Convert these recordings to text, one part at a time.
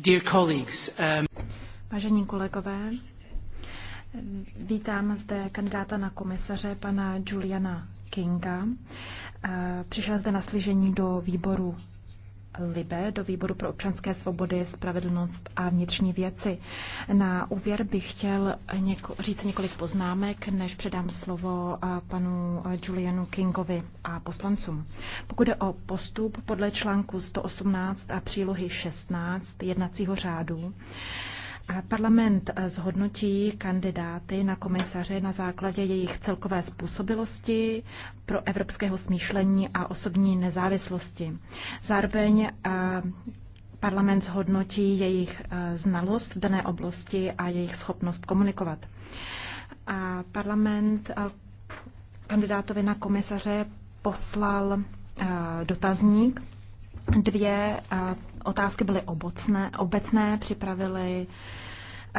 Dear colleagues, um... Vážení kolegové, vítám zde kandidáta na komisaře pana Juliana Kinga. Přišel zde na slyšení do výboru Libe do výboru pro občanské svobody, spravedlnost a vnitřní věci. Na úvěr bych chtěl něko, říct několik poznámek, než předám slovo panu Julianu Kingovi a poslancům. Pokud jde o postup podle článku 118 a přílohy 16 jednacího řádu, Parlament zhodnotí kandidáty na komisaře na základě jejich celkové způsobilosti pro evropského smýšlení a osobní nezávislosti. Zároveň eh, parlament zhodnotí jejich eh, znalost v dané oblasti a jejich schopnost komunikovat. A parlament eh, kandidátovi na komisaře poslal dotazník. Dvě otázky byly obocné, obecné, připravili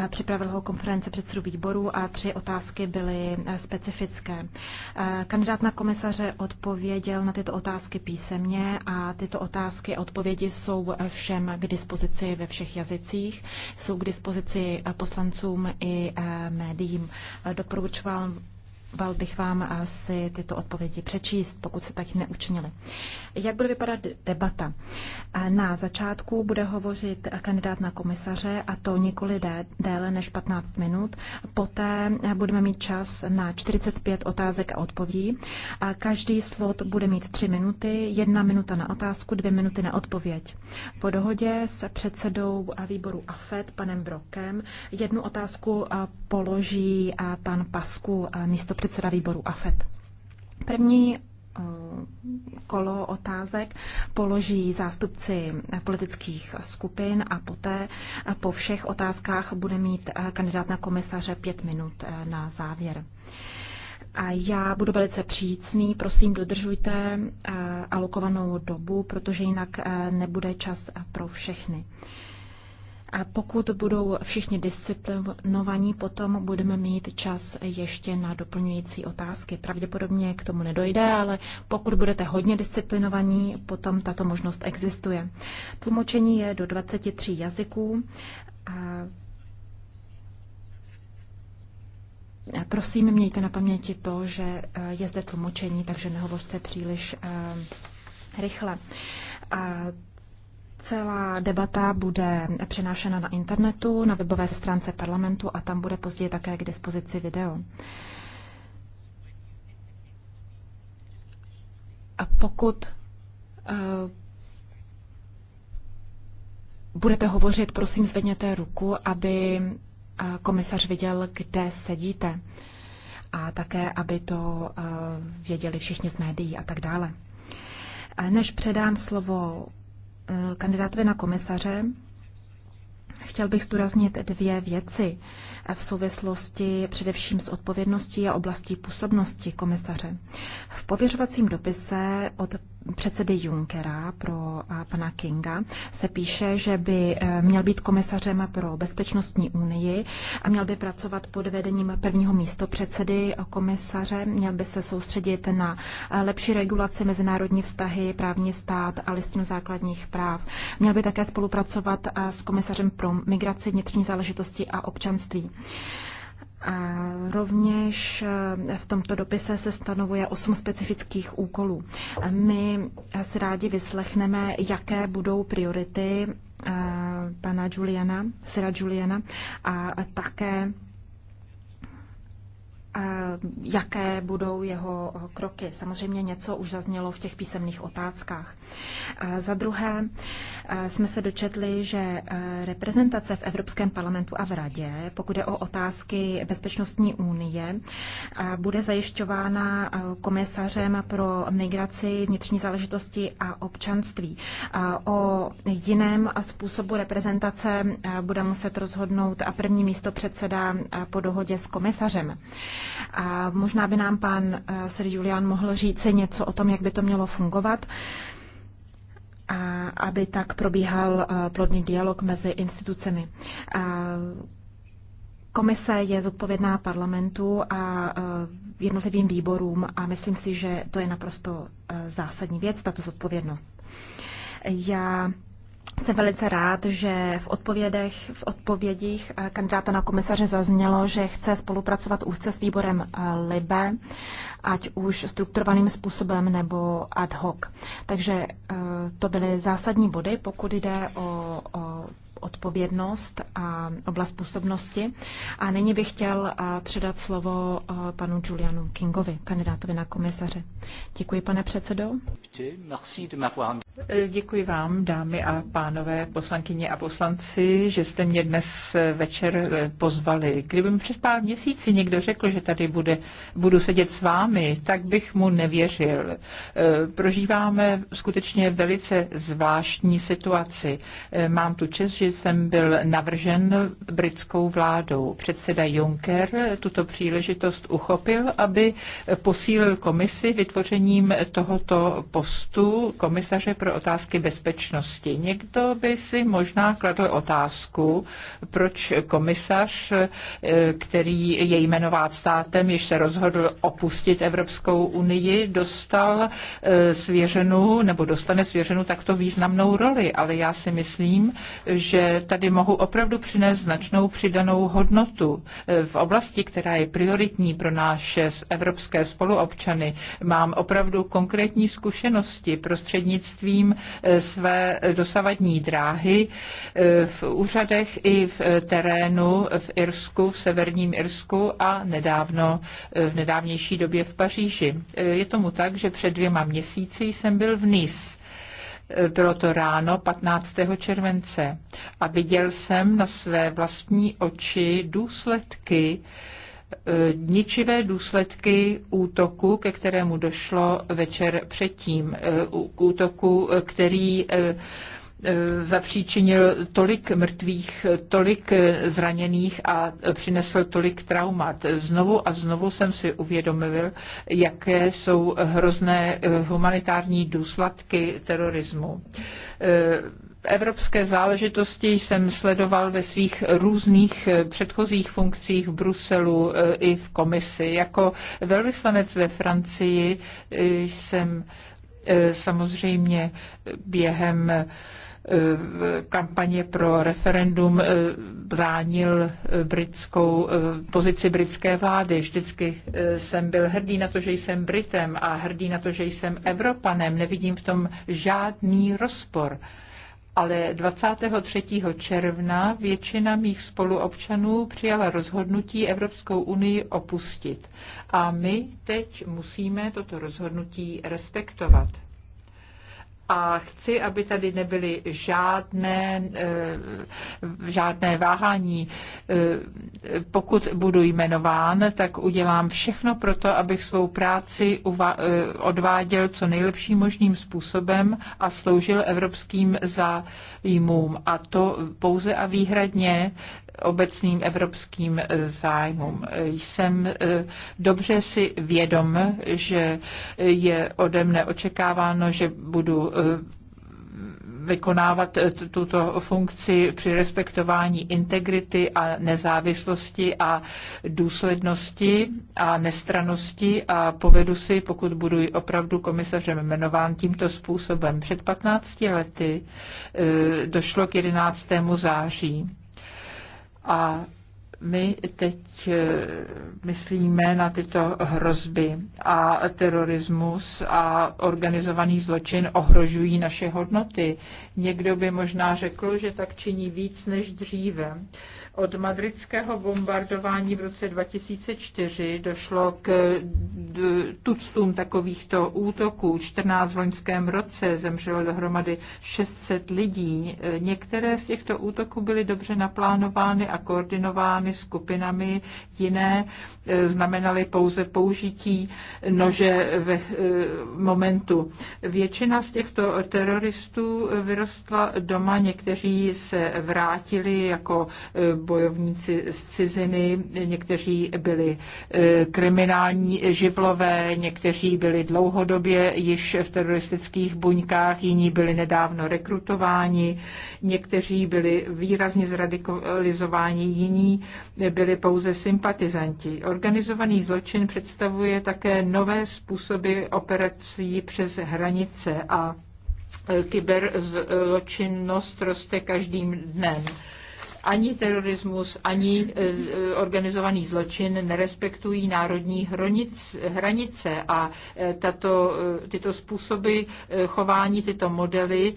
připravil ho konference předsedů výboru a tři otázky byly eh, specifické. Eh, kandidát na komisaře odpověděl na tyto otázky písemně a tyto otázky a odpovědi jsou všem k dispozici ve všech jazycích. Jsou k dispozici eh, poslancům i médiím. Doporučoval Val bych vám asi tyto odpovědi přečíst, pokud se tak neučinili. Jak bude vypadat debata? Na začátku bude hovořit kandidát na komisaře a to nikoli déle než 15 minut. Poté budeme mít čas na 45 otázek a odpovědí. Každý slot bude mít 3 minuty, jedna minuta na otázku, dvě minuty na odpověď. Po dohodě se předsedou výboru AFED, panem Brokem, jednu otázku položí pan Pasku místo předseda výboru AFET. První eh, kolo otázek položí zástupci politických skupin a poté po všech otázkách bude mít eh, kandidát na komisaře pět minut eh, na závěr. A já budu velice přícný, prosím dodržujte alokovanou dobu, protože jinak nebude čas pro všechny. A pokud budou všichni disciplinovaní, potom budeme mít čas ještě na doplňující otázky. Pravděpodobně k tomu nedojde, ale pokud budete hodně disciplinovaní, potom tato možnost existuje. Tlumočení je do 23 jazyků. A Prosím, mějte na paměti to, že eh, je zde tlumočení, takže nehovořte příliš eh, rychle. A Celá debata bude přenášena na internetu, na webové stránce parlamentu a tam bude později také k dispozici video. A pokud uh, budete hovořit, prosím zvedněte ruku, aby uh, komisař viděl, kde sedíte. A také, aby to uh, věděli všichni z médií a tak dále. Než předám slovo kandidátovi na komisaře chtěl bych zdůraznit dvě věci v souvislosti především s odpovědností a oblastí působnosti komisaře. V pověřovacím dopise od předsedy Junckera pro pana Kinga se píše, že by eh, měl být komisařem pro bezpečnostní unii a měl by pracovat pod vedením prvního místo předsedy komisaře, měl by se soustředit na eh, lepší regulaci mezinárodní vztahy, právní stát a listinu základních práv. Měl by také spolupracovat eh, s komisařem pro migraci, vnitřní záležitosti a občanství. A rovněž eh, v tomto dopise se stanovuje osm specifických úkolů. My si rádi vyslechneme, jaké budou priority eh, pana Juliana, Sira Juliana a také jaké budou jeho kroky. Samozřejmě něco už zaznělo v těch písemných otázkách. Za druhé jsme se dočetli, že reprezentace v Evropském parlamentu a v Radě, pokud je o otázky bezpečnostní unie, bude zajišťována komisařem pro migraci, vnitřní záležitosti a občanství. O jiném způsobu reprezentace bude muset rozhodnout a první místo předseda po dohodě s komisařem. A možná by nám pan eh, Sir Julian mohl říct něco o tom, jak by to mělo fungovat, a aby tak probíhal eh, plodný dialog mezi institucemi. A Komise je zodpovědná parlamentu a eh, jednotlivým výborům a myslím si, že to je naprosto zásadní věc, tato zodpovědnost. Já jsem velice rád, že v, odpovědech, v odpovědích eh, kandidáta na komisaře zaznělo, že chce spolupracovat úzce s výborem eh, LIBE, ať už strukturovaným způsobem nebo ad hoc. Takže eh, to byly zásadní body, pokud jde o, o odpovědnost a oblast působnosti. A nyní bych chtěl eh, předat slovo eh, panu Julianu Kingovi, kandidátovi na komisaře. Děkuji, pane předsedo. Eh, děkuji vám, dámy a pánové, poslankyně a poslanci, že jste mě dnes večer pozvali. Kdyby mi před pár měsíci někdo řekl, že tady bude, budu sedět s vámi, tak bych mu nevěřil. Prožíváme skutečně velice zvláštní situaci. Mám tu čest, že jsem byl navržen britskou vládou. Předseda Juncker tuto příležitost uchopil, aby posílil komisi vytvořením tohoto postu komisaře pro otázky bezpečnosti. Někdo by si možná kladl otázku, proč komisař, který je jmenován státem, již se rozhodl opustit Evropskou unii, dostal eh, svěřenou nebo dostane svěřenou takto významnou roli. Ale já si myslím, že že tady mohu opravdu přinést značnou přidanou hodnotu. Eh, v oblasti, která je prioritní pro naše evropské spoluobčany, mám opravdu konkrétní zkušenosti prostřednictvím eh, své dosavadní dráhy eh, v úřadech i v terénu v Irsku, v severním Irsku a nedávno, v nedávnější době v Paříži. Je tomu tak, že před dvěma měsíci jsem byl v Nice bylo to ráno 15. července a viděl jsem na své vlastní oči důsledky, eh, ničivé důsledky útoku, ke kterému došlo večer předtím. Eh, k útoku, eh, který E, zapříčinil tolik mrtvých, tolik zraněných a přinesl tolik traumat. Znovu a znovu jsem si uvědomil, jaké jsou hrozné e, humanitární důsledky terorismu e, evropské záležitosti jsem sledoval ve svých různých předchozích funkcích v Bruselu i v komisi. Jako velvyslanec ve Francii jsem samozřejmě během v kampaně pro referendum eh, bránil eh, britskou, eh, pozici britské vlády. Vždycky jsem byl hrdý na to, že jsem Britem a hrdý na to, že jsem Evropanem. Nevidím v tom žádný rozpor ale 23. června většina mých spoluobčanů přijala rozhodnutí Evropskou unii opustit. A my teď musíme toto rozhodnutí respektovat a chci, aby tady nebyly žádné, eh, žádné váhání. Eh, pokud budu jmenován, tak udělám všechno pro to, abych svou práci eh, odváděl co nejlepším možným způsobem a sloužil evropským zájmům. A to pouze a výhradně obecným evropským zájmům. Jsem e, dobře si vědom, že je ode mne očekáváno, že budu e, vykonávat e, tuto funkci při respektování integrity a nezávislosti a důslednosti a nestranosti a povedu si, pokud budu opravdu komisařem jmenován tímto způsobem. Před 15 lety došlo k 11. září a my teď eh, myslíme na tyto hrozby a terorismus a organizovaný zločin ohrožují naše hodnoty. Někdo by možná řekl, že tak činí víc než dříve. Od madridského bombardování v roce 2004 došlo k tuctům takovýchto útoků. 14 v loňském roce zemřelo dohromady 600 lidí. Některé z těchto útoků byly dobře naplánovány a koordinovány skupinami, jiné e, znamenaly pouze použití nože v e, momentu. Většina z těchto teroristů vyrostla doma, někteří se vrátili jako e, bojovníci z ciziny, někteří byli eh, kriminální živlové, někteří byli dlouhodobě již v teroristických buňkách, jiní byli nedávno rekrutováni, někteří byli výrazně zradikalizováni, jiní byli pouze sympatizanti. Organizovaný zločin představuje také nové způsoby operací přes hranice a eh, kyberzločinnost roste každým dnem ani terorismus, ani e, e, organizovaný zločin nerespektují národní hranice a e, tato, tyto způsoby chování, tyto modely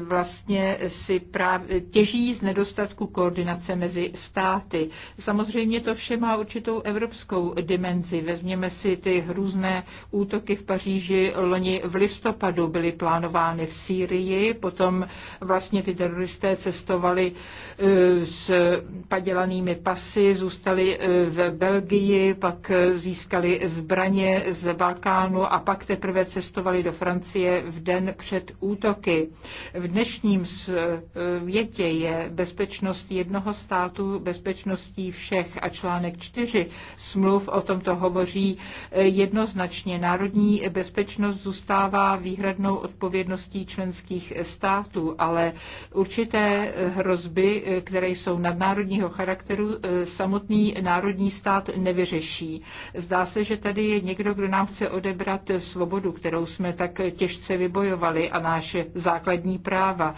vlastně si právě těží z nedostatku koordinace mezi státy. Samozřejmě to vše má určitou evropskou dimenzi. Vezměme si ty hrůzné útoky v Paříži loni v listopadu byly plánovány v Sýrii, potom vlastně ty teroristé cestovali s padělanými pasy, zůstali eh, v Belgii, pak eh, získali zbraně z Balkánu a pak teprve cestovali do Francie v den před útoky. V dnešním světě je bezpečnost jednoho státu bezpečností všech a článek 4 smluv o tomto hovoří eh, jednoznačně. Národní bezpečnost zůstává výhradnou odpovědností členských států, ale určité hrozby které jsou nadnárodního charakteru, eh, samotný národní stát nevyřeší. Zdá se, že tady je někdo, kdo nám chce odebrat svobodu, kterou jsme tak těžce vybojovali a naše základní práva.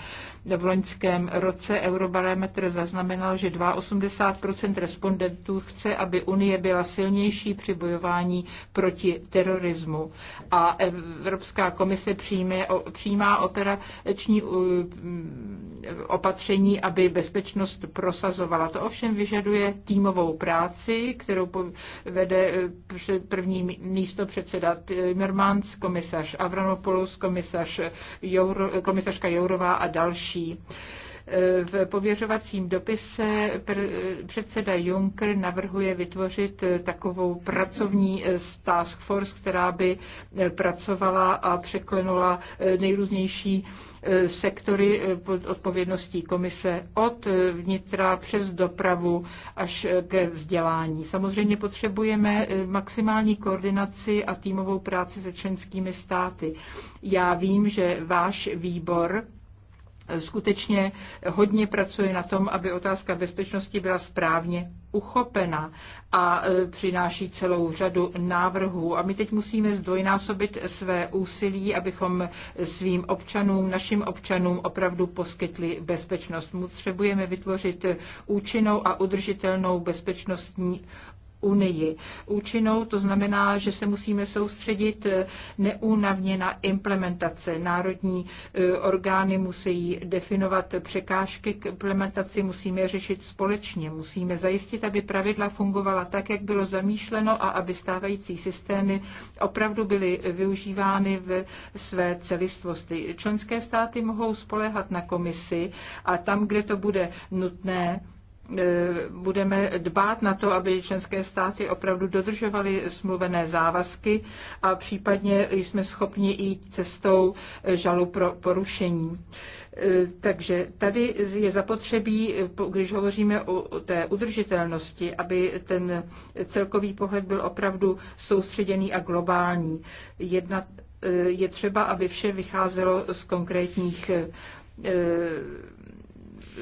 V loňském roce Eurobarometr zaznamenal, že 82 respondentů chce, aby Unie byla silnější při bojování proti terorismu. A Evropská komise přijme, přijímá operační opatření, aby bezpečnost bezpečnost prosazovala. To ovšem vyžaduje týmovou práci, kterou vede eh, první místo předseda Timmermans, komisař Avramopoulos, komisař Jour, komisařka Jourová a další. V pověřovacím dopise předseda Juncker navrhuje vytvořit eh, takovou pracovní eh, task force, která by eh, pracovala a překlenula nejrůznější sektory pod odpovědností komise od vnitra přes dopravu až ke vzdělání. Samozřejmě potřebujeme maximální koordinaci a týmovou práci se členskými státy. Já vím, že váš výbor skutečně hodně pracuje na tom, aby otázka bezpečnosti byla správně uchopena a e, přináší celou řadu návrhů. A my teď musíme zdvojnásobit své úsilí, abychom svým občanům, našim občanům opravdu poskytli bezpečnost. Potřebujeme vytvořit účinnou a udržitelnou bezpečnostní unii. Účinnou to znamená, že se musíme soustředit neúnavně na implementace. Národní e, orgány musí definovat překážky k implementaci, musíme řešit společně. Musíme zajistit, aby pravidla fungovala tak, jak bylo zamýšleno a aby stávající systémy opravdu byly využívány ve své celistvosti. Členské státy mohou spolehat na komisi a tam, kde to bude nutné, E, budeme dbát na to, aby členské státy opravdu dodržovaly smluvené závazky a případně jsme schopni jít cestou e, žalu pro porušení. E, takže tady je zapotřebí, když hovoříme o té udržitelnosti, aby ten celkový pohled byl opravdu soustředěný a globální. Jedna, je třeba, aby vše vycházelo z konkrétních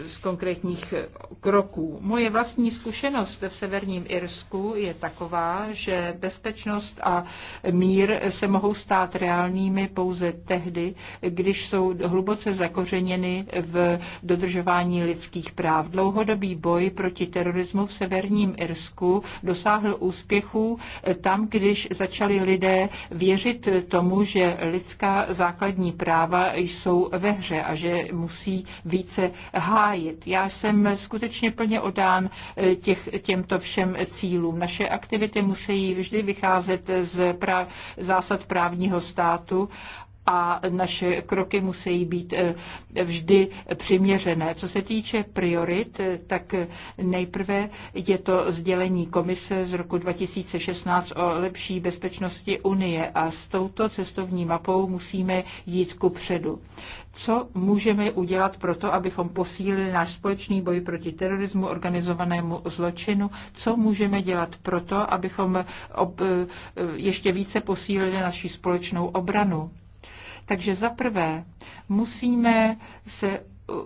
z konkrétních kroků. Moje vlastní zkušenost v severním Irsku je taková, že bezpečnost a mír se mohou stát reálnými pouze tehdy, když jsou hluboce zakořeněny v dodržování lidských práv. Dlouhodobý boj proti terorismu v severním Irsku dosáhl úspěchů tam, když začali lidé věřit tomu, že lidská základní práva jsou ve hře a že musí více hádat hájit. Já jsem skutečně plně odán eh, těch, těmto všem cílům. Naše aktivity musí vždy vycházet z práv, zásad právního státu a naše kroky musí být eh, vždy přiměřené. Co se týče priorit, eh, tak nejprve je to sdělení komise z roku 2016 o lepší bezpečnosti Unie a s touto cestovní mapou musíme jít ku předu. Co můžeme udělat pro to, abychom posílili náš společný boj proti terorismu, organizovanému zločinu? Co můžeme dělat pro to, abychom ob, eh, ještě více posílili naši společnou obranu? Takže za prvé musíme se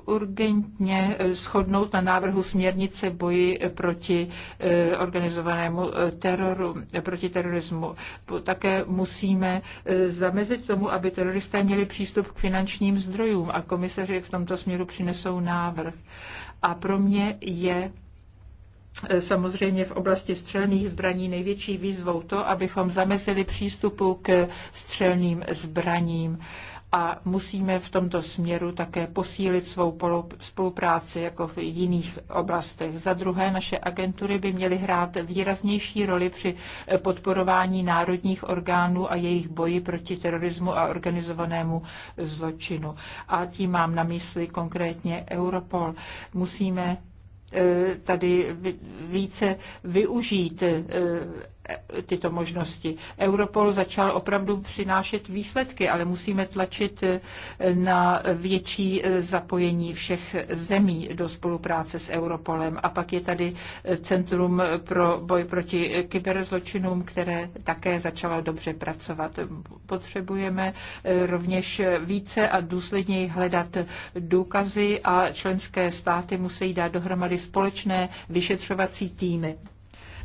urgentně shodnout na návrhu směrnice boji proti eh, organizovanému eh, teroru, proti terorismu. Také musíme eh, zamezit tomu, aby teroristé měli přístup k finančním zdrojům a komisaři v tomto směru přinesou návrh. A pro mě je E, samozřejmě v oblasti střelných zbraní největší výzvou to, abychom zamezili přístupu k střelným zbraním a musíme v tomto směru také posílit svou spolupráci jako v jiných oblastech. Za druhé, naše agentury by měly hrát výraznější roli při e, podporování národních orgánů a jejich boji proti terorismu a organizovanému zločinu. A tím mám na mysli konkrétně Europol. Musíme Eh, tady více využít eh, tyto možnosti. Europol začal opravdu přinášet výsledky, ale musíme tlačit eh, na větší eh, zapojení všech zemí do spolupráce s Europolem. A pak je tady eh, Centrum pro boj proti kyberzločinům, které také začalo dobře pracovat. Potřebujeme rovněž více a důsledněji hledat důkazy a členské státy musí dát dohromady společné vyšetřovací týmy.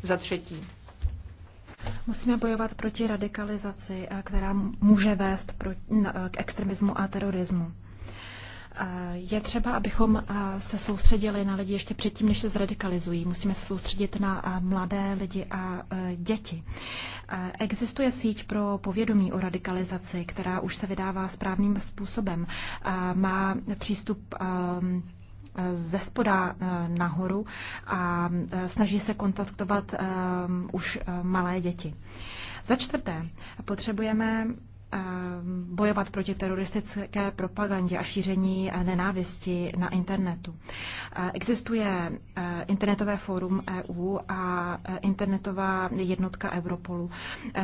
Za třetí Musíme bojovat proti radikalizaci, eh, která může vést eh, k extremismu a terorismu. Eh, je třeba, abychom se soustředili na lidi ještě předtím, než se zradikalizují. Musíme se soustředit na mladé lidi a děti. Existuje síť pro povědomí o radikalizaci, která už se vydává správným způsobem. Má přístup ehm, ze spoda eh, nahoru a eh, snaží se kontaktovat eh, už malé děti. Za čtvrté, potřebujeme Ehm, bojovat proti teroristické propagandě a šíření eh, nenávisti na internetu. Eh, existuje eh, internetové fórum EU a internetová jednotka Europolu.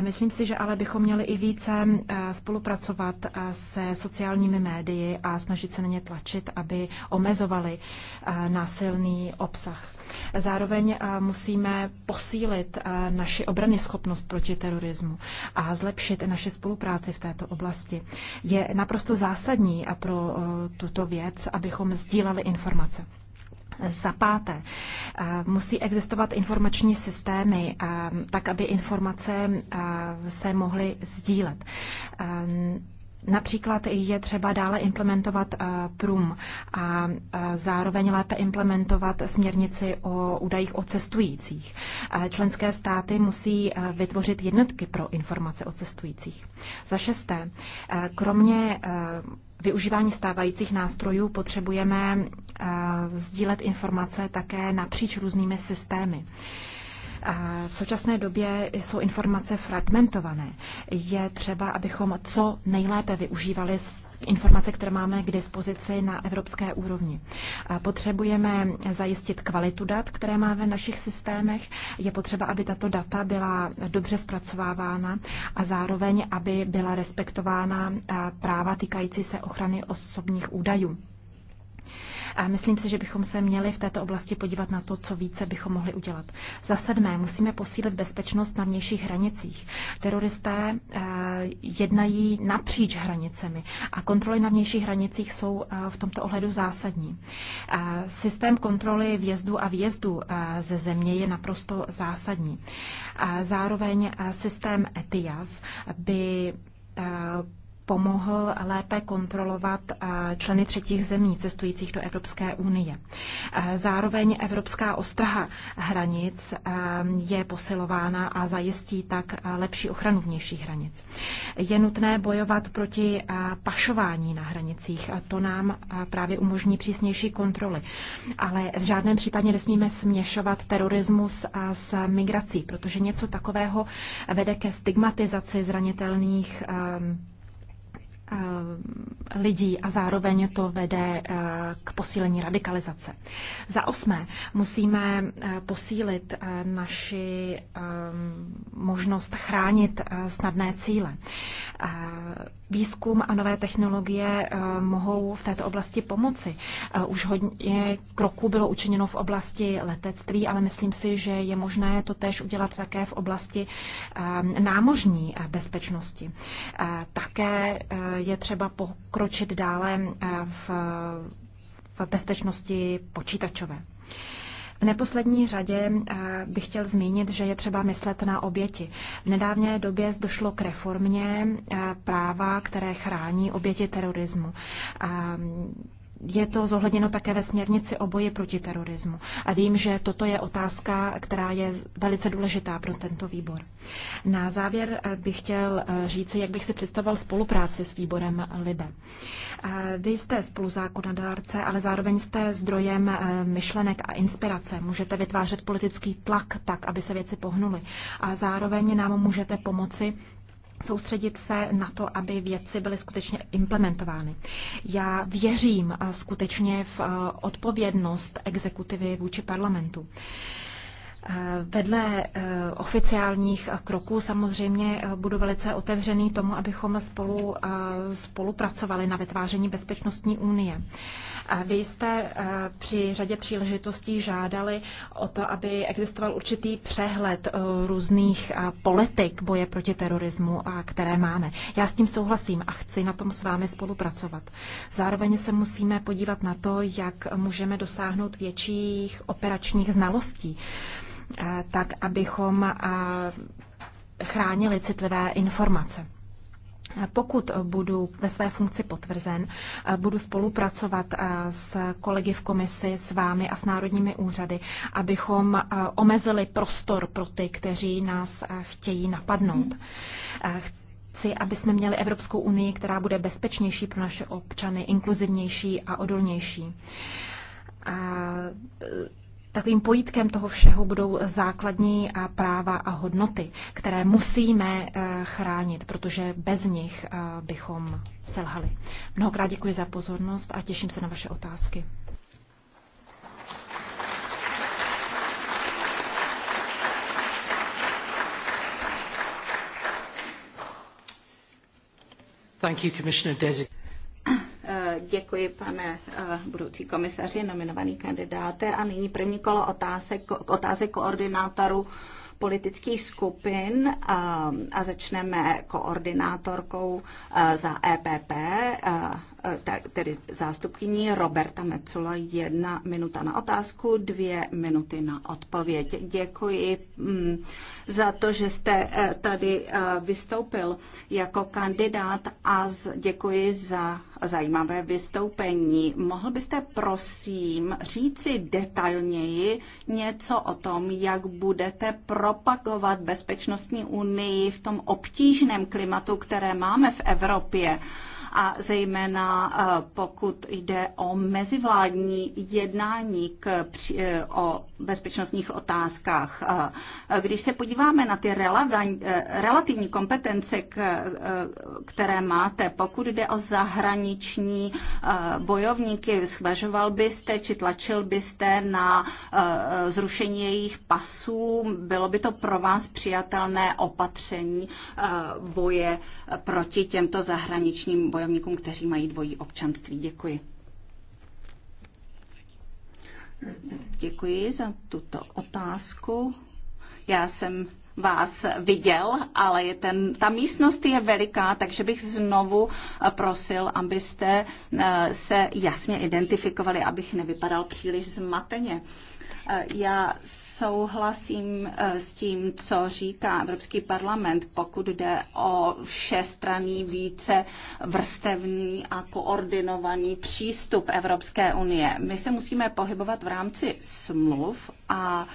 Myslím si, že ale bychom měli i více spolupracovat se sociálními médii a snažit se na ně tlačit, aby omezovali násilný obsah. Zároveň eh, musíme posílit eh, naši obrany schopnost proti terorismu a zlepšit naši spolupráci v této oblasti. Je naprosto zásadní a eh, pro tuto věc, abychom sdíleli informace. Za páté, musí existovat informační systémy, tak aby informace se mohly sdílet. Ehm, Například je třeba dále implementovat eh, PRUM a eh, zároveň lépe implementovat směrnici o údajích o cestujících. Eh, členské státy musí vytvořit jednotky pro informace o cestujících. Za šesté, kromě využívání stávajících nástrojů potřebujeme sdílet informace také napříč různými systémy. V současné době jsou informace fragmentované. Je třeba, abychom co nejlépe využívali informace, které máme k dispozici na evropské úrovni. Potřebujeme zajistit kvalitu dat, které máme v našich systémech. Je potřeba, aby tato data byla dobře zpracovávána a zároveň, aby byla respektována práva týkající se ochrany osobních údajů. A myslím si, že bychom se měli v této oblasti podívat na to, co více bychom mohli udělat. Za sedmé, musíme posílit bezpečnost na vnějších hranicích. Teroristé eh, jednají napříč hranicemi a kontroly na vnějších hranicích jsou eh, v tomto ohledu zásadní. Eh, systém kontroly vjezdu a výjezdu ze země je naprosto zásadní. Zároveň systém ETIAS by pomohl lépe kontrolovat eh, členy třetích zemí cestujících do Evropské unie. Eh, zároveň evropská ostraha hranic eh, je posilována a zajistí tak lepší ochranu vnějších hranic. Je nutné bojovat proti pašování na hranicích. To nám právě umožní přísnější kontroly. Ale v žádném případě nesmíme směšovat terorismus s migrací, protože něco takového vede ke stigmatizaci zranitelných ehm, Eh, lidí a zároveň to vede eh, k posílení radikalizace. Za osmé, musíme eh, posílit naši možnost chránit snadné cíle. Výzkum a nové technologie mohou v této oblasti pomoci. Už hodně kroků bylo učiněno v oblasti letectví, ale myslím si, že je možné to též udělat také v oblasti námožní bezpečnosti. Také je třeba pokročit dále eh, v, v bezpečnosti počítačové. V neposlední řadě eh, bych chtěl zmínit, že je třeba myslet na oběti. V nedávné době došlo k reformě eh, práva, které chrání oběti terorismu je to zohledněno také ve směrnici o boji proti terorismu. A vím, že toto je otázka, která je velice důležitá pro tento výbor. Na závěr eh, bych chtěl eh, říci, jak bych si představoval spolupráci s výborem eh, LIBE. Vy jste spoluzákonodárce, ale zároveň jste zdrojem myšlenek a inspirace. Můžete vytvářet politický tlak tak, aby se věci pohnuly. A zároveň nám můžete pomoci soustředit se na to, aby věci byly skutečně implementovány. Já věřím skutečně v odpovědnost exekutivy vůči parlamentu. Eh, vedle eh, oficiálních kroků samozřejmě eh, budu velice otevřený tomu, abychom spolu spolupracovali na vytváření bezpečnostní unie. Vy jste při řadě příležitostí žádali o to, aby existoval určitý přehled různých politik boje proti terorismu, a které máme. Já s tím souhlasím a chci na tom s vámi spolupracovat. Zároveň se musíme podívat na to, jak můžeme dosáhnout větších operačních znalostí. Eh, tak abychom eh, chránili citlivé informace. Eh, pokud budu ve své funkci potvrzen, budu spolupracovat s kolegy v komisi, s vámi a s národními úřady, abychom omezili prostor pro ty, kteří nás chtějí napadnout. Chci, aby jsme měli Evropskou unii, která bude bezpečnější pro naše občany, inkluzivnější a odolnější. A Takovým pojítkem toho všeho budou základní a práva a hodnoty, které musíme eh, chránit, protože bez nich eh, bychom selhali. Mnohokrát děkuji za pozornost a těším se na vaše otázky. Thank you, Commissioner Desi. Děkuji, pane eh, budoucí komisaři, nominovaný kandidáte. A nyní první kolo otázek, otázek koordinátorů politických skupin a, eh, a začneme koordinátorkou eh, za EPP Eh, tedy zástupkyní Roberta Mecula, jedna minuta na otázku, dvě minuty na odpověď. Děkuji mm, za to, že jste eh, tady eh, vystoupil jako kandidát a děkuji za zajímavé vystoupení. Mohl byste prosím říci detailněji něco o tom, jak budete propagovat bezpečnostní unii v tom obtížném klimatu, které máme v Evropě? a zejména eh, pokud jde o mezivládní jednání k, eh, o bezpečnostních otázkách. Eh, když se podíváme na ty relativní kompetence, které máte, pokud jde o zahraniční bojovníky, zvažoval byste či tlačil byste na zrušení jejich pasů? Bylo by to pro vás přijatelné opatření boje proti těmto zahraničním bojovníkům? bojovníkům, kteří mají dvojí občanství. Děkuji. Děkuji za tuto otázku. Já jsem vás viděl, ale je ten, ta místnost je veliká, takže bych znovu eh, prosil, abyste eh, se jasně identifikovali, abych nevypadal příliš zmateně. Eh, já souhlasím eh, s tím, co říká Evropský parlament, pokud jde o všestraný více vrstevný a koordinovaný přístup Evropské unie. My se musíme pohybovat v rámci smluv a uh,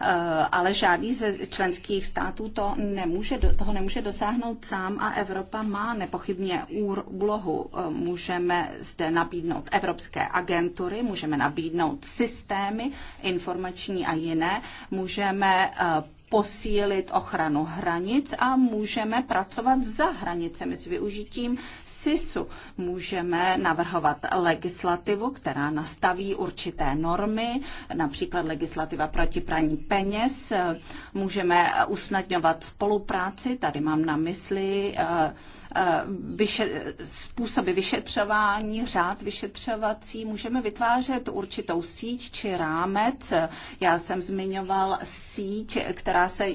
Eh, ale žádný ze členských států to nemůže, toho nemůže dosáhnout sám a Evropa má nepochybně úlohu. Eh, můžeme zde nabídnout evropské agentury, můžeme nabídnout systémy informační a jiné, můžeme eh, posílit ochranu hranic a můžeme pracovat za hranicemi s využitím SISu. Můžeme navrhovat legislativu, která nastaví určité normy, například legislativa proti praní peněz. Můžeme usnadňovat spolupráci, tady mám na mysli uh, Eh, vyše, způsoby vyšetřování, řád vyšetřovací, můžeme vytvářet určitou síť či rámec. Já jsem zmiňoval síť, která se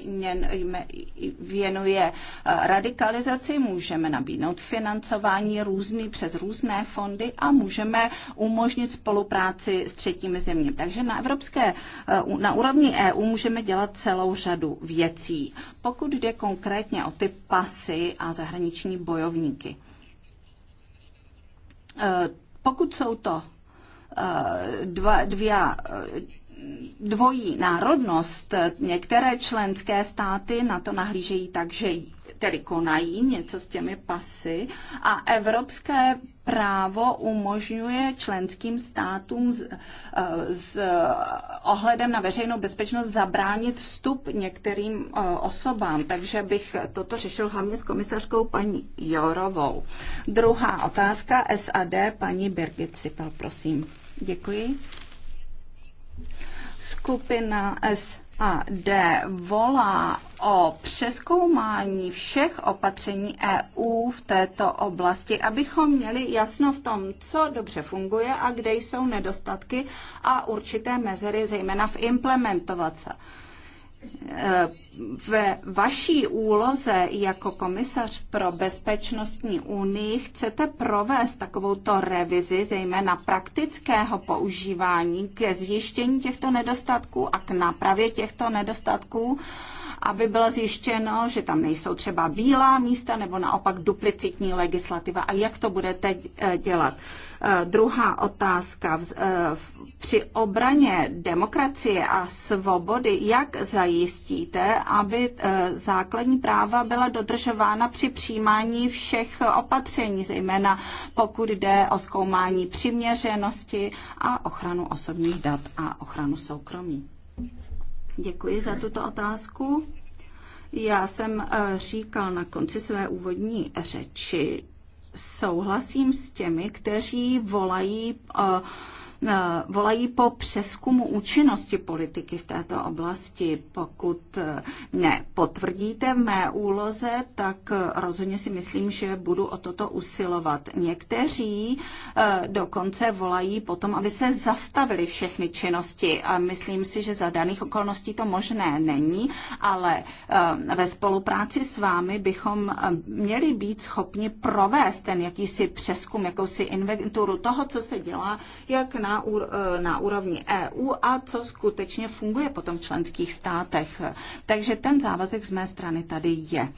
věnuje eh, radikalizaci, můžeme nabídnout financování různý přes různé fondy a můžeme umožnit spolupráci s třetími zeměmi. Takže na evropské, eh, na úrovni EU můžeme dělat celou řadu věcí. Pokud jde konkrétně o ty pasy a zahraniční bojovníky, eh, pokud jsou to eh, dva, dvě dvojí národnost, eh, některé členské státy na to nahlížejí tak, že tedy konají něco s těmi pasy a evropské právo umožňuje členským státům s, eh, s ohledem na veřejnou bezpečnost zabránit vstup některým eh, osobám, takže bych toto řešil hlavně s komisařkou paní Jorovou. Druhá otázka SAD, paní Birgit Sipel, prosím. Děkuji. Skupina S a D volá o přeskoumání všech opatření EU v této oblasti, abychom měli jasno v tom, co dobře funguje a kde jsou nedostatky a určité mezery, zejména v implementovace. Eh, ve vaší úloze jako komisař pro bezpečnostní unii chcete provést takovouto revizi, zejména praktického používání ke zjištění těchto nedostatků a k nápravě těchto nedostatků aby bylo zjištěno, že tam nejsou třeba bílá místa nebo naopak duplicitní legislativa a jak to budete eh, dělat. Eh, druhá otázka. Eh, při obraně demokracie a svobody, jak zajistíte, aby základní práva byla dodržována při přijímání všech opatření, zejména pokud jde o zkoumání přiměřenosti a ochranu osobních dat a ochranu soukromí? Děkuji za tuto otázku. Já jsem eh, říkal na konci své úvodní řeči, souhlasím s těmi, kteří volají uh, Eh, volají po přeskumu účinnosti politiky v této oblasti. Pokud eh, nepotvrdíte v mé úloze, tak eh, rozhodně si myslím, že budu o toto usilovat. Někteří dokonce volají potom, aby se zastavili všechny činnosti a myslím si, že za daných okolností to možné není, ale ve spolupráci s vámi bychom měli být schopni provést ten jakýsi přeskum, jakousi inventuru toho, co se dělá, jak na Eh, na, úrovni EU a co skutečně funguje potom v členských státech. Takže ten závazek z mé strany tady je.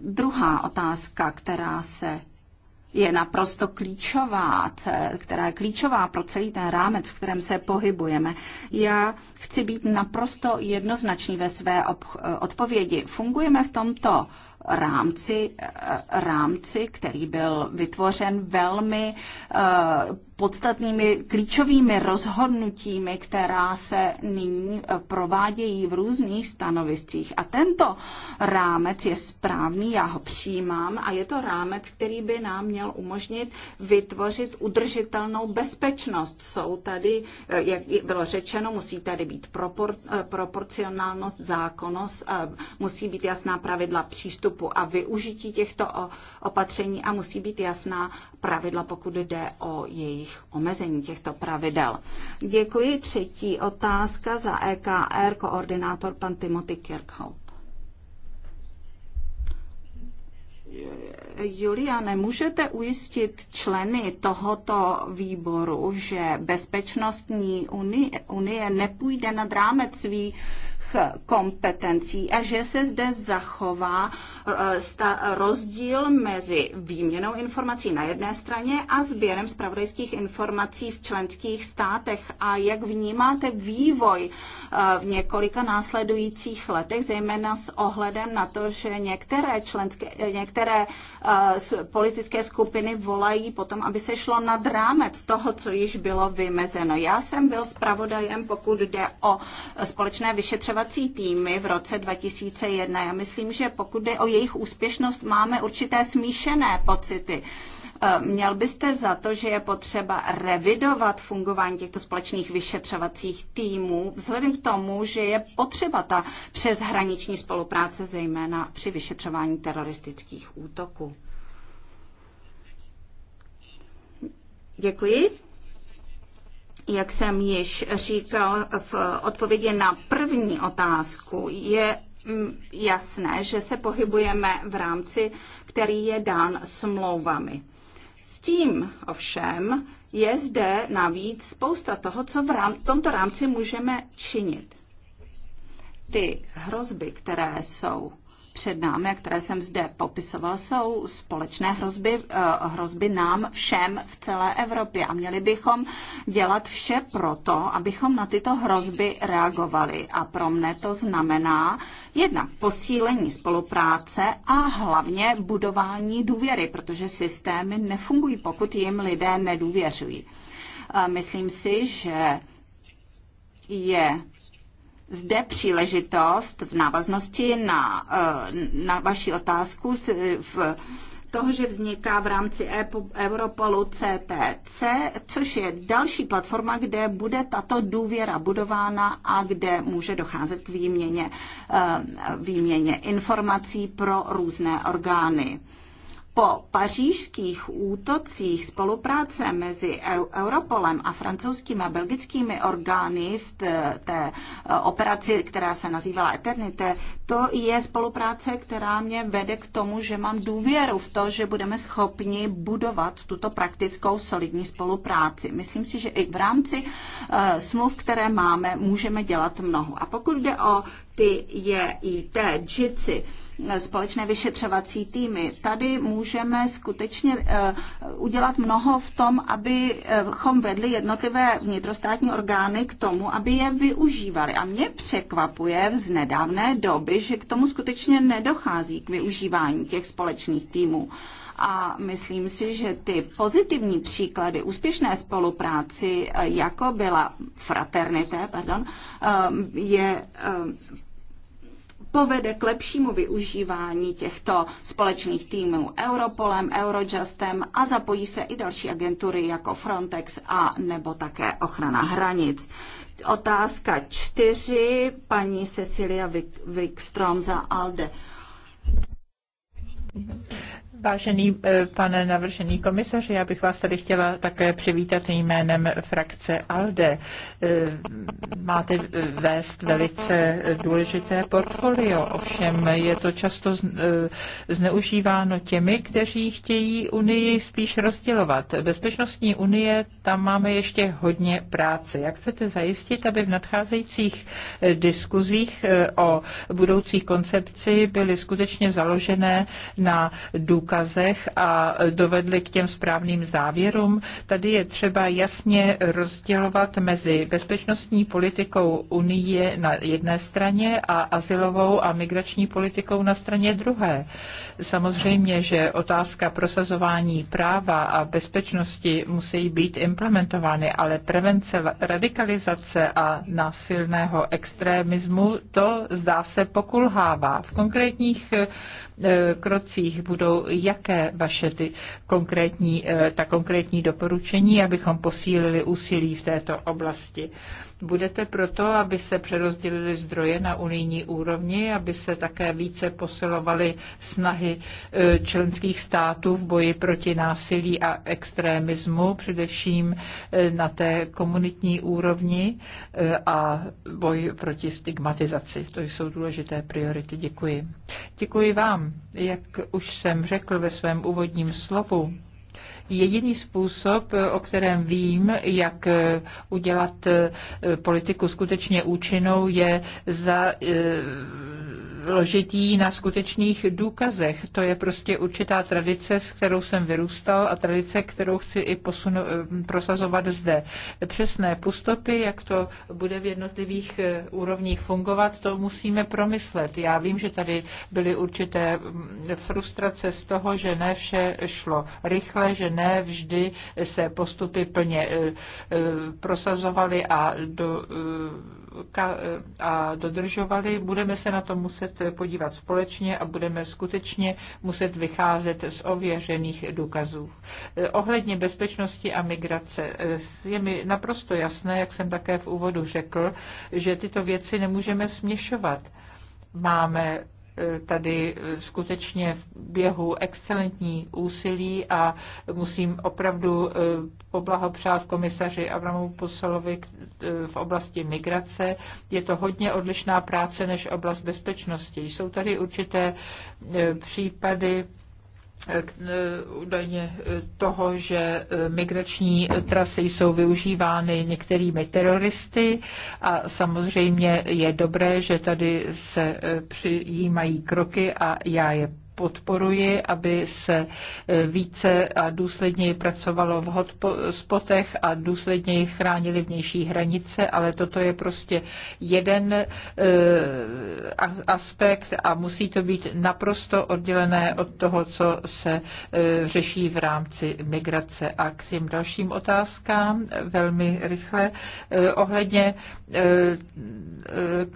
Druhá otázka, která se je naprosto klíčová, která je klíčová pro celý ten rámec, v kterém se pohybujeme. Já chci být naprosto jednoznačný ve své eh, odpovědi. Fungujeme v tomto rámci, eh, rámci, který byl vytvořen velmi podstatnými klíčovými rozhodnutími, která se nyní eh, provádějí v různých stanoviscích. A tento rámec je správný, já ho přijímám a je to rámec, který by nám měl umožnit vytvořit udržitelnou bezpečnost. Jsou tady, eh, jak bylo řečeno, musí tady být propor, eh, proporcionálnost, zákonnost, musí být jasná pravidla přístupu a využití těchto opatření a musí být jasná pravidla, pokud jde o jejich omezení těchto pravidel. Děkuji. Třetí otázka za EKR, koordinátor pan Timothy Kirkhope. Julia, nemůžete ujistit členy tohoto výboru, že bezpečnostní unie, unie nepůjde nad rámec svých kompetencí a že se zde zachová eh, rozdíl mezi výměnou informací na jedné straně a sběrem zpravodajských informací v členských státech a jak vnímáte vývoj eh, v několika následujících letech, zejména s ohledem na to, že některé, členské, některé některé eh, politické skupiny volají potom, aby se šlo nad rámec toho, co již bylo vymezeno. Já jsem byl zpravodajem, pokud jde o eh, společné vyšetřovací týmy v roce 2001. Já myslím, že pokud jde o jejich úspěšnost, máme určité smíšené pocity. Eh, měl byste za to, že je potřeba revidovat fungování těchto společných vyšetřovacích týmů vzhledem k tomu, že je potřeba ta přeshraniční spolupráce, zejména při vyšetřování teroristických útoků? Děkuji. Jak jsem již říkal v odpovědi na první otázku, je mm, jasné, že se pohybujeme v rámci, který je dán smlouvami tím ovšem je zde navíc spousta toho, co v rám- tomto rámci můžeme činit. Ty hrozby, které jsou před námi, které jsem zde popisoval, jsou společné hrozby, eh, hrozby nám všem v celé Evropě a měli bychom dělat vše proto, abychom na tyto hrozby reagovali. A pro mne to znamená jednak posílení spolupráce a hlavně budování důvěry, protože systémy nefungují, pokud jim lidé nedůvěřují. Eh, myslím si, že je zde příležitost v návaznosti na, eh, na vaši otázku v toho, že vzniká v rámci e Europolu CTC, což je další platforma, kde bude tato důvěra budována a kde může docházet k výměně, eh, výměně informací pro různé orgány. Po pařížských útocích spolupráce mezi Europolem a francouzskými a belgickými orgány v té, té e, operaci, která se nazývala Eternité, to je spolupráce, která mě vede k tomu, že mám důvěru v to, že budeme schopni budovat tuto praktickou solidní spolupráci. Myslím si, že i v rámci uh, smluv, které máme, můžeme dělat mnoho. A pokud jde o ty JIT, JITSI, společné vyšetřovací týmy. Tady můžeme skutečně eh, udělat mnoho v tom, abychom vedli jednotlivé vnitrostátní orgány k tomu, aby je využívali. A mě překvapuje z nedávné doby, že k tomu skutečně nedochází k využívání těch společných týmů a myslím si, že ty pozitivní příklady úspěšné spolupráci, eh, jako byla fraternité, pardon, eh, je povede k lepšímu využívání těchto společných týmů Europolem, Eurojustem a zapojí se i další agentury jako Frontex a nebo také ochrana hranic. Otázka čtyři, paní Cecilia Wikstrom za ALDE. Vážený eh, pane navržený komisaři, já bych vás tady chtěla také přivítat jménem frakce ALDE. Eh, máte eh, vést velice důležité portfolio, ovšem je to často zneužíváno těmi, kteří chtějí Unii spíš rozdělovat. Bezpečnostní unie, tam máme ještě hodně práce. Jak chcete zajistit, aby v nadcházejících diskuzích o budoucí koncepci byly skutečně založené na důkazech, důkazech a dovedli k těm správným závěrům. Tady je třeba jasně rozdělovat mezi bezpečnostní politikou Unie na jedné straně a asilovou a migrační politikou na straně druhé. Samozřejmě, že otázka prosazování práva a bezpečnosti musí být implementovány, ale prevence radikalizace a násilného extremismu, to zdá se pokulhává. V konkrétních eh, krocích budou jaké vaše ty konkrétní, eh, ta konkrétní doporučení, abychom posílili úsilí v této oblasti. Budete proto, aby se přerozdělily zdroje na unijní úrovni, aby se také více posilovaly snahy e, členských států v boji proti násilí a extremismu, především e, na té komunitní úrovni e, a boj proti stigmatizaci. To jsou důležité priority. Děkuji. Děkuji vám. Jak už jsem řekl ve svém úvodním slovu, Jediný způsob, o kterém vím, jak eh, udělat eh, politiku skutečně účinnou, je za eh, vložitý na skutečných důkazech. To je prostě určitá tradice, s kterou jsem vyrůstal a tradice, kterou chci i posunu, eh, prosazovat zde. Přesné postupy, jak to bude v jednotlivých eh, úrovních fungovat, to musíme promyslet. Já vím, že tady byly určité mm, frustrace z toho, že ne vše šlo rychle, že ne vždy se postupy plně eh, prosazovaly a do a dodržovali. Budeme se na to muset podívat společně a budeme skutečně muset vycházet z ověřených důkazů. Eh, ohledně bezpečnosti a migrace eh, je mi naprosto jasné, jak jsem také v úvodu řekl, že tyto věci nemůžeme směšovat. Máme tady eh, skutečně v běhu excelentní úsilí a musím opravdu eh, poblahopřát komisaři Abramu Poselovi eh, v oblasti migrace. Je to hodně odlišná práce než oblast bezpečnosti. Jsou tady určité případy, E, údajně e, toho, že e, migrační trasy jsou využívány některými teroristy a samozřejmě je dobré, že tady se přijímají kroky a já je podporuji, aby se e, více a důsledněji pracovalo v hotspotech a důsledněji chránili vnější hranice, ale toto je prostě jeden e, aspekt a musí to být naprosto oddělené od toho, co se e, řeší v rámci migrace. A k těm dalším otázkám velmi rychle ohledně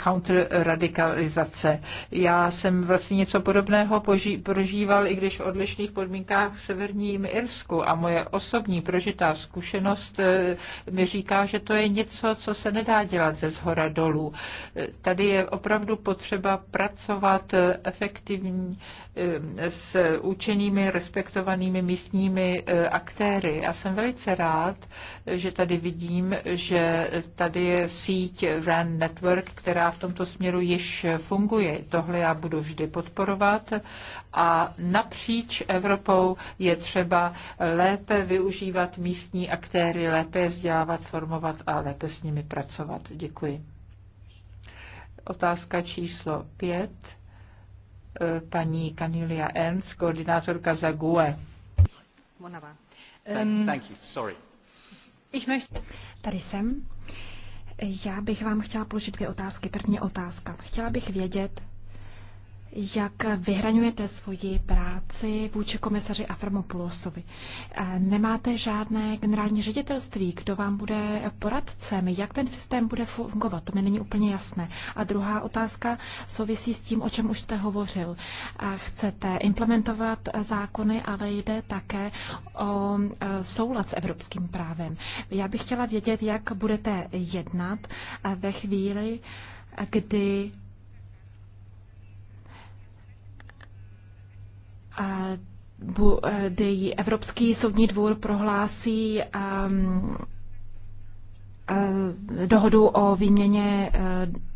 counterradikalizace. Já jsem vlastně něco podobného požil prožíval, i když v odlišných podmínkách v severním Irsku. A moje osobní prožitá zkušenost eh, mi říká, že to je něco, co se nedá dělat ze zhora dolů. Eh, tady je opravdu potřeba pracovat eh, efektivně Eh, s účinnými, respektovanými místními eh, aktéry. Já jsem velice rád, že tady vidím, že tady je síť RAN Network, která v tomto směru již funguje. Tohle já budu vždy podporovat a napříč Evropou je třeba lépe využívat místní aktéry, lépe je vzdělávat, formovat a lépe s nimi pracovat. Děkuji. Otázka číslo pět paní Kanilia Ernst, koordinátorka za GUE. Um, Tady jsem. Já bych vám chtěla položit dvě otázky. První otázka. Chtěla bych vědět, jak vyhraňujete svoji práci vůči komisaři Afromopoulosovi. Eh, nemáte žádné generální ředitelství, kdo vám bude poradcem, jak ten systém bude fungovat, to mi není úplně jasné. A druhá otázka souvisí s tím, o čem už jste hovořil. Eh, chcete implementovat zákony, ale jde také o eh, soulad s evropským právem. Já bych chtěla vědět, jak budete jednat ve chvíli, kdy kdy eh, Evropský soudní dvůr prohlásí ehm, eh, dohodu o výměně eh,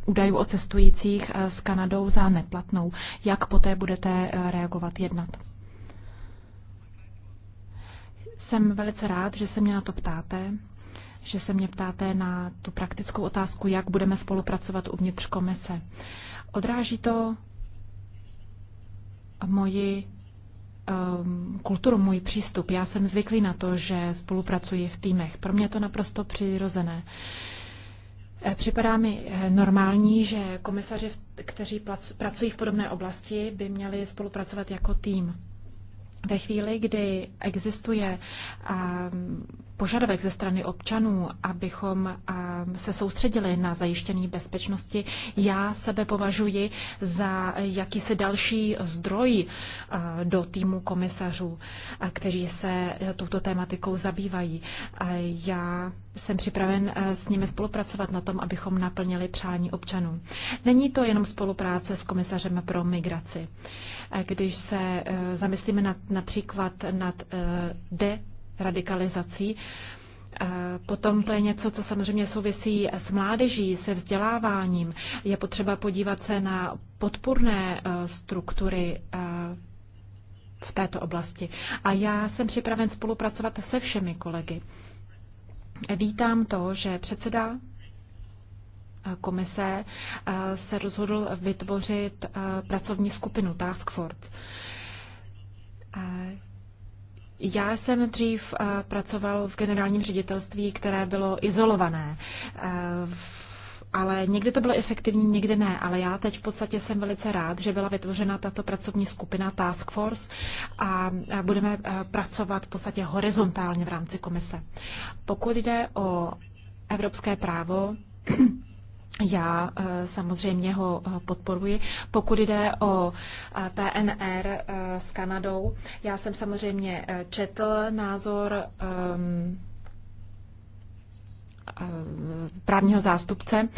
údajů o cestujících s Kanadou za neplatnou. Jak poté budete reagovat, jednat? Jsem velice rád, že se mě na to ptáte, že se mě ptáte na tu praktickou otázku, jak budeme spolupracovat uvnitř komise. Odráží to moji Um, kulturu, můj přístup. Já jsem zvyklý na to, že spolupracuji v týmech. Pro mě je to naprosto přirozené. E, připadá mi e, normální, že komisaři, kteří pracují v podobné oblasti, by měli spolupracovat jako tým. Ve chvíli, kdy existuje um, požadavek ze strany občanů, abychom se soustředili na zajištění bezpečnosti. Já sebe považuji za jakýsi další zdroj do týmu komisařů, kteří se e, touto tématikou zabývají. Já jsem připraven e, s nimi spolupracovat na tom, abychom naplnili přání občanů. Není to jenom spolupráce s komisařem pro migraci. Když se e, zamyslíme nad, například nad de radikalizací. Eh, potom to je něco, co samozřejmě souvisí s mládeží, se vzděláváním. Je potřeba podívat se na podpůrné eh, struktury eh, v této oblasti. A já jsem připraven spolupracovat se všemi kolegy. Vítám to, že předseda komise se rozhodl vytvořit pracovní skupinu Task Force. Já jsem dřív eh, pracoval v generálním ředitelství, které bylo izolované. Eh, ale někdy to bylo efektivní, někdy ne. Ale já teď v podstatě jsem velice rád, že byla vytvořena tato pracovní skupina Task Force a budeme eh, pracovat v podstatě horizontálně v rámci komise. Pokud jde o evropské právo, Já eh, samozřejmě ho eh, podporuji. Pokud jde o eh, PNR s Kanadou, já jsem samozřejmě četl názor ehm, právního zástupce.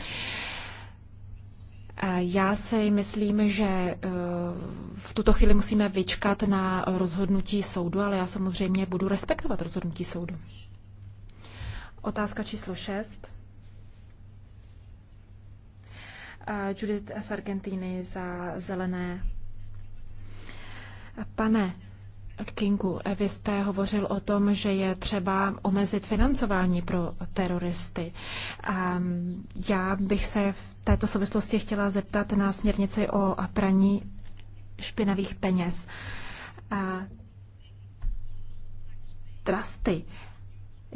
Já si myslím, že v tuto chvíli musíme vyčkat na rozhodnutí soudu, ale já samozřejmě budu respektovat rozhodnutí soudu. Otázka číslo 6. Judith z Argentiny za zelené. Pane Kingu, vy jste hovořil o tom, že je třeba omezit financování pro teroristy. Já bych se v této souvislosti chtěla zeptat na směrnici o praní špinavých peněz. Trusty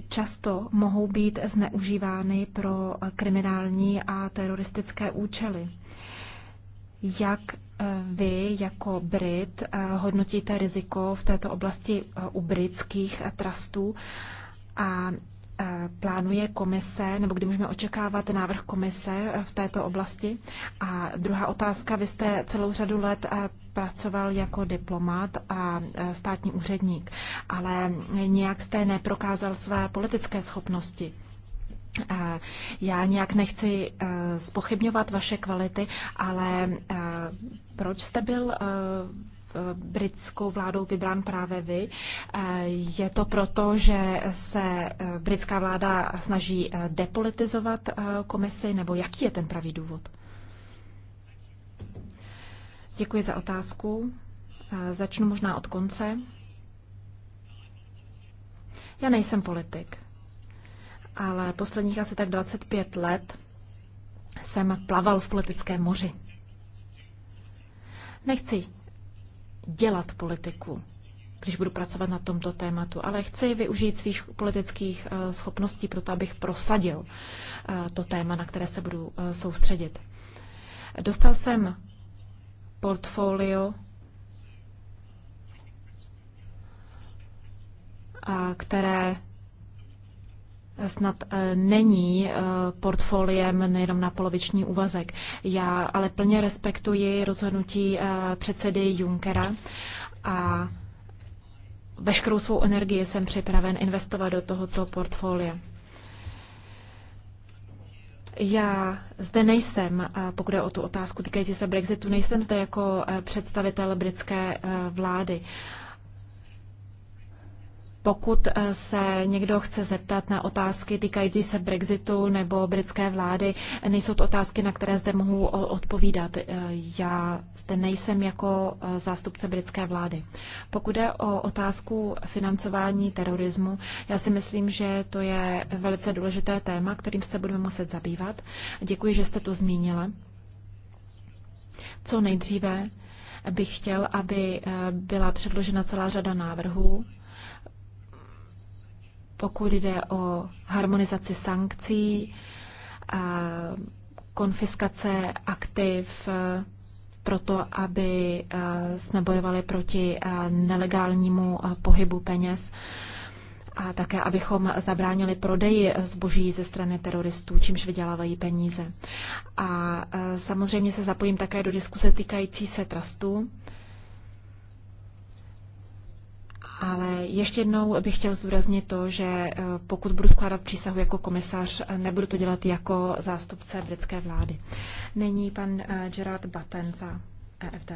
často mohou být zneužívány pro kriminální a teroristické účely. Jak eh, vy jako Brit eh, hodnotíte riziko v této oblasti eh, u britských trustů a plánuje komise, nebo kdy můžeme očekávat návrh komise eh, v této oblasti? A druhá otázka, vy jste celou řadu let eh, pracoval jako diplomat a eh, státní úředník, ale nějak jste neprokázal své politické schopnosti. Já nějak nechci spochybňovat vaše kvality, ale proč jste byl britskou vládou vybrán právě vy. Eh, je to proto, že se eh, britská vláda snaží eh, depolitizovat komisi, nebo jaký je ten pravý důvod? Děkuji za otázku. Začnu možná od konce. Já nejsem politik, ale posledních asi tak 25 let jsem plaval v politickém moři. Nechci dělat politiku, když budu pracovat na tomto tématu, ale chci využít svých politických eh, schopností pro to, abych prosadil eh, to téma, na které se budu eh, soustředit. Dostal jsem portfolio, které snad eh, není eh, portfoliem nejenom na poloviční úvazek. Já ale plně respektuji rozhodnutí eh, předsedy Junckera a veškerou svou energii jsem připraven investovat do tohoto portfolia. Já zde nejsem, pokud je o tu otázku týkající se Brexitu, nejsem zde jako představitel britské vlády. Pokud eh, se někdo chce zeptat na otázky týkající se Brexitu nebo britské vlády, nejsou to otázky, na které zde mohu odpovídat. Eh, já zde nejsem jako eh, zástupce britské vlády. Pokud je o otázku financování terorismu, já si myslím, že to je velice důležité téma, kterým se budeme muset zabývat. Děkuji, že jste to zmínila. Co nejdříve bych chtěl, aby byla předložena celá řada návrhů pokud jde o harmonizaci sankcí, konfiskace aktiv, eh, proto, aby eh, jsme bojovali proti eh, nelegálnímu pohybu peněz a také, abychom zabránili prodeji zboží ze strany teroristů, čímž vydělávají peníze. A samozřejmě se zapojím také do diskuse týkající se trastů. Ale ještě jednou bych chtěl zdůraznit to, že eh, pokud budu skládat přísahu jako komisař, eh, nebudu to dělat jako zástupce britské vlády. Není pan eh, Gerard Batten za EFD.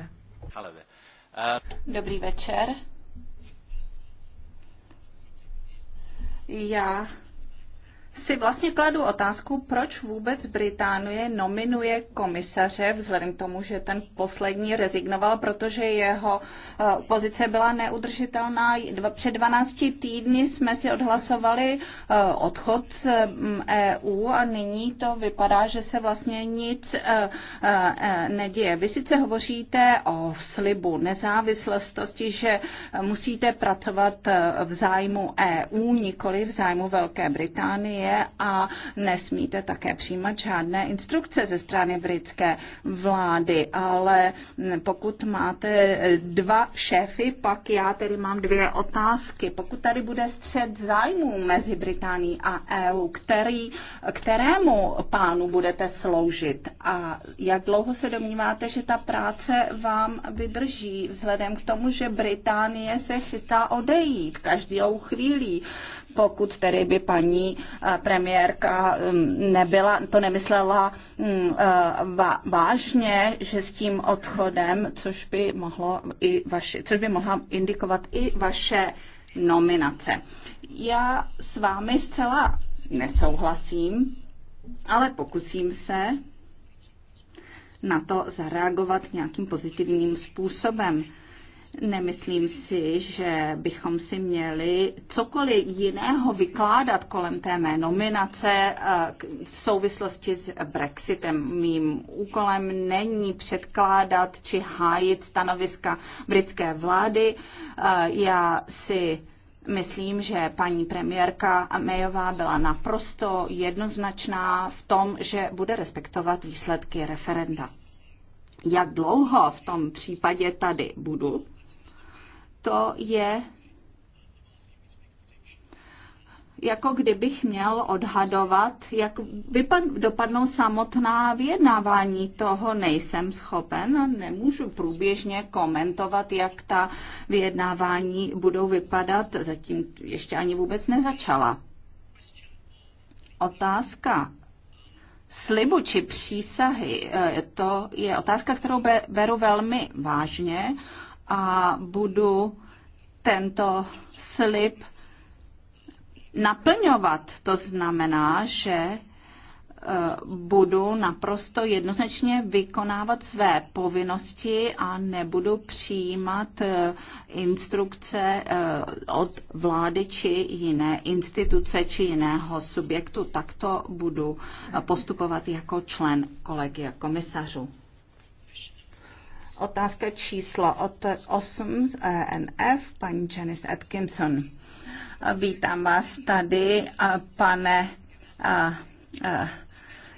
Dobrý večer. Já si vlastně kladu otázku, proč vůbec Británie nominuje komisaře, vzhledem k tomu, že ten poslední rezignoval, protože jeho eh, pozice byla neudržitelná. Před 12 týdny jsme si odhlasovali eh, odchod z mm, EU a nyní to vypadá, že se vlastně nic eh, neděje. Vy sice hovoříte o slibu nezávislosti, že musíte pracovat v zájmu EU, nikoli v zájmu Velké Británie unie a nesmíte také přijímat žádné instrukce ze strany britské vlády. Ale pokud máte dva šéfy, pak já tedy mám dvě otázky. Pokud tady bude střed zájmů mezi Británií a EU, který, kterému pánu budete sloužit a jak dlouho se domníváte, že ta práce vám vydrží vzhledem k tomu, že Británie se chystá odejít každou chvílí pokud tedy by paní eh, premiérka hm, nebyla, to nemyslela hm, eh, vážně, že s tím odchodem, což by, mohlo i vaši, což by mohla indikovat i vaše nominace. Já s vámi zcela nesouhlasím, ale pokusím se na to zareagovat nějakým pozitivním způsobem. Nemyslím si, že bychom si měli cokoliv jiného vykládat kolem té mé nominace eh, v souvislosti s Brexitem. Mým úkolem není předkládat či hájit stanoviska britské vlády. Eh, já si Myslím, že paní premiérka Mayová byla naprosto jednoznačná v tom, že bude respektovat výsledky referenda. Jak dlouho v tom případě tady budu, to je jako kdybych měl odhadovat, jak vypad, dopadnou samotná vyjednávání. Toho nejsem schopen, nemůžu průběžně komentovat, jak ta vyjednávání budou vypadat. Zatím ještě ani vůbec nezačala. Otázka slibu či přísahy, eh, to je otázka, kterou beru velmi vážně a budu tento slib naplňovat. To znamená, že e, budu naprosto jednoznačně vykonávat své povinnosti a nebudu přijímat e, instrukce e, od vlády či jiné instituce či jiného subjektu. Takto budu postupovat jako člen kolegia komisařů. Otázka číslo 8 z ENF, paní Janice Atkinson. Vítám vás tady, pane a, a,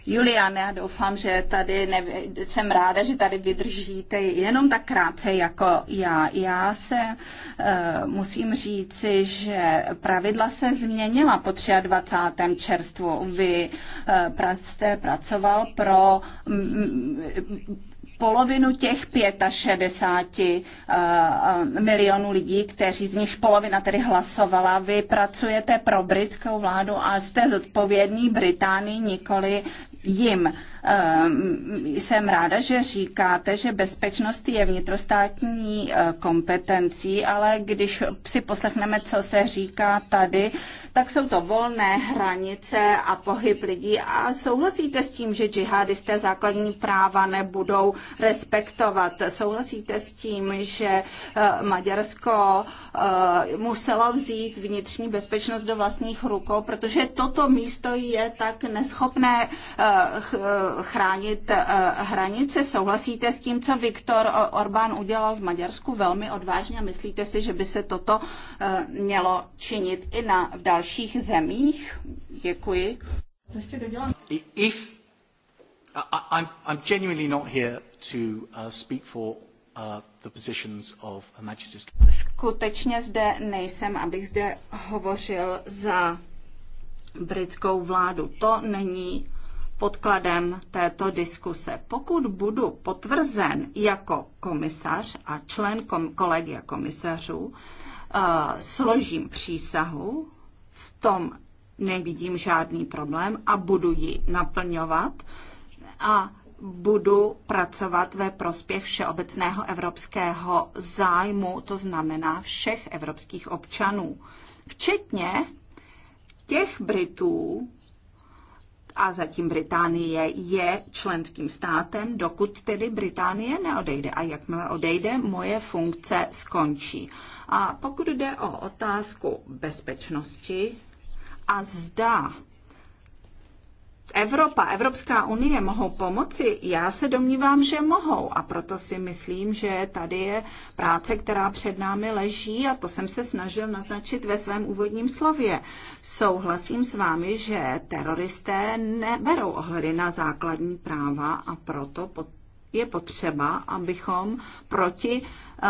Juliane, já doufám, že tady ne, jsem ráda, že tady vydržíte jenom tak krátce jako já. Já se uh, musím říci, že pravidla se změnila po 23. čerstvu. Vy uh, jste pracoval pro m, polovinu těch 65 eh, eh, milionů lidí, kteří z nich polovina tedy hlasovala, vy pracujete pro britskou vládu a jste zodpovědní Británii, nikoli jim. Ehm, jsem ráda, že říkáte, že bezpečnost je vnitrostátní eh, kompetencí, ale když si poslechneme, co se říká tady, tak jsou to volné hranice a pohyb lidí a souhlasíte s tím, že džihadisté základní práva nebudou respektovat. Souhlasíte s tím, že eh, Maďarsko eh, muselo vzít vnitřní bezpečnost do vlastních rukou, protože toto místo je tak neschopné chránit eh, hranice. Souhlasíte s tím, co Viktor Orbán udělal v Maďarsku velmi odvážně a myslíte si, že by se toto eh, mělo činit i na, v dalších zemích? Děkuji. If, I, If, I'm, I'm genuinely not here to uh, speak for uh, the positions of Skutečně zde nejsem, abych zde hovořil za britskou vládu. To není podkladem této diskuse. Pokud budu potvrzen jako komisař a člen kom- kolegia komisařů, uh, složím přísahu, v tom nevidím žádný problém a budu ji naplňovat a budu pracovat ve prospěch všeobecného evropského zájmu, to znamená všech evropských občanů, včetně těch Britů, a zatím Británie je členským státem, dokud tedy Británie neodejde. A jakmile odejde, moje funkce skončí. A pokud jde o otázku bezpečnosti a zda Evropa, Evropská unie mohou pomoci? Já se domnívám, že mohou a proto si myslím, že tady je práce, která před námi leží a to jsem se snažil naznačit ve svém úvodním slově. Souhlasím s vámi, že teroristé neberou ohledy na základní práva a proto je potřeba, abychom proti uh,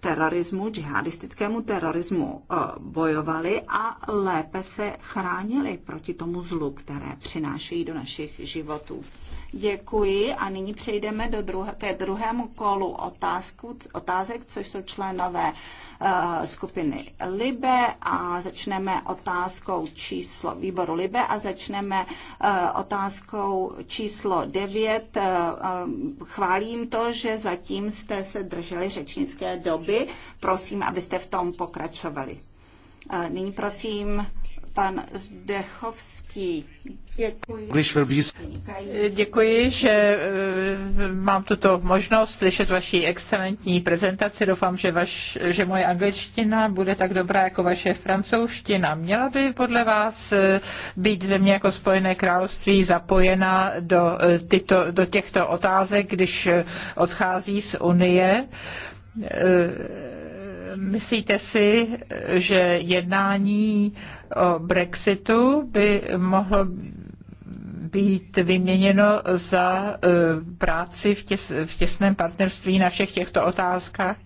terorismu, džihadistickému terorismu eh, bojovali a lépe se chránili proti tomu zlu, které přinášejí do našich životů. Děkuji a nyní přejdeme do druh- ke druhému kolu otázku, otázek, což jsou členové uh, skupiny Libe a začneme otázkou číslo výboru Libe a začneme uh, otázkou číslo 9. Uh, eh, chválím to, že zatím jste se drželi řečnické doby. Prosím, abyste v tom pokračovali. Uh, nyní prosím pan Zdechovský. Děkuji. Děkuji, že eh, mám tuto možnost slyšet vaši excelentní prezentaci. Doufám, že, vaš, že moje angličtina bude tak dobrá jako vaše francouzština. Měla by podle vás eh, být země jako Spojené království zapojena do, eh, tyto, do těchto otázek, když odchází z Unie? Myslíte si, že jednání o Brexitu by mohlo být vyměněno za e, práci v, těs, v těsném partnerství na všech těchto otázkách?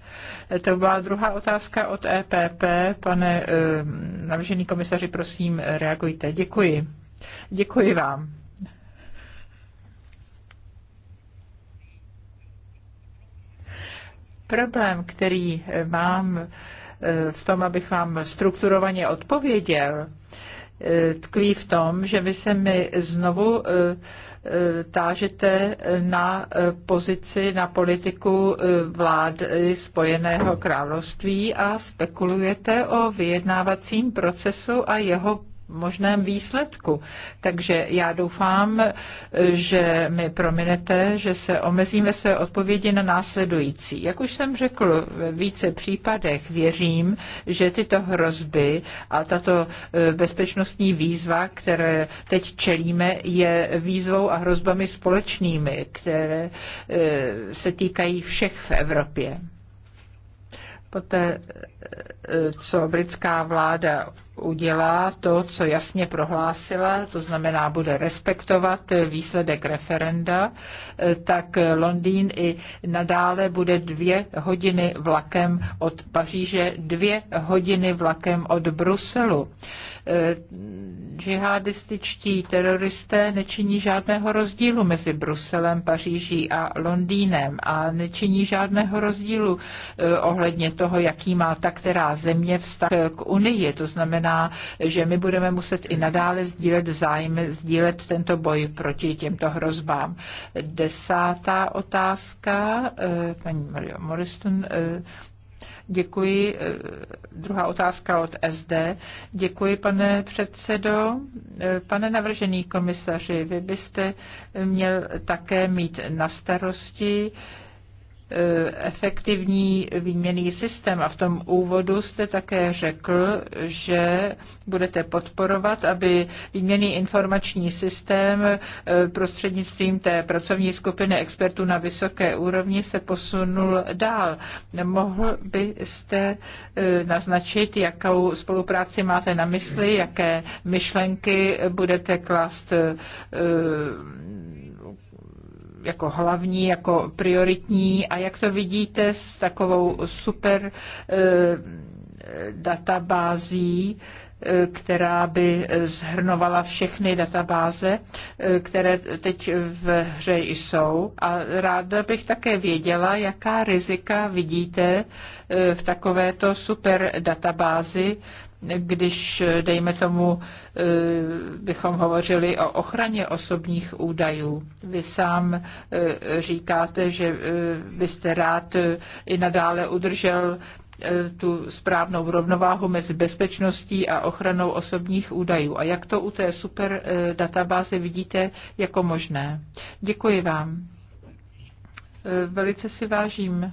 To byla druhá otázka od EPP. Pane e, navržený komisaři, prosím, reagujte. Děkuji. Děkuji vám. Problém, který eh, mám eh, v tom, abych vám strukturovaně odpověděl, eh, tkví v tom, že vy se mi znovu tážete na pozici, na politiku vlády Spojeného království a spekulujete o vyjednávacím procesu a jeho možném výsledku. Takže já doufám, že mi prominete, že se omezíme své odpovědi na následující. Jak už jsem řekl ve více případech, věřím, že tyto hrozby a tato e, bezpečnostní výzva, které teď čelíme, je výzvou a hrozbami společnými, které e, se týkají všech v Evropě. Poté, e, co britská vláda udělá to, co jasně prohlásila, to znamená, bude respektovat výsledek referenda, tak Londýn i nadále bude dvě hodiny vlakem od Paříže, dvě hodiny vlakem od Bruselu. Eh, džihadističtí teroristé nečiní žádného rozdílu mezi Bruselem, Paříží a Londýnem a nečiní žádného rozdílu eh, ohledně toho, jaký má ta která země vztah k Unii. To znamená, že my budeme muset i nadále sdílet zájmy, sdílet tento boj proti těmto hrozbám. Desátá otázka, eh, paní Mario Morrison, Děkuji. Druhá otázka od SD. Děkuji, pane předsedo. Pane navržený komisaři, vy byste měl také mít na starosti Eh, efektivní výměný systém. A v tom úvodu jste také řekl, že budete podporovat, aby výměný informační systém eh, prostřednictvím té pracovní skupiny expertů na vysoké úrovni se posunul dál. Mohl byste eh, naznačit, jakou spolupráci máte na mysli, jaké myšlenky budete klást jako hlavní, jako prioritní a jak to vidíte s takovou super eh, databází, eh, která by zhrnovala všechny databáze, eh, které teď v hře jsou. A ráda bych také věděla, jaká rizika vidíte v takovéto super databázi, když, dejme tomu, eh, bychom hovořili o ochraně osobních údajů. Vy sám eh, říkáte, že byste eh, rád i nadále udržel tu správnou rovnováhu mezi bezpečností a ochranou osobních údajů. A jak to u té super databáze vidíte jako možné? Děkuji vám. Velice si vážím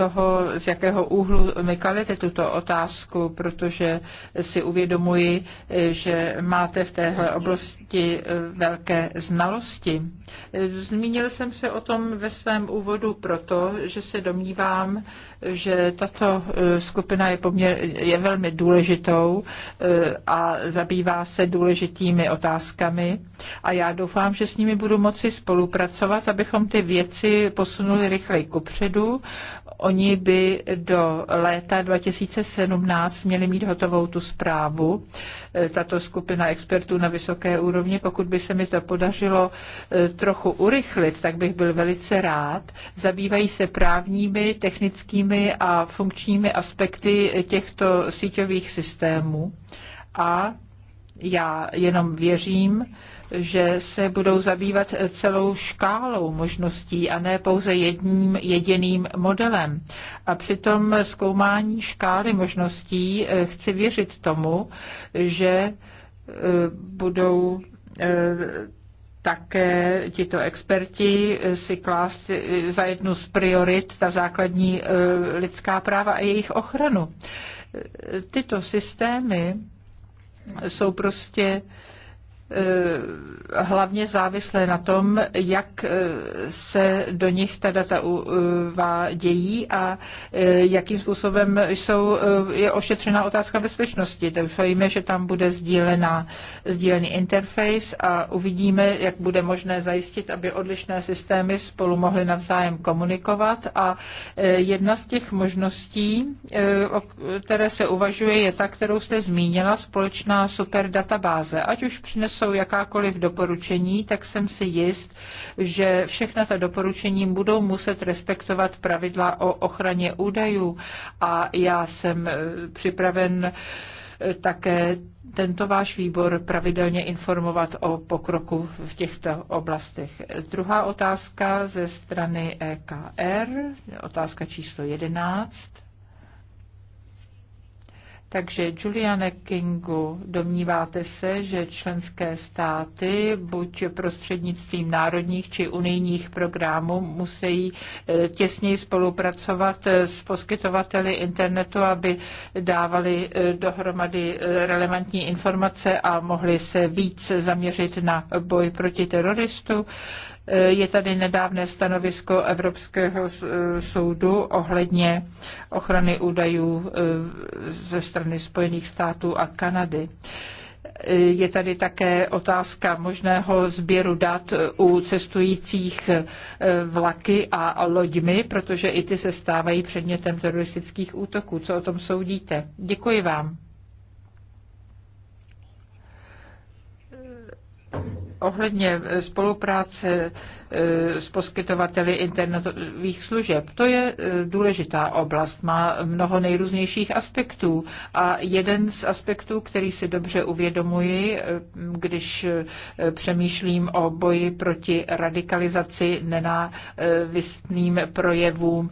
toho, z jakého úhlu mi kladete tuto otázku, protože si uvědomuji, že máte v téhle oblasti eh, velké znalosti. Eh, zmínil jsem se o tom ve svém úvodu proto, že se domnívám, že tato eh, skupina je, poměr, je velmi důležitou a zabývá se důležitými otázkami a já doufám, že s nimi budu moci spolupracovat, abychom ty věci posunuli rychleji kupředu Oni by do léta 2017 měli mít hotovou tu zprávu, e, tato skupina expertů na vysoké úrovni. Pokud by se mi to podařilo e, trochu urychlit, tak bych byl velice rád. Zabývají se právními, technickými a funkčními aspekty těchto síťových systémů a já jenom věřím, že se budou zabývat celou škálou možností a ne pouze jedním jediným modelem. A při tom zkoumání škály možností eh, chci věřit tomu, že eh, budou eh, také tito experti si klást za jednu z priorit ta základní lidská práva a jejich ochranu. Tyto systémy jsou prostě Eh, hlavně závislé na tom, jak eh, se do nich ta data uvádějí a eh, jakým způsobem jsou, je ošetřena otázka bezpečnosti. Doufejme, že tam bude sdílená, sdílený interface a uvidíme, jak bude možné zajistit, aby odlišné systémy spolu mohly navzájem komunikovat. A jedna z těch možností, o které se uvažuje, je ta, kterou jste zmínila, společná superdatabáze. Ať už přines jsou jakákoliv doporučení, tak jsem si jist, že všechna ta doporučení budou muset respektovat pravidla o ochraně údajů a já jsem eh, připraven eh, také tento váš výbor pravidelně informovat o pokroku v těchto oblastech. Druhá otázka ze strany EKR, otázka číslo 11. Takže Juliane Kingu, domníváte se, že členské státy buď prostřednictvím národních či unijních programů musí eh, těsněji spolupracovat eh, s poskytovateli internetu, aby dávali eh, dohromady relevantní informace a mohli se víc zaměřit na boj proti teroristům. Eh, je tady nedávné stanovisko Evropského eh, soudu ohledně ochrany údajů eh, ze strany Spojených států a Kanady. Je tady také otázka možného sběru dat u cestujících vlaky a loďmi, protože i ty se stávají předmětem teroristických útoků. Co o tom soudíte? Děkuji vám. ohledně eh, spolupráce eh, s poskytovateli internetových služeb. To je eh, důležitá oblast, má mnoho nejrůznějších aspektů a jeden z aspektů, který si dobře uvědomuji, když přemýšlím o boji proti radikalizaci, nenávistným projevům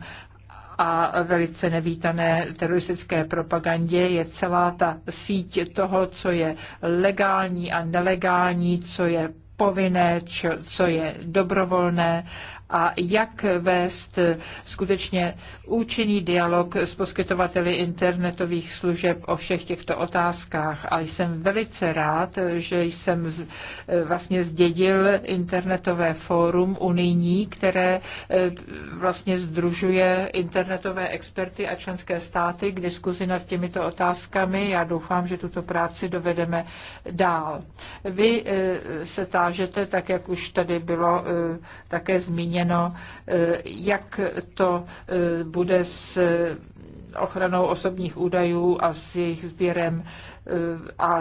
a velice nevítané teroristické propagandě je celá ta síť toho, co je legální a nelegální, co je povinné, čo, co je dobrovolné a jak vést skutečně účinný dialog s poskytovateli internetových služeb o všech těchto otázkách. A jsem velice rád, že jsem z, eh, vlastně zdědil internetové fórum unijní, které eh, vlastně združuje internetové experty a členské státy k diskuzi nad těmito otázkami. Já doufám, že tuto práci dovedeme dál. Vy eh, se tážete, tak jak už tady bylo také zmíněno, zmíněno, eh, jak to eh, bude s eh, ochranou osobních údajů a s jejich sběrem a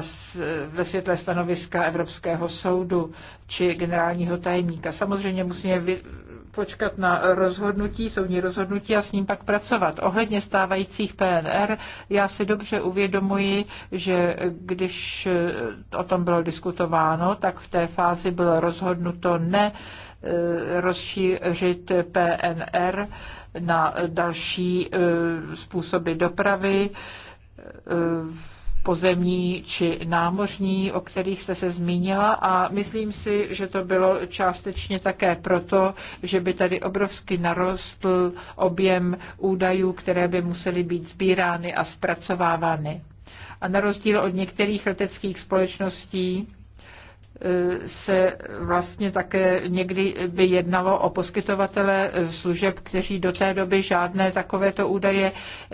ve světle stanoviska Evropského soudu či generálního tajemníka. Samozřejmě musíme vy, počkat na rozhodnutí, soudní rozhodnutí a s ním pak pracovat. Ohledně stávajících PNR, já si dobře uvědomuji, že když o tom bylo diskutováno, tak v té fázi bylo rozhodnuto ne Eh, rozšířit PNR na další eh, způsoby dopravy, eh, pozemní či námořní, o kterých jste se zmínila a myslím si, že to bylo částečně také proto, že by tady obrovsky narostl objem údajů, které by musely být sbírány a zpracovávány. A na rozdíl od některých leteckých společností, se vlastně také někdy by jednalo o poskytovatele služeb, kteří do té doby žádné takovéto údaje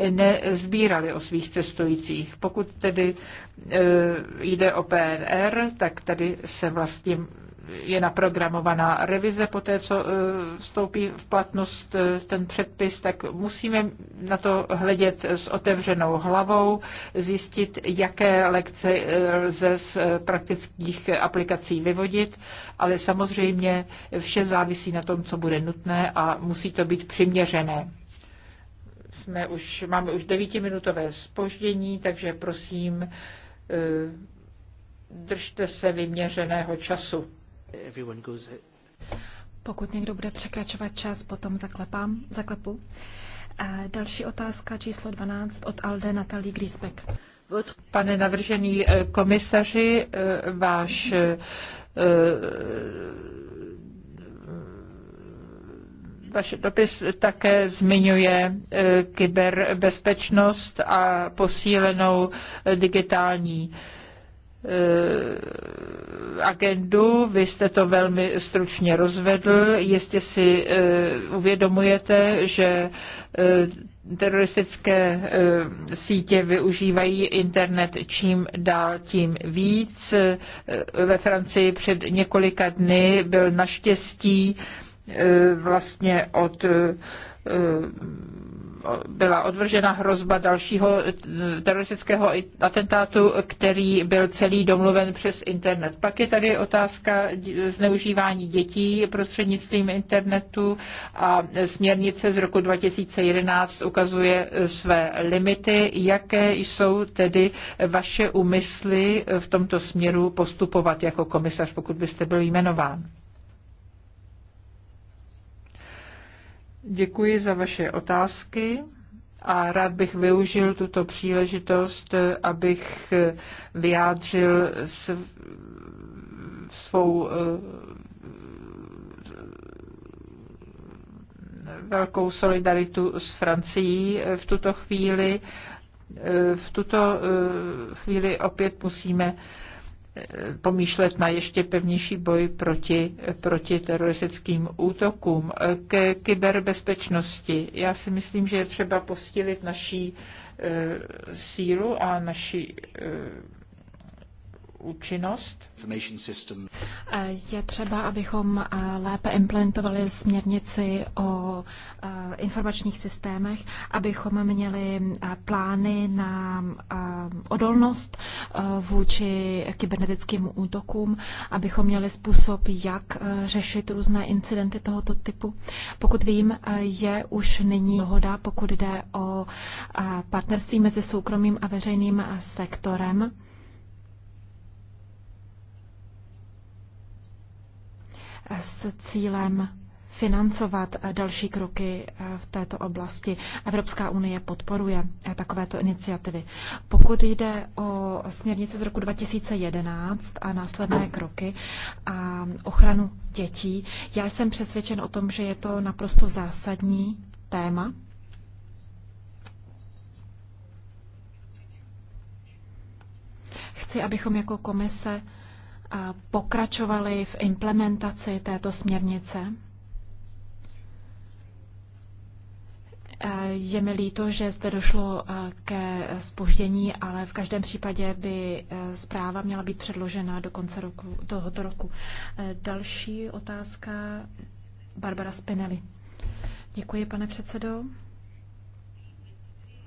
nezbírali o svých cestujících. Pokud tedy eh, jde o PNR, tak tady se vlastně je naprogramovaná revize po té, co e, vstoupí v platnost e, ten předpis, tak musíme na to hledět s otevřenou hlavou, zjistit, jaké lekce e, lze z praktických aplikací vyvodit, ale samozřejmě vše závisí na tom, co bude nutné a musí to být přiměřené jsme už, máme už devítiminutové spoždění, takže prosím, držte se vyměřeného času pokud někdo bude překračovat čas, potom zaklepám, zaklepu. A další otázka číslo 12 od Alde Natalie Grisbeck. Pane navržený eh, komisaři, eh, váš eh, vaš dopis také zmiňuje kyberbezpečnost a posílenou digitální Eh, agendu. Vy jste to velmi stručně rozvedl. Jistě si eh, uvědomujete, že eh, teroristické sítě využívají internet čím dál tím víc. Ve Francii před několika dny byl naštěstí vlastně od byla odvržena hrozba dalšího eh, teroristického atentátu, který byl celý domluven přes internet. Pak je tady otázka zneužívání dětí prostřednictvím internetu a směrnice z roku 2011 ukazuje eh, své limity. Jaké jsou tedy vaše úmysly eh, v tomto směru postupovat jako komisař, pokud byste byl jmenován? Děkuji za vaše otázky a rád bych využil tuto příležitost, abych vyjádřil svou eh, velkou solidaritu s Francií v tuto chvíli. Eh, v tuto eh, chvíli opět musíme pomýšlet na ještě pevnější boj proti, proti teroristickým útokům. K kyberbezpečnosti. Já si myslím, že je třeba postilit naší eh, sílu a naši eh, účinnost. Eh, je třeba, abychom eh, lépe implementovali směrnici o eh, informačních systémech, abychom měli plány na odolnost vůči kybernetickým útokům, abychom měli způsob, jak řešit různé incidenty tohoto typu. Pokud vím, je už nyní dohoda, pokud jde o partnerství mezi soukromým a veřejným sektorem s cílem financovat další kroky eh, v této oblasti. Evropská unie podporuje eh, takovéto iniciativy. Pokud jde o směrnice z roku 2011 a následné kroky a ochranu dětí, já jsem přesvědčen o tom, že je to naprosto zásadní téma. Chci, abychom jako komise pokračovali v implementaci této směrnice. Eh, je mi líto, že zde došlo eh, ke spoždění, ale v každém případě by eh, zpráva měla být předložena do konce roku, tohoto roku. Další otázka, Barbara Spinelli. Děkuji, pane předsedo.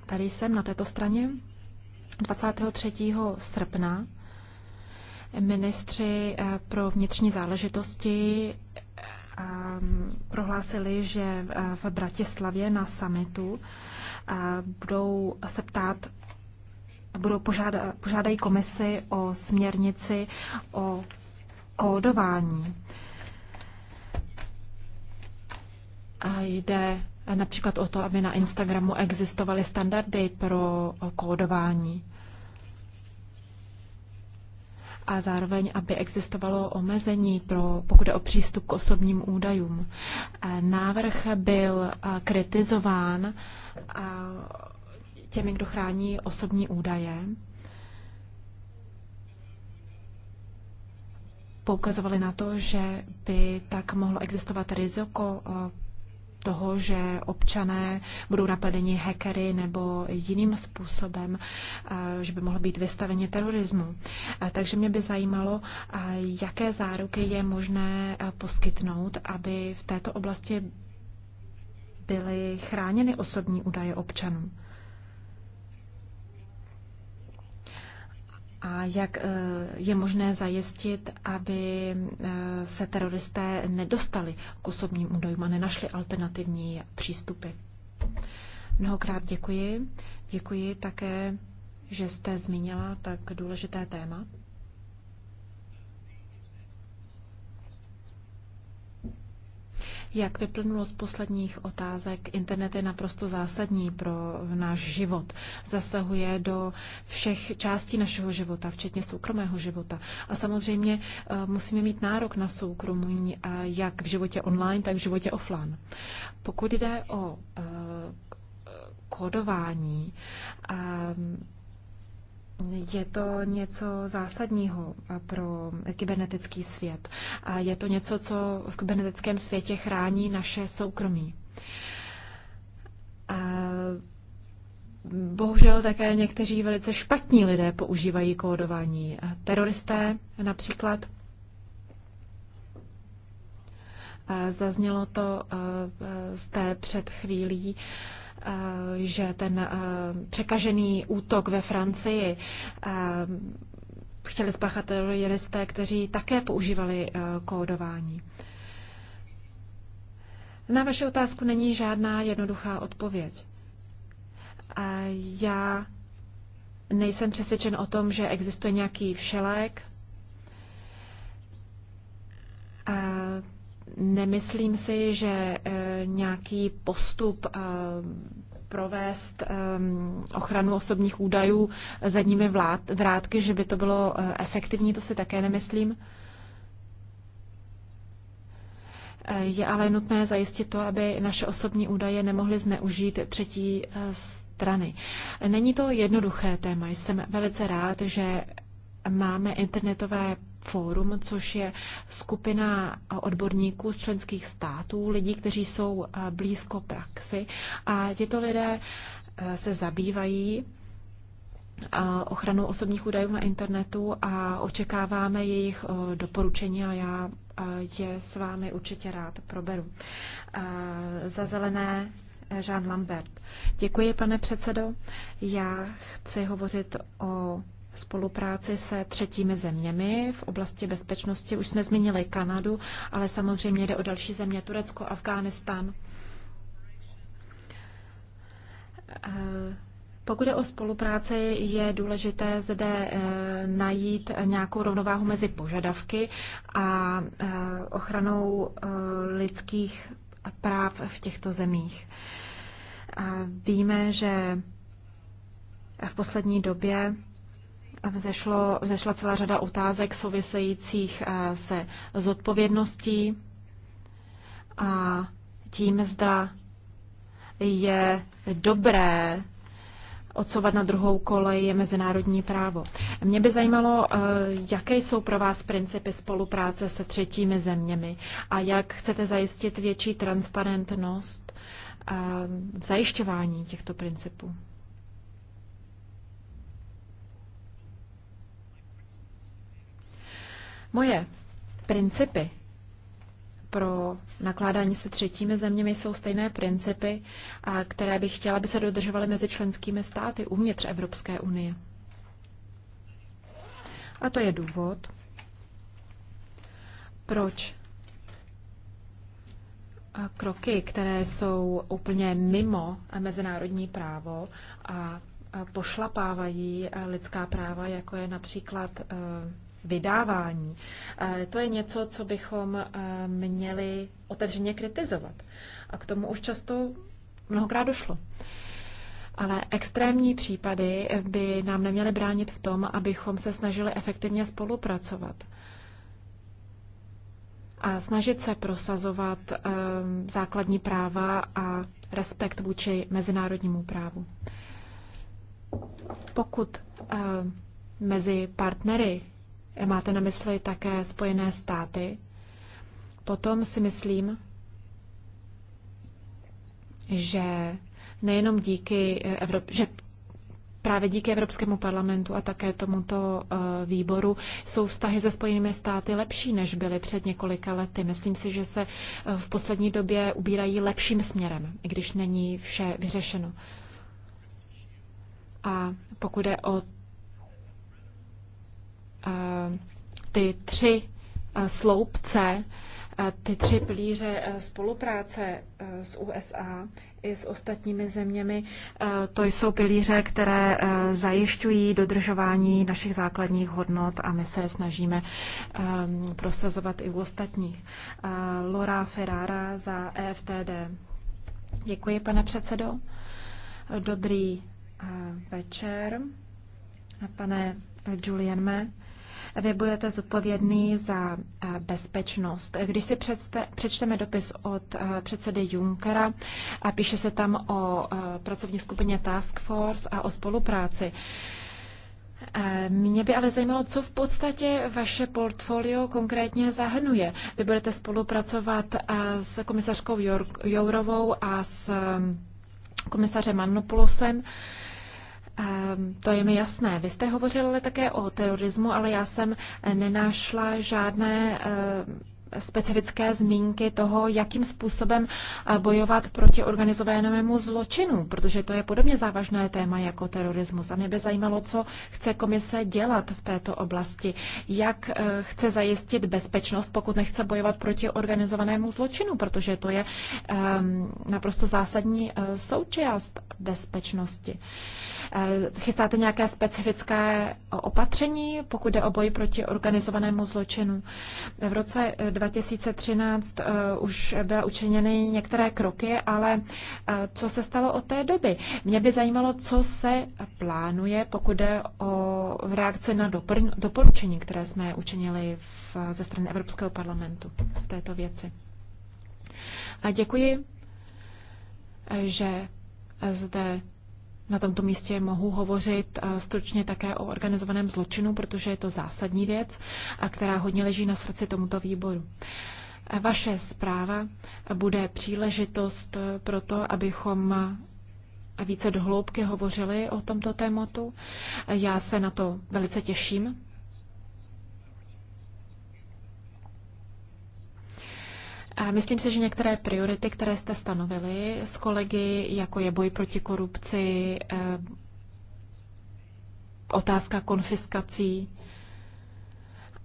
Tady jsem na této straně. 23. srpna Ministři eh, pro vnitřní záležitosti eh, mm, prohlásili, že eh, v Bratislavě na samitu budou se ptát budou požáda, požádají komisi o směrnici o kódování. A jde například o to, aby na Instagramu existovaly standardy pro kódování a zároveň, aby existovalo omezení, pro, pokud je o přístup k osobním údajům. Návrh byl kritizován těmi, kdo chrání osobní údaje. Poukazovali na to, že by tak mohlo existovat riziko toho, že občané budou napadeni hackery nebo jiným způsobem, eh, že by mohlo být vystaveni terorismu. Eh, takže mě by zajímalo, eh, jaké záruky je možné poskytnout, aby v této oblasti byly chráněny osobní údaje občanů. a jak eh, je možné zajistit, aby eh, se teroristé nedostali k osobním údajům a nenašli alternativní přístupy. Mnohokrát děkuji. Děkuji také, že jste zmínila tak důležité téma. Jak vyplnulo z posledních otázek, internet je naprosto zásadní pro náš život. Zasahuje do všech částí našeho života, včetně soukromého života. A samozřejmě eh, musíme mít nárok na soukromí, eh, jak v životě online, tak v životě offline. Pokud jde o eh, kodování, je to něco zásadního pro kybernetický svět. A je to něco, co v kybernetickém světě chrání naše soukromí. A bohužel také někteří velice špatní lidé používají kódování. Teroristé například. Zaznělo to zde před chvílí. Eh, že ten eh, překažený útok ve Francii eh, chtěli spáchat teroristé, kteří také používali kódování. Na vaši otázku není žádná jednoduchá odpověď. Já nejsem přesvědčen o tom, že existuje nějaký všelék, Nemyslím si, že eh, nějaký postup eh, provést eh, ochranu osobních údajů zadními vrátky, že by to bylo efektivní, to si také nemyslím. Je ale nutné zajistit to, aby naše osobní údaje nemohly zneužít třetí strany. Není to jednoduché téma. Jsem velice rád, že máme internetové forum, což je skupina odborníků z členských států, lidí, kteří jsou eh, blízko praxi. A tito lidé eh, se zabývají eh, ochranou osobních údajů na internetu a očekáváme jejich doporučení a já je s vámi určitě rád proberu. Za zelené Jean Lambert. Děkuji, pane předsedo. Já chci hovořit o spolupráci se třetími zeměmi. V oblasti bezpečnosti už jsme zmínili Kanadu, ale samozřejmě jde o další země, Turecko, Afghánistán. Eh, pokud je o spolupráci, je důležité zde eh, najít nějakou rovnováhu mezi požadavky a eh, ochranou lidských práv v těchto zemích. Víme, že v poslední době vzešlo, vzešla celá řada otázek souvisejících eh, se zodpovědností a tím, zda je dobré odsouvat na druhou kolej je mezinárodní právo. Mě by zajímalo, eh, jaké jsou pro vás principy spolupráce se třetími zeměmi a jak chcete zajistit větší transparentnost eh, v zajišťování těchto principů. Moje principy pro nakládání se třetími zeměmi jsou stejné principy, které bych chtěla, aby se dodržovaly mezi členskými státy uvnitř Evropské unie. A to je důvod, proč kroky, které jsou úplně mimo mezinárodní právo a pošlapávají lidská práva, jako je například e, vydávání. Eh, to je něco, co bychom eh, měli otevřeně kritizovat. A k tomu už často mnohokrát došlo. Ale extrémní případy by nám neměly bránit v tom, abychom se snažili efektivně spolupracovat a snažit se prosazovat ehm, základní práva a respekt vůči mezinárodnímu právu. Pokud ehm, mezi partnery máte na mysli také Spojené státy, potom si myslím, že nejenom díky eh, Evrop- že právě díky Evropskému parlamentu a také tomuto eh, výboru jsou vztahy se Spojenými státy lepší, než byly před několika lety. Myslím si, že se eh, v poslední době ubírají lepším směrem, i když není vše vyřešeno. A pokud je o Eh, ty tři eh, sloupce, eh, ty tři plíře spolupráce s USA i s ostatními zeměmi, to jsou pilíře, které zajišťují dodržování našich základních hodnot a my se je snažíme prosazovat i u ostatních. Laura Ferrara za EFTD. Děkuji, pane předsedo. Dobrý večer, pane Julianme. Vy budete zodpovědný za eh, bezpečnost. Když si předste, přečteme dopis od eh, předsedy Junckera a píše se tam o eh, pracovní skupině Task Force a o spolupráci, mě by ale zajímalo, co v podstatě vaše portfolio konkrétně zahrnuje. Vy budete spolupracovat s komisařkou Jourovou a s komisařem Manopulosem. Ehm, to je mi jasné. Vy jste hovořil ale také o terorismu, ale já jsem eh, nenášla žádné eh, specifické zmínky toho, jakým způsobem eh, bojovat proti organizovanému zločinu, protože to je podobně závažné téma jako terorismus. A mě by zajímalo, co chce komise dělat v této oblasti. Jak chce zajistit bezpečnost, pokud nechce bojovat proti organizovanému zločinu, protože to je ehm, naprosto zásadní součást bezpečnosti. Eh, chystáte nějaké specifické opatření, pokud jde o boj proti organizovanému zločinu? V roce 2013 eh, eh, už byly učiněny některé kroky, ale co se stalo od té doby? Mě by zajímalo, co se plánuje, pokud jde o reakci na doporučení, které jsme učinili v, ze strany Evropského parlamentu v této věci. A děkuji, že zde na tomto místě mohu hovořit eh, stručně také o organizovaném zločinu, protože je to zásadní věc, a která hodně leží na srdci tomuto výboru. Eh, vaše zpráva bude příležitost eh, pro to, abychom více dohloubky hovořili o tomto tématu. Já se na to velice těším. Myslím si, že některé priority, které jste stanovili s kolegy, jako je boj proti korupci, eh, otázka konfiskací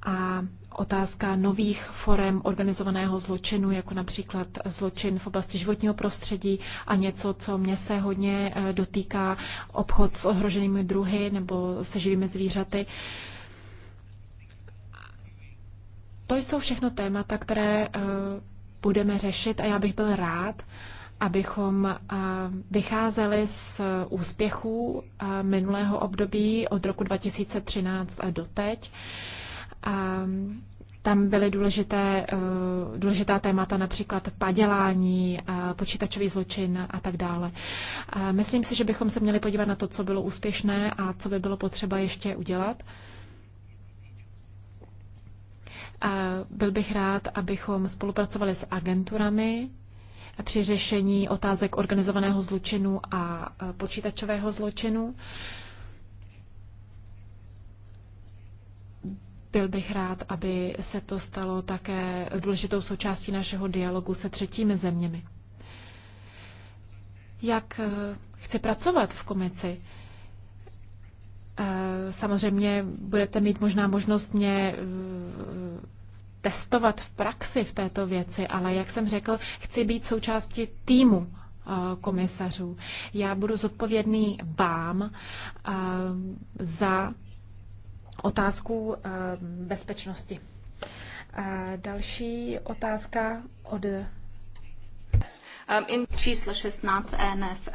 a otázka nových forem organizovaného zločinu, jako například zločin v oblasti životního prostředí a něco, co mě se hodně eh, dotýká, obchod s ohroženými druhy nebo se živými zvířaty. To jsou všechno témata, které eh, budeme řešit a já bych byl rád, abychom vycházeli z úspěchů minulého období od roku 2013 a doteď. Tam byly důležité, e, důležitá témata, například padělání, počítačový zločin a tak dále. Myslím si, že bychom se měli podívat na to, co bylo úspěšné a co by bylo potřeba ještě udělat. Byl bych rád, abychom spolupracovali s agenturami při řešení otázek organizovaného zločinu a počítačového zločinu. Byl bych rád, aby se to stalo také důležitou součástí našeho dialogu se třetími zeměmi. Jak eh, chci pracovat v komici? Eh, samozřejmě budete mít možná možnost mě eh, testovat v praxi v této věci, ale jak jsem řekl, chci být součástí týmu eh, komisařů. Já budu zodpovědný vám za otázku bezpečnosti. Další otázka od Um, číslo 16 NF.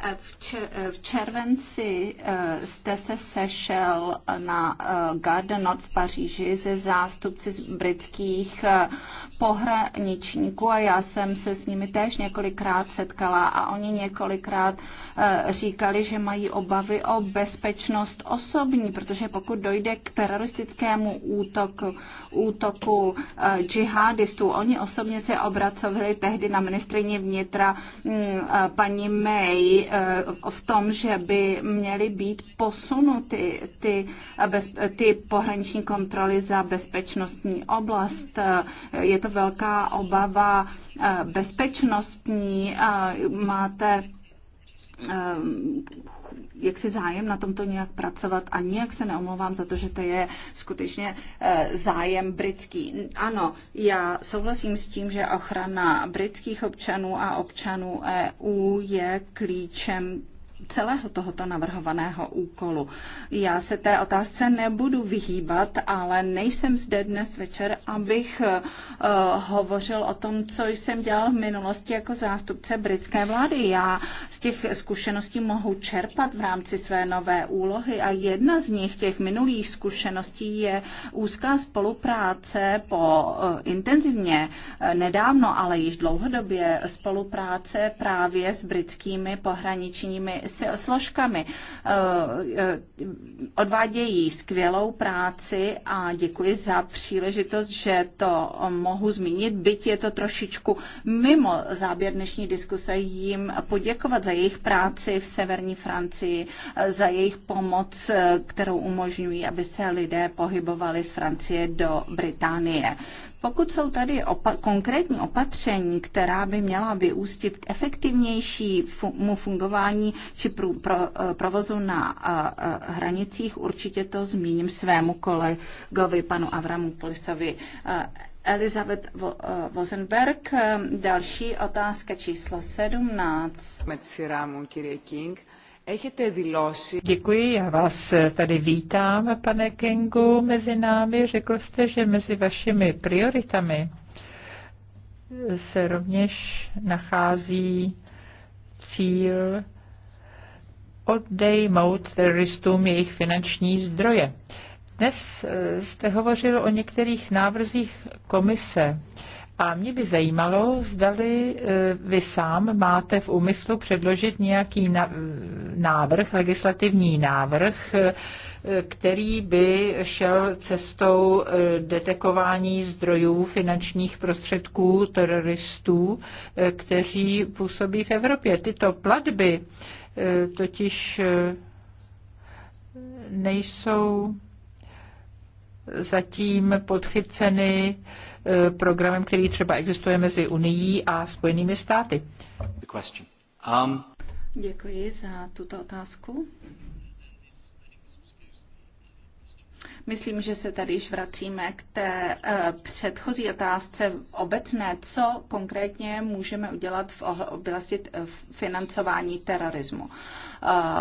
V červenci eh, jste se sešel na eh, Gardenot v Paříži ze zástupci z britských eh, pohraničníků a já jsem se s nimi též několikrát setkala a oni několikrát říkali, že mají obavy o bezpečnost osobní, protože pokud dojde k teroristickému útoku, útoku džihadistů, oni osobně se obracovali tehdy na ministrině vnitra mm, eh, paní May eh, v tom, že by měly být posunuty ty, eh, bez, ty pohraniční kontroly za bezpečnostní oblast. Je to velká obava bezpečnostní. Máte jaksi zájem na tomto nějak pracovat a nijak se neomlouvám za to, že to je skutečně eh, zájem britský. Ano, já souhlasím s tím, že ochrana britských občanů a občanů EU je klíčem celého tohoto navrhovaného úkolu. Já se té otázce nebudu vyhýbat, ale nejsem zde dnes večer, abych eh, hovořil o tom, co jsem dělal v minulosti jako zástupce britské vlády. Já z těch zkušeností mohu čerpat v rámci své nové úlohy a jedna z nich, těch minulých zkušeností, je úzká spolupráce po eh, intenzivně eh, nedávno, ale již dlouhodobě spolupráce právě s britskými pohraničními složkami. Eh, eh, odvádějí skvělou práci a děkuji za příležitost, že to mohu zmínit, byť je to trošičku mimo záběr dnešní diskuse, jim poděkovat za jejich práci v severní Francii, eh, za jejich pomoc, kterou umožňují, aby se lidé pohybovali z Francie do Británie. Pokud jsou tady opa- konkrétní opatření, která by měla vyústit k efektivnějšímu fungování či pro, pro, eh, provozu na a, eh, a eh, hranicích, určitě to zmíním svému kolegovi, panu Avramu Polisovi. Elizabeth Vosenberg, další otázka číslo 17. King. Děkuji, já vás eh, tady vítám, pane Kingu, mezi námi. Řekl jste, že mezi vašimi prioritami eh, se rovněž nachází cíl odejmout teroristům jejich finanční zdroje. Dnes eh, jste hovořil o některých návrzích komise. A mě by zajímalo, zdali e, vy sám máte v úmyslu předložit nějaký e, návrh, legislativní návrh, e, který by šel cestou detekování zdrojů finančních prostředků teroristů, kteří působí v Evropě. Tyto platby totiž nejsou zatím podchyceny E, programem, který třeba existuje mezi Unií a Spojenými státy? Um... Děkuji za tuto otázku. Myslím, že se tady již vracíme k té e, předchozí otázce obecné, co konkrétně můžeme udělat v oblasti e, financování terorismu.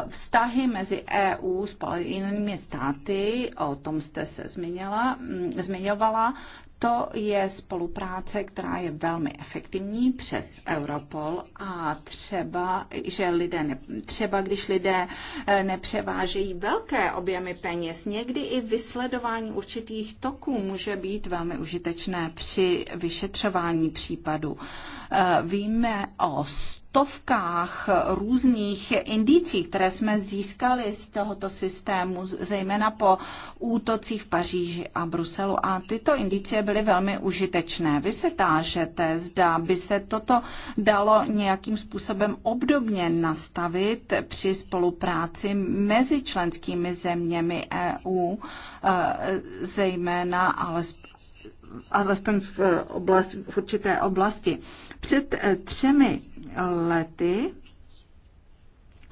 Vztahy mezi EU s jinými státy, o tom jste se zmínila, zmiňovala, to je spolupráce, která je velmi efektivní přes Europol a třeba, že lidé ne, třeba když lidé eh, nepřevážejí velké objemy peněz, někdy i vysledování určitých toků může být velmi užitečné při vyšetřování případu. Eh, víme o stovkách různých indicí, které jsme získali z tohoto systému, zejména po útocích v Paříži a Bruselu. A tyto indicie byly velmi užitečné. Vy se tážete, zda by se toto dalo nějakým způsobem obdobně nastavit při spolupráci mezi členskými zeměmi EU, eh, zejména alespoň alespoň v, eh, oblast, v určité oblasti. Před eh, třemi lety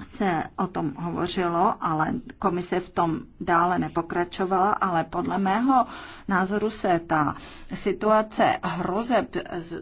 se o tom hovořilo, ale komise v tom dále nepokračovala, ale podle mého názoru se ta situace hrozeb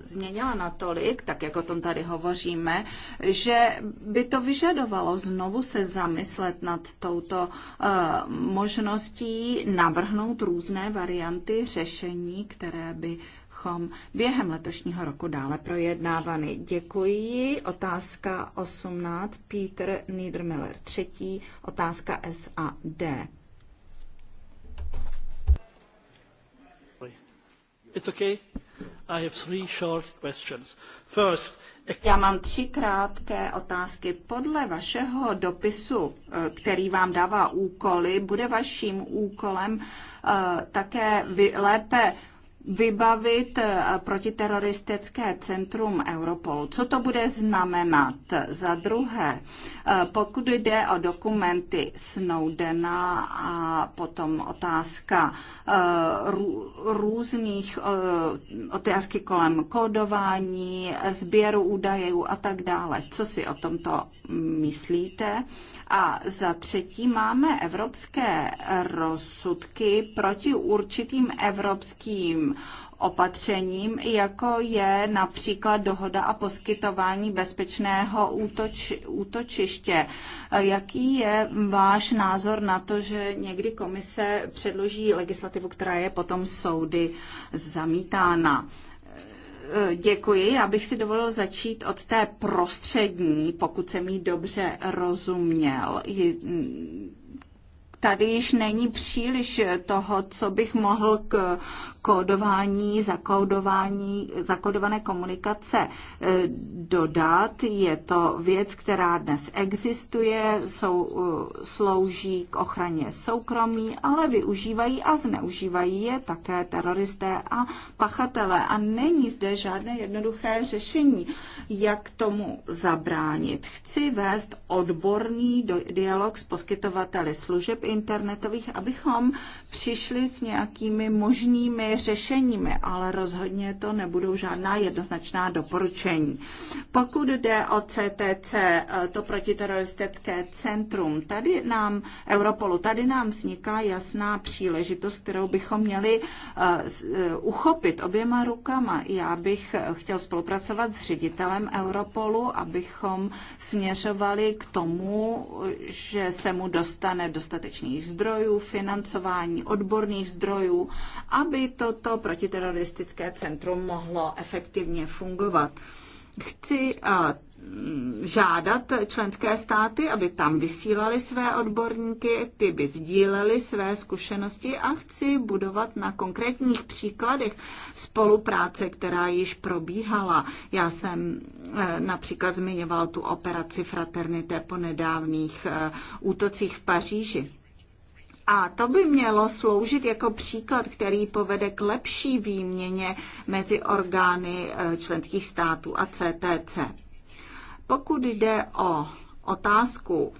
změnila natolik, tak jak o tom tady hovoříme, že by to vyžadovalo znovu se zamyslet nad touto eh, možností navrhnout různé varianty řešení, které by bychom během letošního roku dále projednávali. Děkuji. Otázka 18, Peter Niedermiller třetí. otázka SAD. It's okay. I have three short questions. First, já mám tři krátké otázky. Podle vašeho dopisu, eh, který vám dává úkoly, bude vaším úkolem eh, také vy, lépe vybavit eh, protiteroristické centrum Europolu. Co to bude znamenat? Za druhé, eh, pokud jde o dokumenty Snowdena a potom otázka eh, různých otázky kolem kódování, sběru údajů a tak dále. Co si o tomto myslíte? A za třetí máme evropské rozsudky proti určitým evropským opatřením, jako je například dohoda a poskytování bezpečného útoč, útočiště. Jaký je váš názor na to, že někdy komise předloží legislativu, která je potom soudy zamítána? Eh, děkuji. Já bych si dovolil začít od té prostřední, pokud jsem jí dobře rozuměl. Tady již není příliš toho, co bych mohl k kódování, zakódování, zakódované komunikace eh, dodat. Je to věc, která dnes existuje, jsou, eh, slouží k ochraně soukromí, ale využívají a zneužívají je také teroristé a pachatelé, A není zde žádné jednoduché řešení, jak tomu zabránit. Chci vést odborný dialog s poskytovateli služeb internetových, abychom přišli s nějakými možnými řešeními, ale rozhodně to nebudou žádná jednoznačná doporučení. Pokud jde o CTC, eh, to protiteroristické centrum, tady nám, Europolu, tady nám vzniká jasná příležitost, kterou bychom měli eh, eh, uchopit oběma rukama. Já bych chtěl spolupracovat s ředitelem Europolu, abychom směřovali k tomu, že se mu dostane dostatečných zdrojů, financování, odborných zdrojů, aby toto protiteroristické centrum mohlo efektivně fungovat. Chci mm, žádat členské státy, aby tam vysílali své odborníky, ty by sdíleli své zkušenosti a chci budovat na konkrétních příkladech spolupráce, která již probíhala. Já jsem e, například zmiňoval tu operaci Fraternité po nedávných e, útocích v Paříži. A to by mělo sloužit jako příklad, který povede k lepší výměně mezi orgány eh, členských států a CTC. Pokud jde o otázku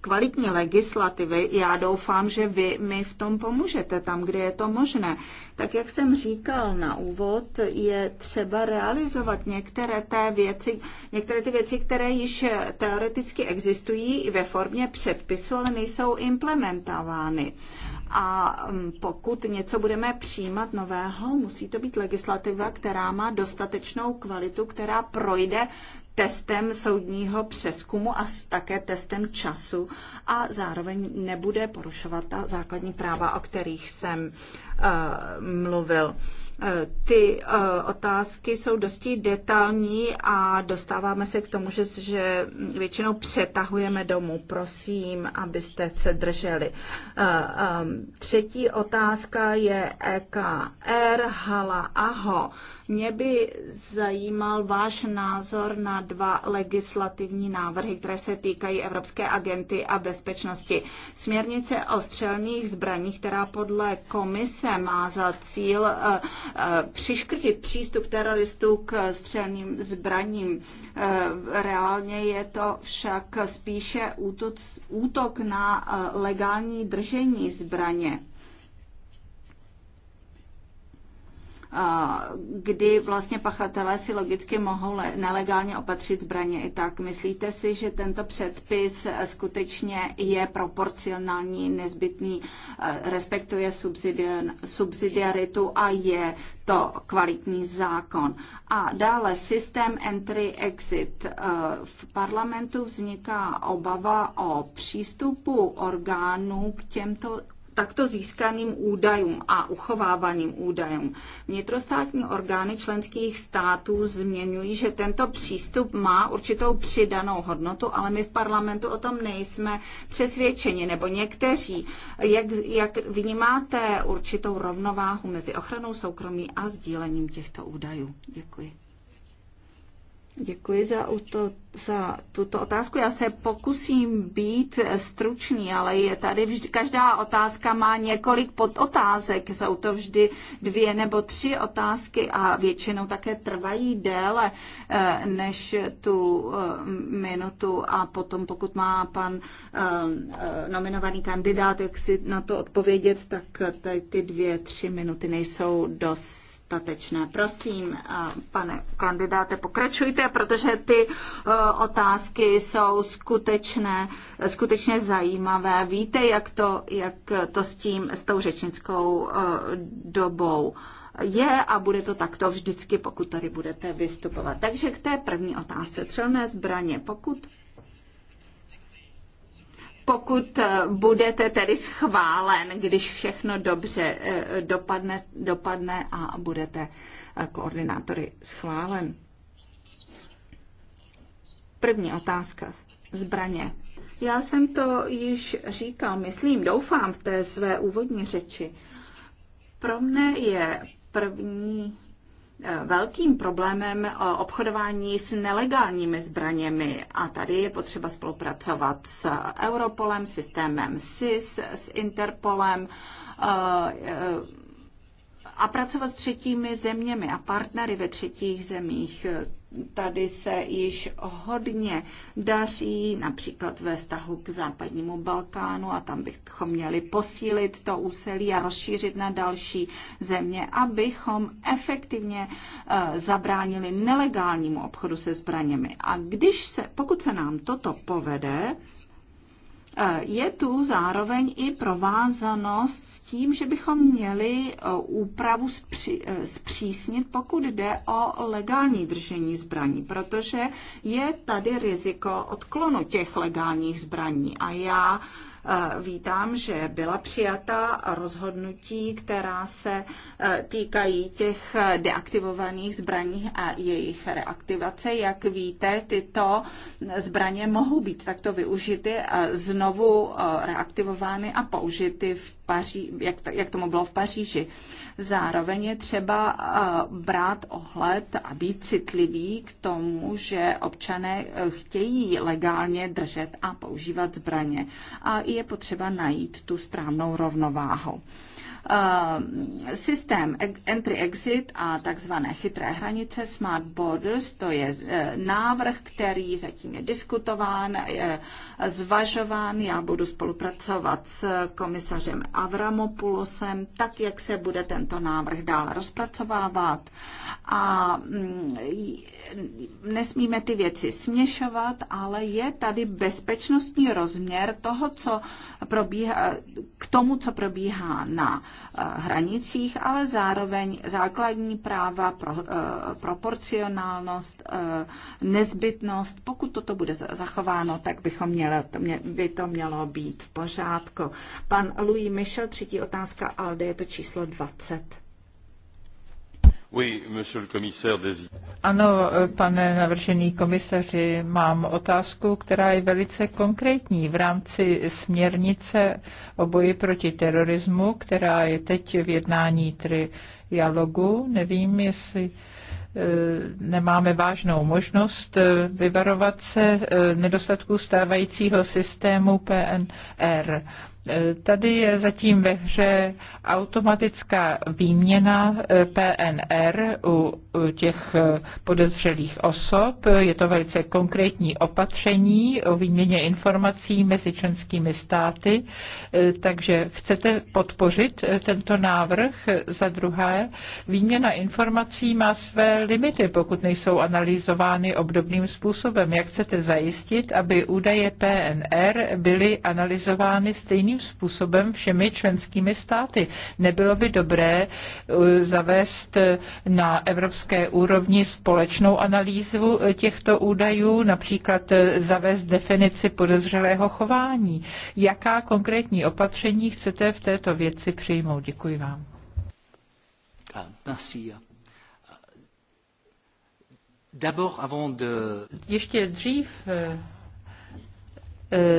kvalitní legislativy, já doufám, že vy mi v tom pomůžete tam, kde je to možné. Tak jak jsem říkal na úvod, je třeba realizovat některé, té věci, některé ty věci, které již teoreticky existují ve formě předpisu, ale nejsou implementovány. A mm, pokud něco budeme přijímat nového, musí to být legislativa, která má dostatečnou kvalitu, která projde testem soudního přeskumu a také testem času a zároveň nebude porušovat ta základní práva, o kterých jsem uh, mluvil. Ty eh, otázky jsou dosti detailní a dostáváme se k tomu, že, že většinou přetahujeme domů. Prosím, abyste se drželi. Eh, eh, třetí otázka je EKR Hala Aho. Mě by zajímal váš názor na dva legislativní návrhy, které se týkají Evropské agenty a bezpečnosti. Směrnice o střelných zbraních, která podle komise má za cíl Eh, přiškrtit přístup teroristů k střelným zbraním. Eh, reálně je to však spíše útok na eh, legální držení zbraně. kdy vlastně pachatelé si logicky mohou nelegálně opatřit zbraně i tak. Myslíte si, že tento předpis eh, skutečně je proporcionální, nezbytný, eh, respektuje subsidiaritu a je to kvalitní zákon. A dále systém entry-exit. Eh, v parlamentu vzniká obava o přístupu orgánů k těmto takto získaným údajům a uchovávaným údajům. Vnitrostátní orgány členských států změňují, že tento přístup má určitou přidanou hodnotu, ale my v parlamentu o tom nejsme přesvědčeni, nebo někteří. Jak, jak vnímáte určitou rovnováhu mezi ochranou soukromí a sdílením těchto údajů? Děkuji. Děkuji za, to, za tuto otázku. Já se pokusím být stručný, ale je tady vždy, každá otázka má několik podotázek. Jsou to vždy dvě nebo tři otázky a většinou také trvají déle eh, než tu eh, minutu a potom, pokud má pan eh, nominovaný kandidát, jak si na to odpovědět, tak ty dvě, tři minuty nejsou dost dostatečné. Prosím, eh, pane kandidáte, pokračujte, protože ty eh, otázky jsou skutečné, skutečně zajímavé. Víte, jak to, jak to s tím, s tou řečnickou eh, dobou je a bude to takto vždycky, pokud tady budete vystupovat. Takže k té první otázce. Střelné zbraně. Pokud pokud eh, budete tedy schválen, když všechno dobře eh, dopadne, dopadne a budete eh, koordinátory schválen. První otázka. Zbraně. Já jsem to již říkal, myslím, doufám v té své úvodní řeči. Pro mne je první velkým problémem eh, obchodování s nelegálními zbraněmi a tady je potřeba spolupracovat s Europolem, systémem SIS, s Interpolem eh, eh, a pracovat s třetími zeměmi a partnery ve třetích zemích tady se již hodně daří, například ve vztahu k západnímu Balkánu a tam bychom měli posílit to úsilí a rozšířit na další země, abychom efektivně eh, zabránili nelegálnímu obchodu se zbraněmi. A když se, pokud se nám toto povede, E, je tu zároveň i provázanost s tím, že bychom měli e, úpravu e, zpřísnit, pokud jde o legální držení zbraní, protože je tady riziko odklonu těch legálních zbraní. A já uh, Vítám, že byla přijata rozhodnutí, která se e, týkají těch e, deaktivovaných zbraní a jejich reaktivace. Jak víte, tyto zbraně mohou být takto využity, znovu e, reaktivovány a použity v Paří, jak, jak tomu bylo v Paříži. Zároveň je třeba eh, brát ohled a být citlivý k tomu, že občané eh, chtějí legálně držet a používat zbraně. A je potřeba najít tu správnou rovnováhu. Eh, systém entry-exit a takzvané chytré hranice Smart Borders, to je eh, návrh, který zatím je diskutován, je zvažován. Já budu spolupracovat s komisařem Avramopulosem, tak jak se bude tento návrh dál rozpracovávat. A mm, nesmíme ty věci směšovat, ale je tady bezpečnostní rozměr toho, co probíhá, k tomu, co probíhá na Eh, hranicích, ale zároveň základní práva, pro, eh, proporcionálnost, eh, nezbytnost. Pokud toto bude zachováno, tak bychom měli, to mě, by to mělo být v pořádku. Pan Louis Michel, třetí otázka, Alde, je to číslo 20. Ano, pane navržený komisaři, mám otázku, která je velice konkrétní v rámci směrnice o boji proti terorismu, která je teď v jednání trialogu. Nevím, jestli e, nemáme vážnou možnost e, vyvarovat se e, nedostatků stávajícího systému PNR. Eh, tady je zatím ve hře automatická výměna eh, PNR u těch eh, podezřelých osob. Je to velice konkrétní opatření o výměně informací mezi členskými státy. Takže chcete podpořit tento návrh? Za druhé, výměna informací má své limity, pokud nejsou analyzovány obdobným způsobem. Jak chcete zajistit, aby údaje PNR byly analyzovány stejným stejným způsobem všemi členskými státy. Nebylo by dobré eh, zavést eh, na evropské úrovni společnou analýzu eh, těchto údajů, například zavést definici podezřelého chování. Jaká konkrétní opatření chcete v této věci přijmout? Děkuji vám. Ah, ah, Ještě dřív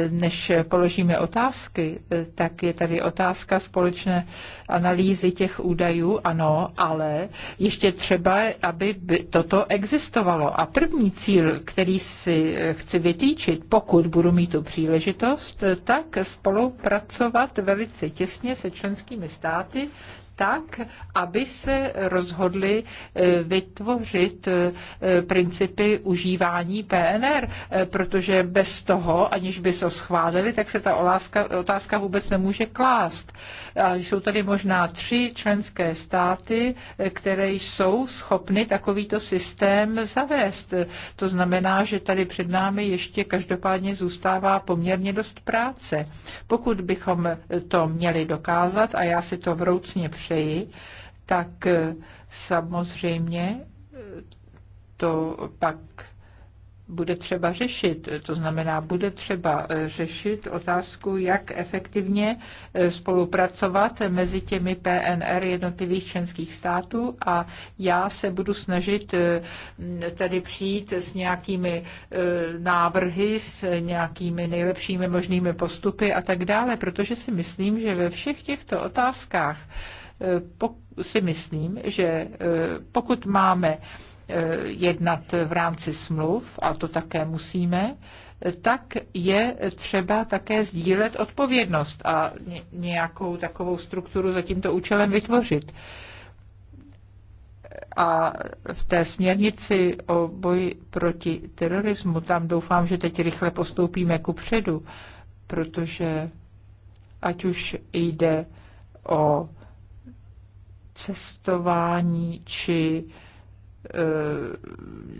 než položíme otázky, eh, tak je tady otázka společné analýzy těch údajů, ano, ale ještě třeba, aby toto existovalo. A první cíl, který si eh, chci vytýčit, pokud budu mít tu příležitost, eh, tak spolupracovat velice těsně se členskými státy tak, aby se rozhodli eh, vytvořit eh, principy užívání PNR, eh, protože bez toho, aniž by se schválili, tak se ta otázka vůbec nemůže klást. A jsou tady možná tři členské státy, které jsou schopny takovýto systém zavést. To znamená, že tady před námi ještě každopádně zůstává poměrně dost práce. Pokud bychom to měli dokázat, a já si to vroucně přeji, tak samozřejmě to pak bude třeba řešit. To znamená, bude třeba eh, řešit otázku, jak efektivně eh, spolupracovat mezi těmi PNR jednotlivých členských států a já se budu snažit eh, tady přijít s nějakými návrhy, s nějakými nejlepšími možnými postupy a tak dále, protože si myslím, že ve všech těchto otázkách si myslím, že pokud máme Eh, jednat v rámci smluv, a to také musíme, tak je třeba také sdílet odpovědnost a nějakou takovou strukturu za tímto účelem vytvořit. A v té směrnici o boji proti terorismu, tam doufám, že teď rychle postoupíme ku předu, protože ať už jde o cestování či Eh,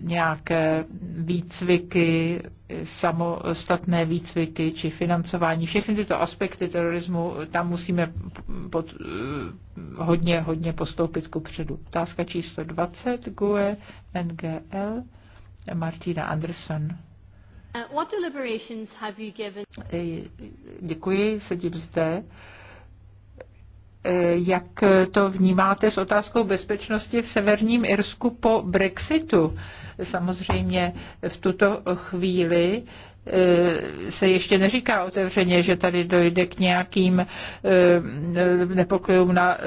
nějaké výcviky, samostatné výcviky či financování. Všechny tyto aspekty terorismu, tam musíme pod, eh, hodně, hodně postoupit ku předu. Otázka číslo 20, GUE, NGL, Martina Anderson. Uh, what deliberations have you given? Eh, děkuji, sedím zde. Uh, Eh, jak eh, to vnímáte s otázkou bezpečnosti v Severním Irsku po Brexitu. Samozřejmě v tuto chvíli eh, se ještě neříká otevřeně, že tady dojde k nějakým nepokojům na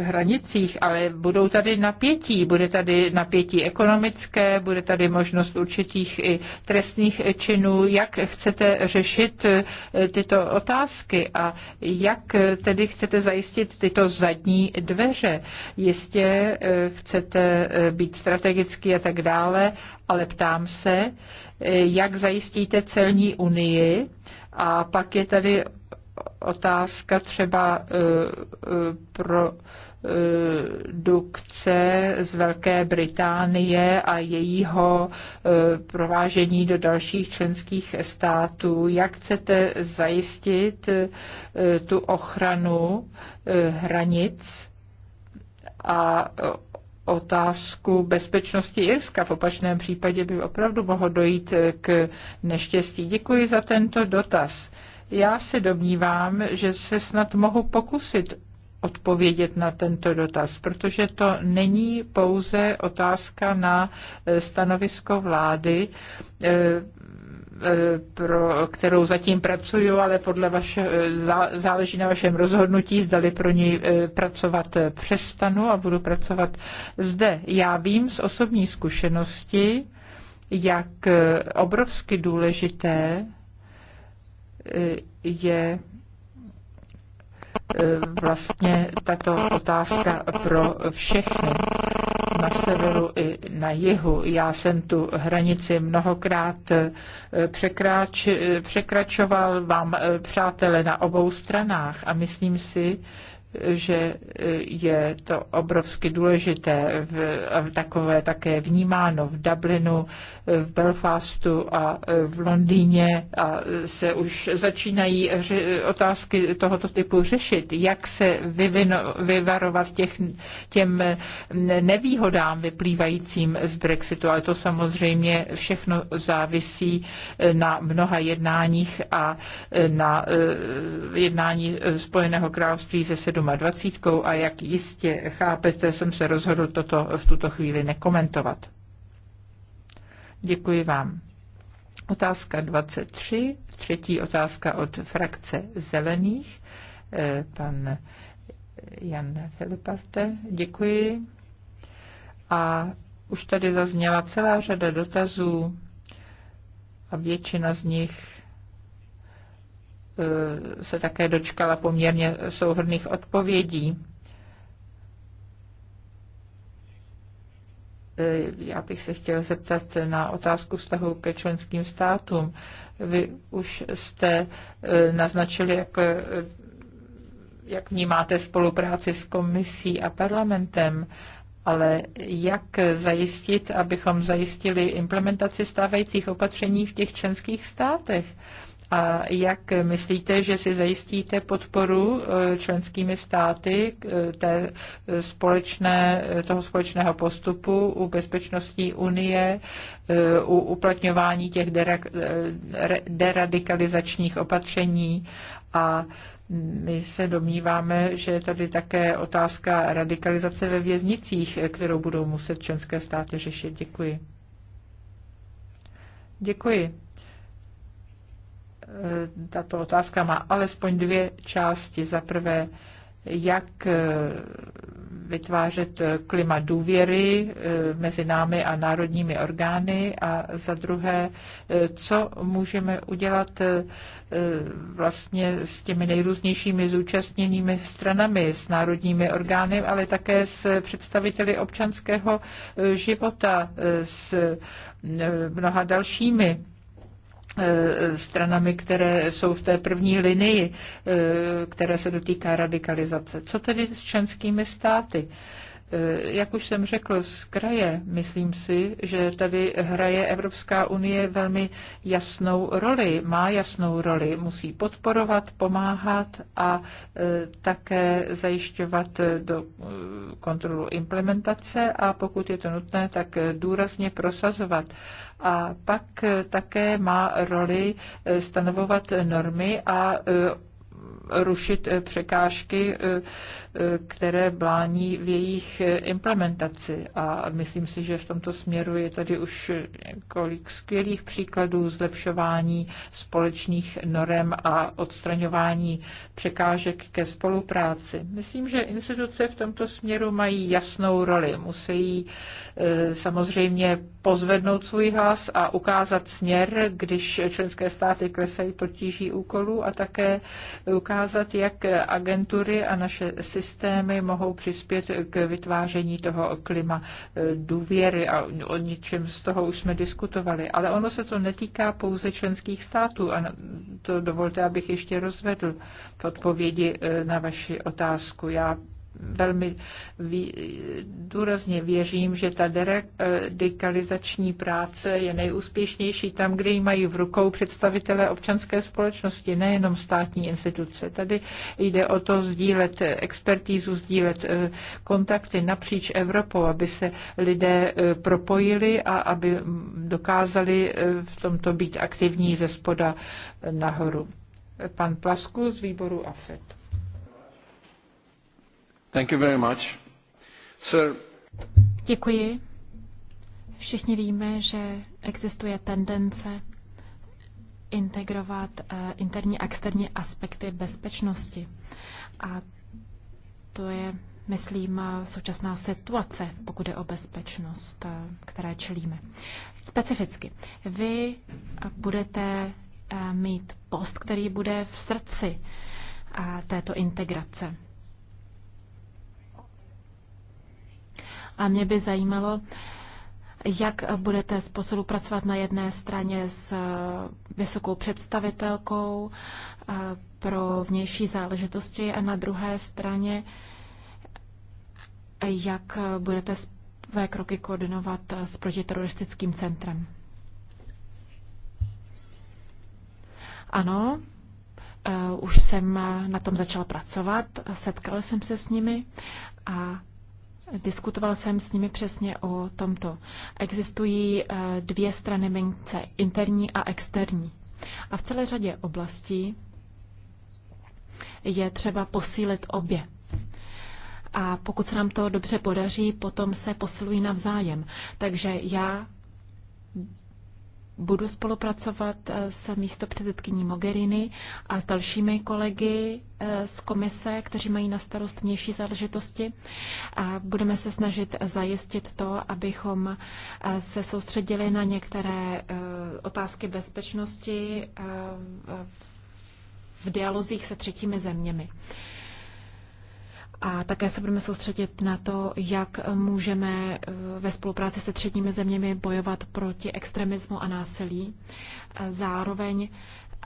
hranicích, ale budou tady napětí. Bude tady napětí ekonomické, bude tady možnost určitých i trestných činů. Jak chcete řešit eh, tyto otázky a jak eh, tedy chcete zajistit tyto zadní dveře? Jistě eh, chcete být strategický a tak dále, ale ptám se, jak zajistíte celní unii a pak je tady otázka třeba pro dukce z Velké Británie a jejího eh, provážení do dalších členských států. Jak chcete zajistit eh, tu ochranu eh, hranic a otázku bezpečnosti Irska. V opačném případě by opravdu mohlo dojít k neštěstí. Děkuji za tento dotaz. Já se domnívám, že se snad mohu pokusit odpovědět na tento dotaz, protože to není pouze otázka na e, stanovisko vlády, e, e, pro kterou zatím pracuju, ale podle vaše, záleží na vašem rozhodnutí, zdali pro ní pracovat přestanu a budu pracovat zde. Já vím z osobní zkušenosti, jak obrovsky důležité je Eh, vlastně tato otázka pro všechny na severu i na jihu. Já jsem tu hranici mnohokrát eh, překráč, eh, překračoval, vám přátelé na obou stranách a myslím si, že e, je to obrovsky důležité a takové také vnímáno v Dublinu, e, v Belfastu a e, v Londýně a se už začínají otázky tohoto typu řešit, jak se vyvino, vyvarovat těch, těm nevýhodám vyplývajícím z Brexitu, ale to samozřejmě všechno závisí na mnoha jednáních a na jednání Spojeného království ze 7 dvacítkou a jak jistě chápete, jsem se rozhodl toto v tuto chvíli nekomentovat. Děkuji vám. Otázka 23, třetí otázka od frakce Zelených. Eh, pan Jan Filiparte, děkuji. A už tady zazněla celá řada dotazů a většina z nich Eh, se také dočkala poměrně souhrných odpovědí. Eh, já bych se chtěla zeptat na otázku vztahu ke členským státům. Vy už jste eh, naznačili, jak, jak vnímáte spolupráci s komisí a parlamentem ale jak zajistit, abychom zajistili implementaci stávajících opatření v těch členských státech? A jak myslíte, že si zajistíte podporu e, členskými státy e, té společné, toho společného postupu u bezpečnostní unie, e, u uplatňování těch deradikalizačních opatření a my se domníváme, že je tady také otázka radikalizace ve věznicích, kterou budou muset členské státy řešit. Děkuji. Děkuji. Eh, tato otázka má alespoň dvě části. Za prvé, jak eh, vytvářet eh, klima důvěry mezi námi a národními orgány a za druhé, co můžeme udělat vlastně s těmi nejrůznějšími zúčastněnými stranami, s národními orgány, ale také s představiteli občanského života, s mnoha dalšími Eh, stranami, které jsou v té první linii, eh, které se dotýká radikalizace. Co tedy s členskými státy? Eh, jak už jsem řekl z kraje, myslím si, že tady hraje Evropská unie velmi jasnou roli, má jasnou roli, musí podporovat, pomáhat a také zajišťovat do kontrolu implementace a pokud je to nutné, tak důrazně prosazovat a pak eh, také má roli eh, stanovovat normy a eh, rušit překážky, které blání v jejich implementaci. A myslím si, že v tomto směru je tady už kolik skvělých příkladů zlepšování společných norem a odstraňování překážek ke spolupráci. Myslím, že instituce v tomto směru mají jasnou roli. Musí E, samozřejmě pozvednout svůj hlas a ukázat směr, když členské státy klesají pod tíží úkolů a také ukázat, jak agentury a naše systémy mohou přispět k vytváření toho klima e, důvěry a o ničem z toho už jsme diskutovali. Ale ono se to netýká pouze členských států a to dovolte, abych ještě rozvedl v odpovědi e, na vaši otázku. Já velmi důrazně věřím, že ta eh, deradikalizační práce je nejúspěšnější tam, kde ji mají v rukou představitelé občanské společnosti, nejenom státní instituce. Tady jde o to sdílet expertízu, sdílet eh, kontakty napříč Evropou, aby se lidé eh, propojili a aby mm, dokázali v tomto být aktivní ze spoda nahoru. Pan Plasku z výboru AFET. Děkuji. Všichni víme, že existuje tendence integrovat eh, interní a externí aspekty bezpečnosti. A to je, myslím, současná situace, pokud je o bezpečnost, eh, které čelíme. Specificky, vy budete eh, mít post, který bude v srdci této integrace. A mě by zajímalo, jak budete spolupracovat na jedné straně s eh, vysokou představitelkou eh, pro vnější záležitosti a na druhé straně, jak budete své kroky koordinovat eh, s protiteroristickým centrem. Ano, už jsem na tom začala pracovat, setkala jsem se s nimi a Diskutoval jsem s nimi přesně o tomto. Existují eh, dvě strany mince, interní a externí. A v celé řadě oblastí je třeba posílit obě. A pokud se nám to dobře podaří, potom se posilují navzájem. Takže já budu spolupracovat eh, s místopředsedkyní Mogherini a s dalšími kolegy eh, z komise, kteří mají na starost vnější záležitosti. A budeme se snažit zajistit to, abychom eh, se soustředili na některé otázky bezpečnosti v dialozích se třetími zeměmi. A také se budeme soustředit na to, jak můžeme eh, ve spolupráci se třetími zeměmi bojovat proti extremismu a násilí. Zároveň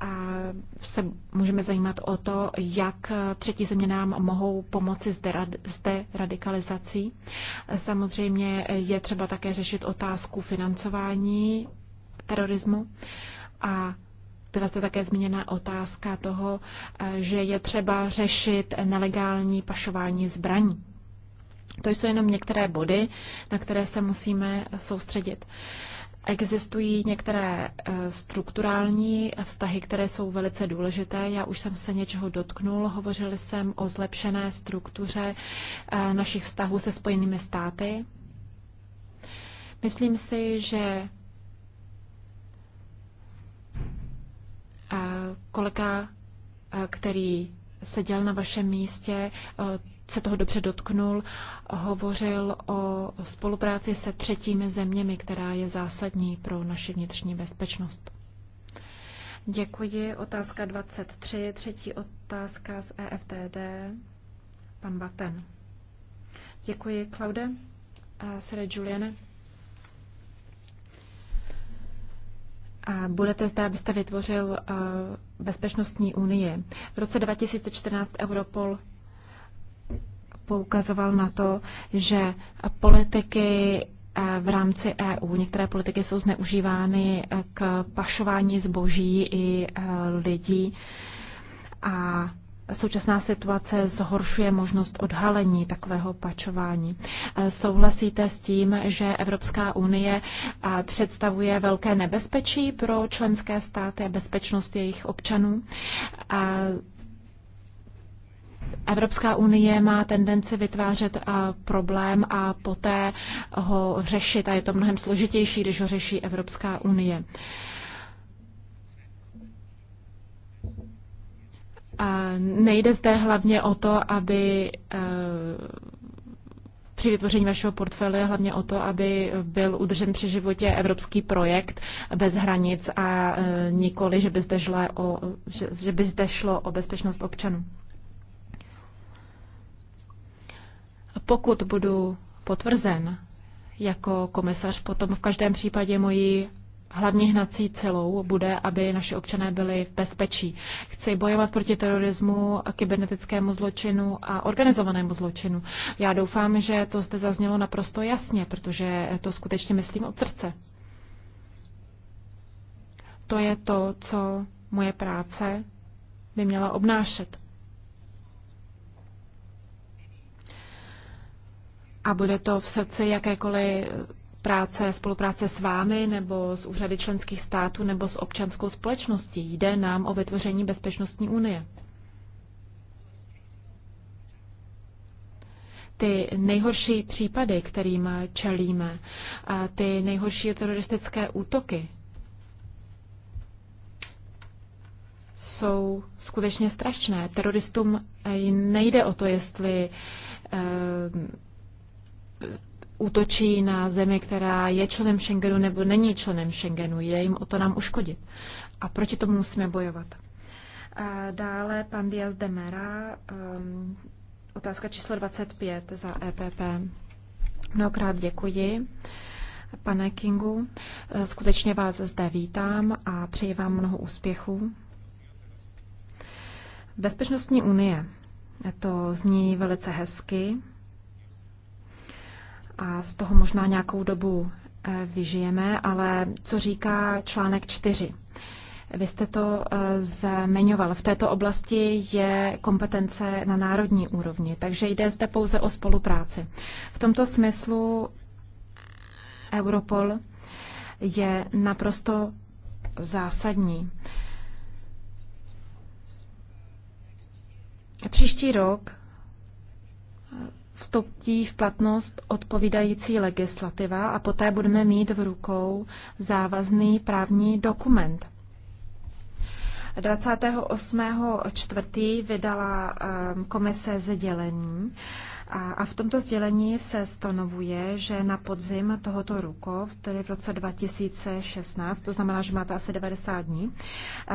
eh, se můžeme zajímat o to, jak eh, třetí země nám mohou pomoci s deradikalizací. Samozřejmě je třeba také řešit otázku financování terorismu a byla zde také zmíněna otázka toho, eh, že je třeba řešit nelegální pašování zbraní. To jsou jenom některé body, na které se musíme soustředit. Existují některé eh, strukturální vztahy, které jsou velice důležité. Já už jsem se něčeho dotknul. Hovořil jsem o zlepšené struktuře eh, našich vztahů se Spojenými státy. Myslím si, že Kolega, eh, který seděl na vašem místě, eh, se toho dobře dotknul, hovořil o spolupráci se třetími zeměmi, která je zásadní pro naši vnitřní bezpečnost. Děkuji. Otázka 23. Třetí otázka z EFTD. Pan Baten. Děkuji, Klaude. Eh, Sere Juliane. budete zde, abyste vytvořil eh, bezpečnostní unii. V roce 2014 Europol poukazoval na to, že politiky eh, v rámci EU, některé politiky jsou zneužívány eh, k pašování zboží i lidí a Současná situace zhoršuje možnost odhalení takového pačování. E, souhlasíte s tím, že Evropská unie e, představuje velké nebezpečí pro členské státy a bezpečnost jejich občanů? A Evropská unie má tendenci vytvářet e, problém a poté ho řešit a je to mnohem složitější, když ho řeší Evropská unie. Nejde zde hlavně o to, aby eh, při vytvoření vašeho portfolia hlavně o to, aby byl udržen při životě evropský projekt bez hranic a eh, nikoli, že by zde, žle o, že, že by zde šlo o bezpečnost občanů. Pokud budu potvrzen jako komisař, potom v každém případě moji hlavní hnací celou bude, aby naše občané byli v bezpečí. Chci bojovat proti terorismu, kybernetickému zločinu a organizovanému zločinu. Já doufám, že to zde zaznělo naprosto jasně, protože to skutečně myslím od srdce. To je to, co moje práce by měla obnášet. A bude to v srdci jakékoliv práce, spolupráce s vámi nebo s úřady členských států nebo s občanskou společností. Jde nám o vytvoření bezpečnostní unie. Ty nejhorší případy, kterým čelíme, a ty nejhorší teroristické útoky, jsou skutečně strašné. Teroristům eh, nejde o to, jestli eh, útočí na zemi, která je členem Schengenu nebo není členem Schengenu. Je jim o to nám uškodit. A proti tomu musíme bojovat. A dále pan Diaz de Mera, um, otázka číslo 25 za EPP. Mnohokrát děkuji. Pane Kingu, skutečně vás zde vítám a přeji vám mnoho úspěchů. Bezpečnostní unie. To zní velice hezky, a z toho možná nějakou dobu eh, vyžijeme, ale co říká článek 4? Vy jste to eh, zmiňoval. V této oblasti je kompetence na národní úrovni, takže jde zde pouze o spolupráci. V tomto smyslu Europol je naprosto zásadní. Příští rok vstoupí v platnost odpovídající legislativa a poté budeme mít v rukou závazný právní dokument. 28.4. vydala ehm, komise sdělení a v tomto sdělení se stanovuje, že na podzim tohoto roku, tedy v roce 2016, to znamená, že máte asi 90 dní,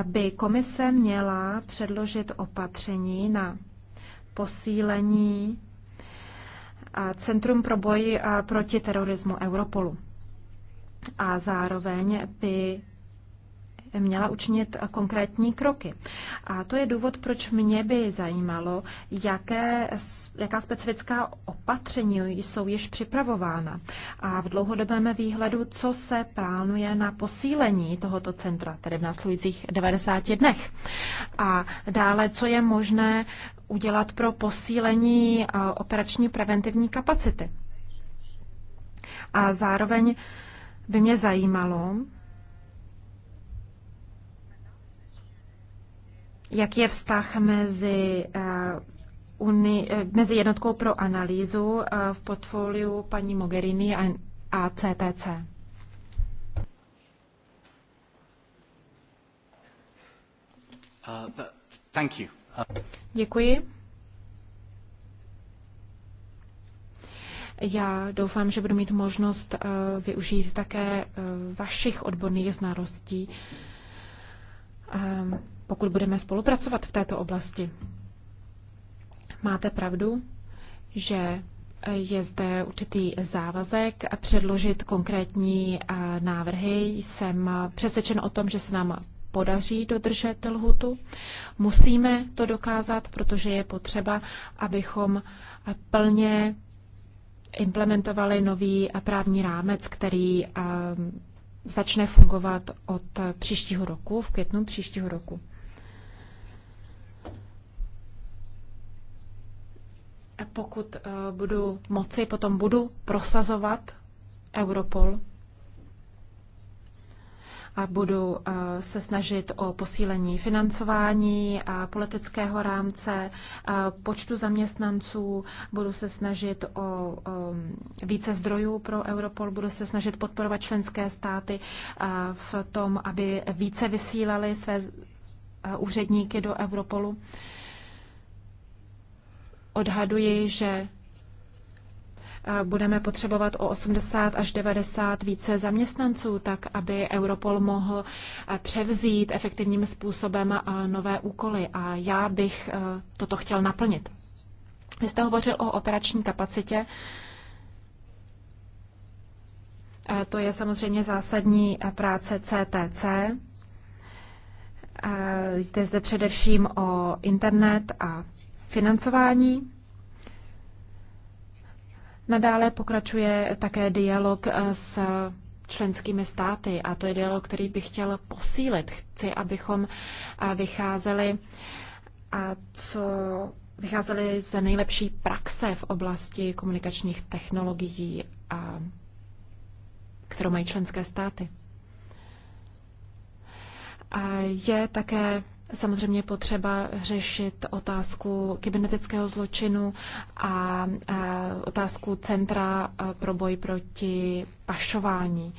by komise měla předložit opatření na posílení Centrum pro boj proti terorismu Europolu. A zároveň by měla učinit konkrétní kroky. A to je důvod, proč mě by zajímalo, jaké, jaká specifická opatření jsou již připravována. A v dlouhodobém výhledu, co se plánuje na posílení tohoto centra, tedy v následujících 90 dnech. A dále, co je možné udělat pro posílení operační preventivní kapacity. A zároveň by mě zajímalo, jak je vztah mezi, eh, uni, eh, mezi jednotkou pro analýzu eh, v portfoliu paní Mogherini a, a CTC. Uh, thank you. Uh... Děkuji. Já doufám, že budu mít možnost uh, využít také uh, vašich odborných znalostí. Um, pokud budeme spolupracovat v této oblasti. Máte pravdu, že je zde určitý závazek předložit konkrétní eh, návrhy. Jsem přesvědčen o tom, že se nám podaří dodržet lhutu. Musíme to dokázat, protože je potřeba, abychom plně implementovali nový právní rámec, který eh, začne fungovat od příštího roku, v květnu příštího roku. pokud eh, budu moci, potom budu prosazovat Europol a budu eh, se snažit o posílení financování a politického rámce, a eh, počtu zaměstnanců, budu se snažit o, více zdrojů pro Europol, budu se snažit podporovat členské státy v tom, aby více vysílali své úředníky do Europolu odhaduji, že eh, budeme potřebovat o 80 až 90 více zaměstnanců, tak aby Europol mohl eh, převzít efektivním způsobem eh, nové úkoly. A já bych toto chtěl naplnit. Vy jste hovořil o operační kapacitě. To je samozřejmě zásadní práce CTC. Jde zde především o internet a financování. Nadále pokračuje také dialog eh, s členskými státy a to je dialog, který bych chtěl posílit. Chci, abychom eh, vycházeli a co vycházeli z nejlepší praxe v oblasti komunikačních technologií, a, kterou mají členské státy. A je také samozřejmě potřeba řešit otázku kybernetického zločinu a, otázku Centra pro boj proti pašování.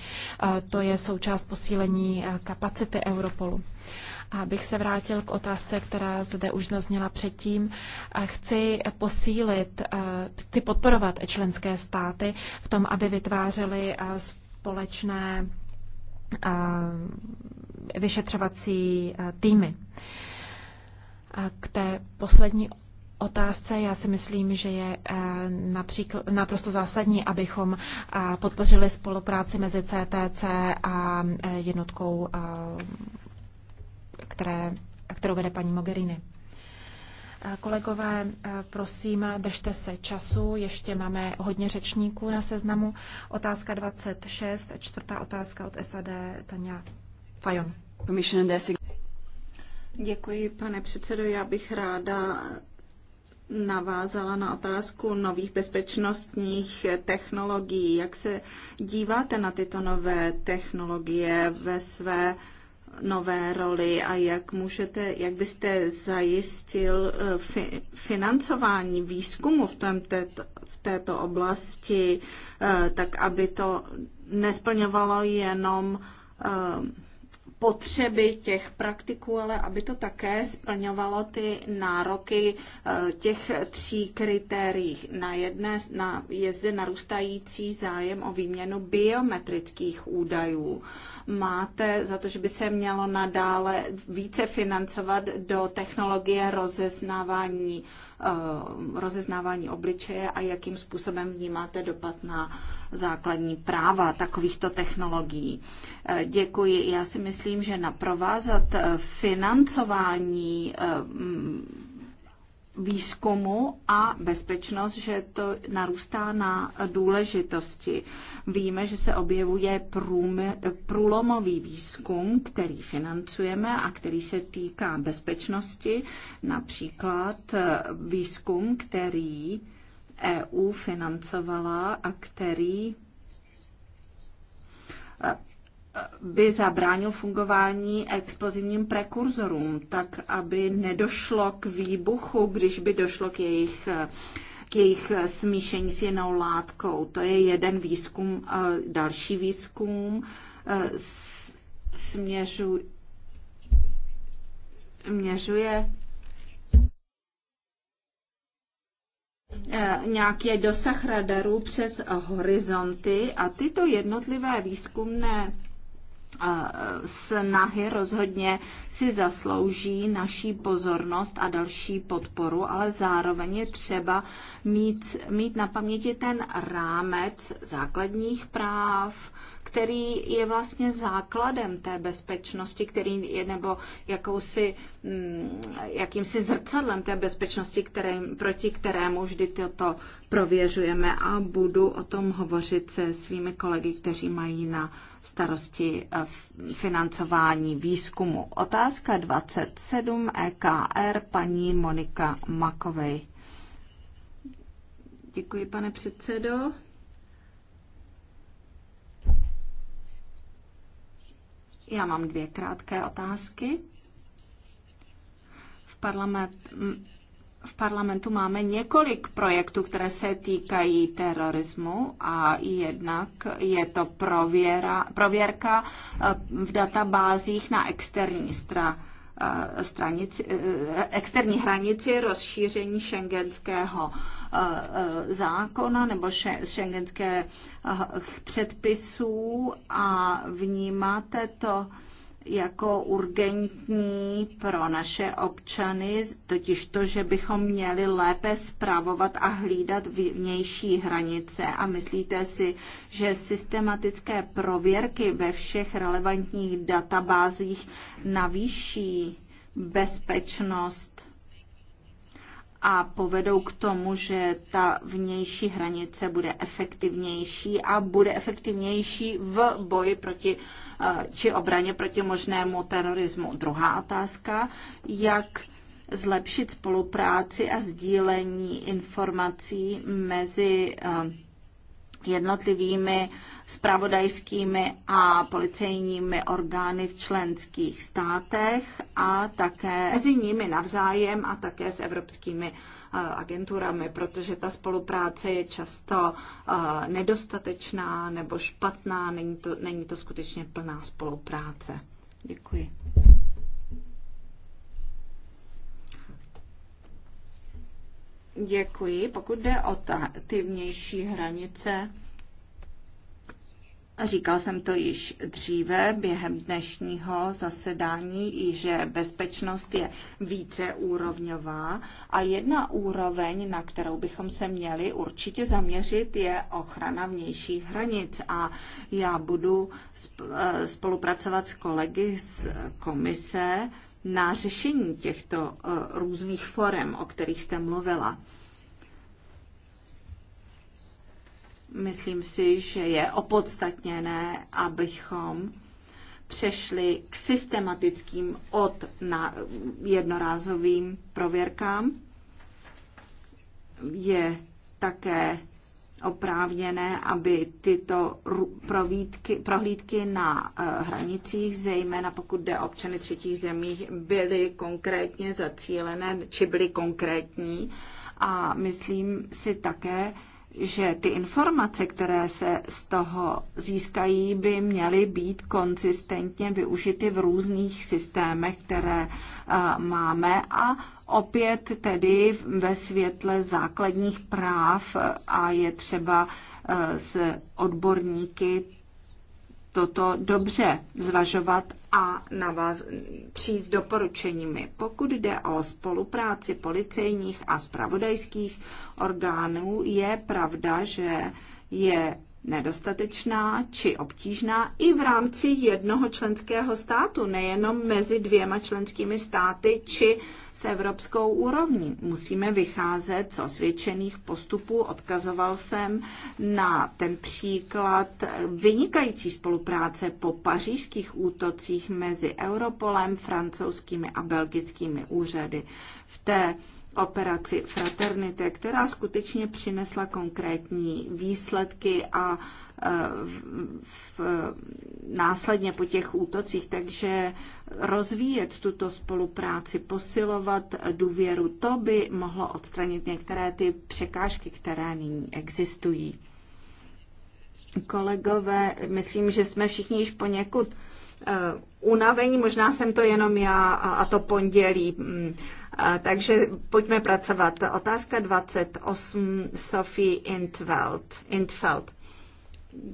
To je součást posílení kapacity Europolu. A bych se vrátil k otázce, která zde už zazněla předtím. Chci posílit, chci podporovat členské státy v tom, aby vytvářely společné vyšetřovací eh, týmy. A k té poslední otázce já si myslím, že je eh, například, naprosto zásadní, abychom eh, podpořili spolupráci mezi CTC a jednotkou, které, kterou vede paní Mogherini. Kolegové, prosím, držte se času, ještě máme hodně řečníků na seznamu. Otázka 26, čtvrtá otázka od SAD, Tania Fajon. Děkuji, pane předsedo. Já bych ráda navázala na otázku nových bezpečnostních technologií. Jak se díváte na tyto nové technologie ve své nové roli a jak můžete, jak byste zajistil eh, fi, financování výzkumu v, tom, této, v této oblasti, eh, tak aby to nesplňovalo jenom eh, potřeby těch praktiků, ale aby to také splňovalo ty nároky eh, těch tří kritérií. Na jedné na, je zde narůstající zájem o výměnu biometrických údajů. Máte za to, že by se mělo nadále více financovat do technologie rozeznávání Eh, rozeznávání obličeje a jakým způsobem vnímáte dopad na základní práva takovýchto technologií. Eh, děkuji. Já si myslím, že naprovázat eh, financování výzkumu a bezpečnost, že to narůstá na důležitosti. Víme, že se objevuje prům, průlomový výzkum, který financujeme a který se týká bezpečnosti, například eh, výzkum, který EU financovala a který eh, by zabránil fungování explozivním prekurzorům, tak aby nedošlo k výbuchu, když by došlo k jejich k jejich smíšení s jinou látkou. To je jeden výzkum. Další výzkum e, směřuje měřuje nějaký dosah radarů přes horizonty a tyto jednotlivé výzkumné E, snahy rozhodně si zaslouží naší pozornost a další podporu, ale zároveň je třeba mít, mít na paměti ten rámec základních práv, který je vlastně základem té bezpečnosti, který je nebo jakousi, mm, jakýmsi zrcadlem té bezpečnosti, které proti kterému vždy toto prověřujeme a budu o tom hovořit se svými kolegy, kteří mají na starosti financování výzkumu. Otázka 27 EKR paní Monika Makovej. Děkuji, pane předsedo. Já mám dvě krátké otázky. V parlament, v parlamentu máme několik projektů, které se týkají terorismu a jednak je to prověra, prověrka eh, v databázích na externí stra, eh, stranici, eh, externí hranici rozšíření šengenského zákona nebo šengenské předpisů a vnímáte to jako urgentní pro naše občany, totiž to, že bychom měli lépe zpravovat a hlídat vnější hranice. A myslíte si, že systematické prověrky ve všech relevantních databázích navýší bezpečnost a povedou k tomu, že ta vnější hranice bude efektivnější a bude efektivnější v boji proti eh, či obraně proti možnému terorismu. Druhá otázka, jak zlepšit spolupráci a sdílení informací mezi eh, jednotlivými spravodajskými a policejními orgány v členských státech a také mezi nimi navzájem a také s evropskými eh, agenturami, protože ta spolupráce je často eh, nedostatečná nebo špatná, není to, není to skutečně plná spolupráce. Děkuji. Děkuji. Pokud jde o ta, ty vnější hranice, Říkal jsem to již dříve během dnešního zasedání, i že bezpečnost je více úrovňová a jedna úroveň, na kterou bychom se měli určitě zaměřit, je ochrana vnějších hranic. A já budu eh, spolupracovat s kolegy z komise, na řešení těchto eh, různých forem, o kterých jste mluvila. Myslím si, že je opodstatněné, abychom přešli k systematickým od na jednorázovým prověrkám. Je také oprávněné, aby tyto provídky, prohlídky na eh, hranicích, zejména pokud jde o občany třetích zemí, byly konkrétně zacílené či byly konkrétní. A myslím si také, že ty informace, které se z toho získají, by měly být konzistentně využity v různých systémech, které eh, máme a opět tedy ve světle základních práv a je třeba eh, s odborníky toto dobře zvažovat a na vás přijít s doporučeními. Pokud jde o spolupráci policejních a spravodajských orgánů, je pravda, že je nedostatečná či obtížná i v rámci jednoho členského státu, nejenom mezi dvěma členskými státy či s evropskou úrovní. Musíme vycházet z osvědčených postupů. Odkazoval jsem na ten příklad vynikající spolupráce po pařížských útocích mezi Europolem, francouzskými a belgickými úřady. V té operaci Fraternity, která skutečně přinesla konkrétní výsledky a e, v, v, následně po těch útocích. Takže rozvíjet tuto spolupráci, posilovat důvěru, to by mohlo odstranit některé ty překážky, které nyní existují. Kolegové, myslím, že jsme všichni již poněkud Eh, unavení, možná jsem to jenom já a to pondělí. Mm, eh, takže pojďme pracovat. Otázka 28, Sophie Intveld. Intveld.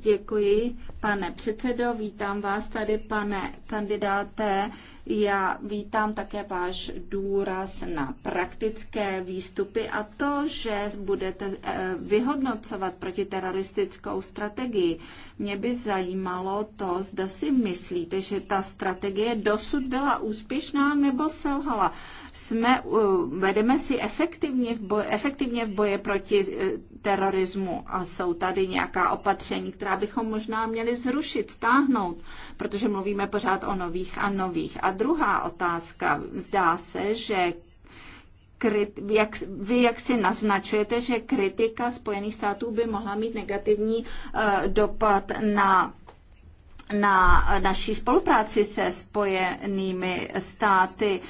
Děkuji, pane předsedo, vítám vás tady, pane kandidáte. Já vítám také váš důraz na praktické výstupy a to, že budete eh, vyhodnocovat protiteroristickou strategii. Mě by zajímalo to, zda si myslíte, že ta strategie dosud byla úspěšná nebo selhala jsme, eh, vedeme si efektivně v, boji, efektivně v boji proti eh, terorismu a jsou tady nějaká opatření, která bychom možná měli zrušit, stáhnout, protože mluvíme pořád o nových a nových. A druhá otázka, zdá se, že krit, jak, vy jak si naznačujete, že kritika Spojených států by mohla mít negativní uh, dopad na na naší spolupráci se spojenými státy.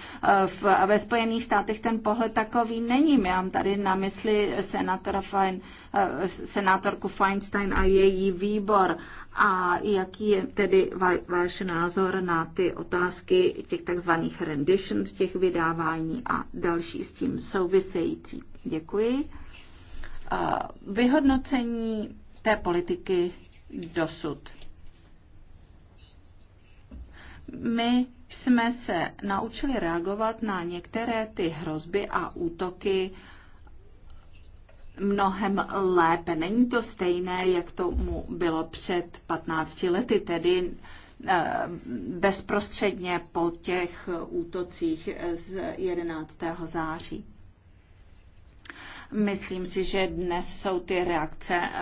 V, ve Spojených státech ten pohled takový není. Já mám tady na mysli senátora Fein, senátorku Feinstein a její výbor. A jaký je tedy váš názor na ty otázky těch takzvaných renditions, těch vydávání a další s tím související? Děkuji. Vyhodnocení té politiky dosud my jsme se naučili reagovat na některé ty hrozby a útoky mnohem lépe. Není to stejné, jak tomu bylo před 15 lety, tedy eh, bezprostředně po těch útocích z 11. září. Myslím si, že dnes jsou ty reakce eh,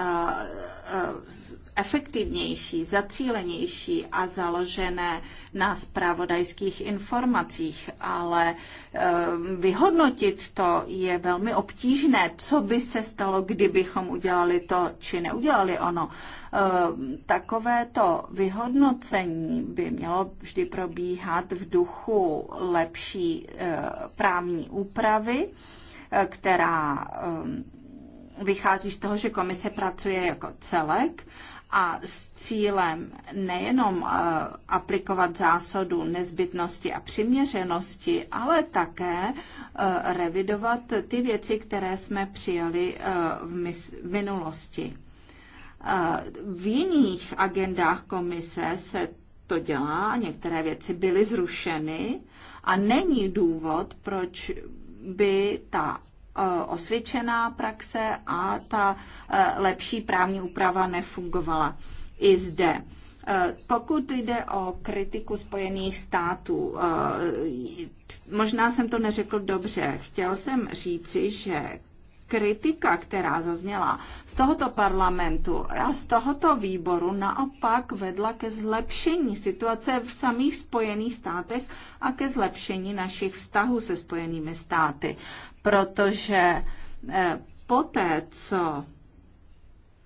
eh, efektivnější, zacílenější a založené na spravodajských informacích, ale eh, vyhodnotit to je velmi obtížné, co by se stalo, kdybychom udělali to či neudělali ono. Takové to vyhodnocení by mělo vždy probíhat v duchu lepší právní úpravy, která um, vychází z toho, že komise pracuje jako celek a s cílem nejenom uh, aplikovat zásadu nezbytnosti a přiměřenosti, ale také uh, revidovat ty věci, které jsme přijali uh, v minulosti. V jiných agendách komise se to dělá, některé věci byly zrušeny a není důvod, proč by ta e, osvědčená praxe a ta e, lepší právní úprava nefungovala i zde. E, pokud jde o kritiku Spojených států, možná jsem to neřekl dobře. Chtěl jsem říci, že kritika, která zazněla z tohoto parlamentu a z tohoto výboru, naopak vedla ke zlepšení situace v samých Spojených státech a ke zlepšení našich vztahů se Spojenými státy. Protože eh, poté, co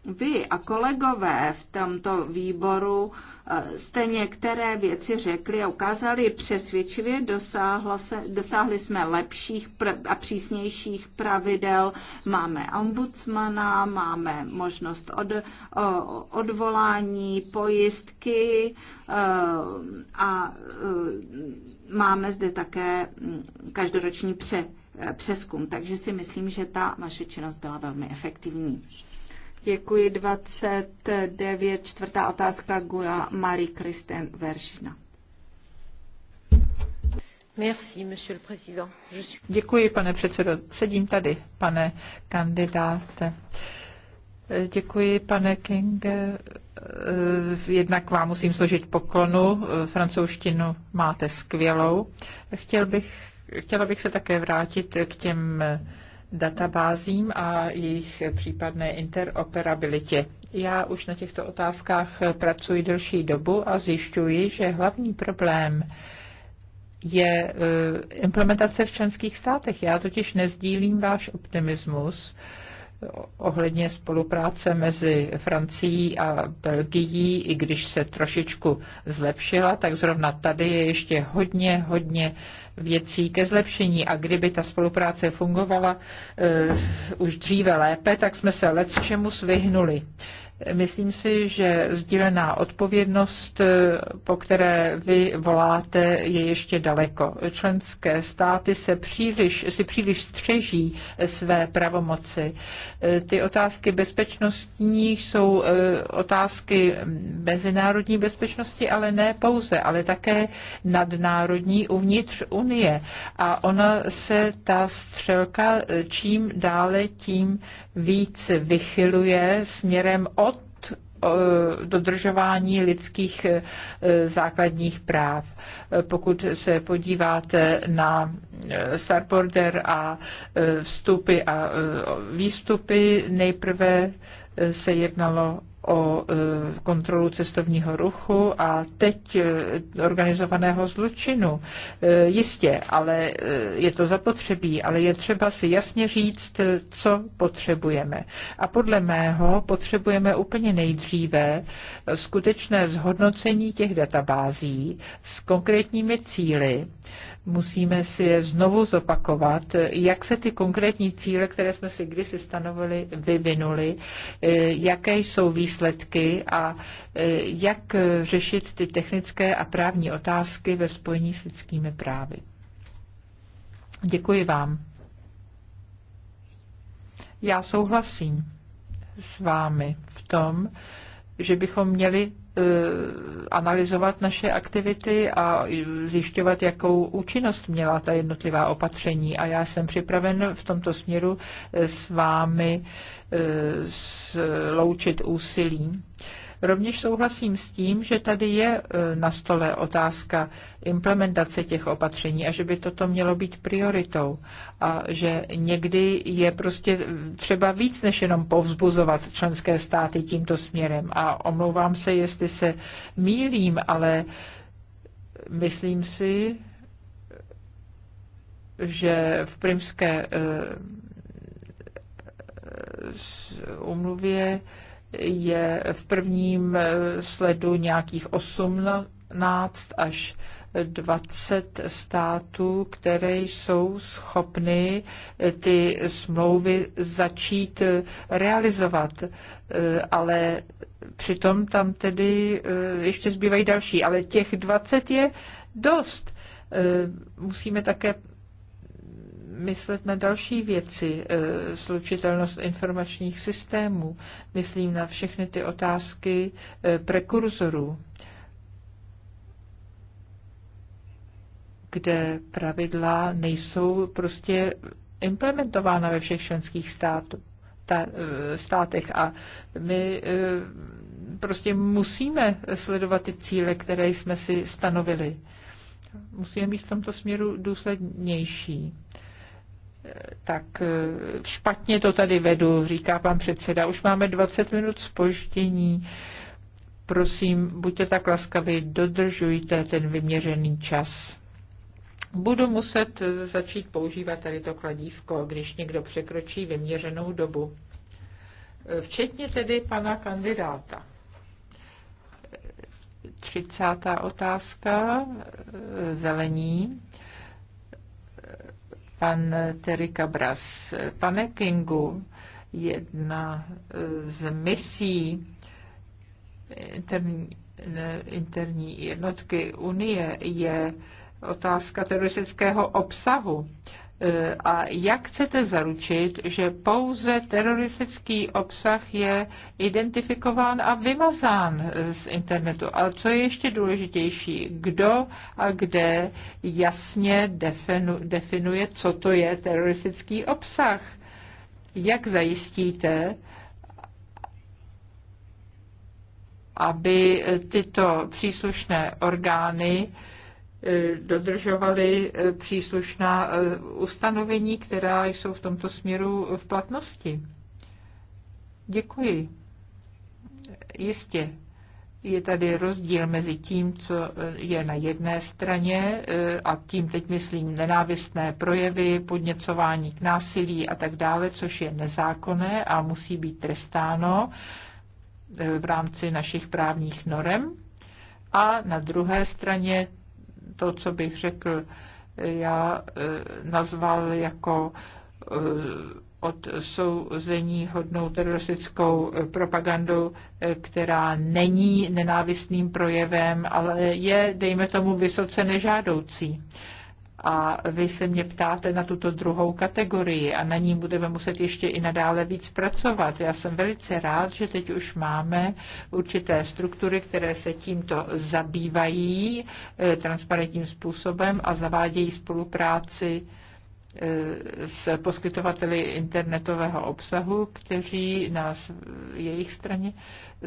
vy a kolegové v tomto výboru jste některé věci řekli a ukázali přesvědčivě, se, dosáhli jsme lepších a přísnějších pravidel, máme ombudsmana, máme možnost od, odvolání, pojistky eh, a eh, máme zde také hm, každoroční pře, přeskum, takže si myslím, že ta vaše činnost byla velmi efektivní. Děkuji 29. Čtvrtá otázka Gula Marie Kristen Veršina. Merci, monsieur le président. Suis... Děkuji, pane předsedo. Sedím tady, pane kandidáte. Děkuji, pane King. Jednak vám musím složit poklonu. Francouzštinu máte skvělou. Chtěl bych, chtěla bych se také vrátit k těm databázím a jejich případné interoperabilitě. Já už na těchto otázkách pracuji delší dobu a zjišťuji, že hlavní problém je e, implementace v členských státech. Já totiž nezdílím váš optimismus, ohledně spolupráce mezi Francií a Belgií, i když se trošičku zlepšila, tak zrovna tady je ještě hodně, hodně věcí ke zlepšení a kdyby ta spolupráce fungovala uh, už dříve lépe, tak jsme se let čemu Uh, Myslím si, že sdílená odpovědnost, eh, po které vy voláte, je ještě daleko. Členské státy se příliš, si příliš střeží své pravomoci. Eh, ty otázky bezpečnostní jsou eh, otázky mezinárodní bezpečnosti, ale ne pouze, ale také nadnárodní uvnitř Unie. A ona se ta střelka čím dále tím víc vychyluje směrem od Eh, dodržování lidských eh, základních práv. Eh, pokud se podíváte na Starborder a vstupy a výstupy, nejprve se jednalo o e, kontrolu cestovního ruchu a teď e, organizovaného zločinu. E, jistě, ale je to zapotřebí, ale je třeba si jasně říct, co potřebujeme. A podle mého potřebujeme úplně nejdříve skutečné zhodnocení těch databází s konkrétními cíly musíme si je znovu zopakovat, jak se ty konkrétní cíle, které jsme si kdysi stanovili, vyvinuli, eh, jaké jsou výsledky a eh, jak řešit ty technické a právní otázky ve spojení s lidskými právy. Děkuji vám. Já souhlasím s vámi v tom, že bychom měli E, analyzovat naše aktivity a zjišťovat, jakou účinnost měla ta jednotlivá opatření. A já jsem připraven v tomto směru e, s vámi e, sloučit úsilí Rovněž souhlasím s tím, že tady je e, na stole otázka implementace těch opatření a že by toto mělo být prioritou a že někdy je prostě třeba víc než jenom povzbuzovat členské státy tímto směrem. A omlouvám se, jestli se mílím, ale myslím si, že v primské e, umluvě uh, je v prvním eh, sledu nějakých 18 až 20 států, které jsou schopny eh, ty smlouvy začít eh, realizovat, ale přitom tam tedy ještě zbývají další, ale těch 20 je dost. Musíme také myslet na další věci, eh, slučitelnost informačních systémů, myslím na všechny ty otázky eh, prekurzorů, kde pravidla nejsou prostě implementována ve všech členských států, ta, eh, státech a my prostě musíme sledovat ty cíle, které jsme si stanovili. Musíme být v tomto směru důslednější. Tak e, špatně to tady vedu, říká pan předseda. Už máme 20 minut spoždění. Prosím, buďte tak laskaví, dodržujte ten vyměřený čas. Budu muset začít používat tady to kladívko, když někdo překročí vyměřenou dobu. E, včetně tedy pana kandidáta. E, třicátá otázka, zelení pan Terry Cabras. Pane Kingu, jedna z misí interní, interní jednotky Unie je otázka teroristického obsahu. E, a jak chcete zaručit, že pouze teroristický obsah je identifikován a vymazán z internetu? A co je ještě důležitější, kdo a kde jasně definuje, co to je teroristický obsah? Jak zajistíte, aby tyto příslušné orgány dodržovali eh, příslušná eh, ustanovení, která jsou v tomto směru v platnosti. Děkuji. Jistě je tady rozdíl mezi tím, co je na jedné straně, eh, a tím teď myslím nenávistné projevy, podněcování k násilí a tak dále, což je nezákonné a musí být trestáno v rámci našich právních norem. A na druhé straně to, co bych řekl, já eh, nazval jako eh, odsouzení hodnou teroristickou eh, propagandu, která není nenávistným projevem, ale je, dejme tomu, vysoce nežádoucí. A vy se mě ptáte na tuto druhou kategorii a na ní budeme muset ještě i nadále víc pracovat. Já jsem velice rád, že teď už máme určité struktury, které se tímto zabývají eh, transparentním způsobem a zavádějí spolupráci eh, s poskytovateli internetového obsahu, kteří na jejich straně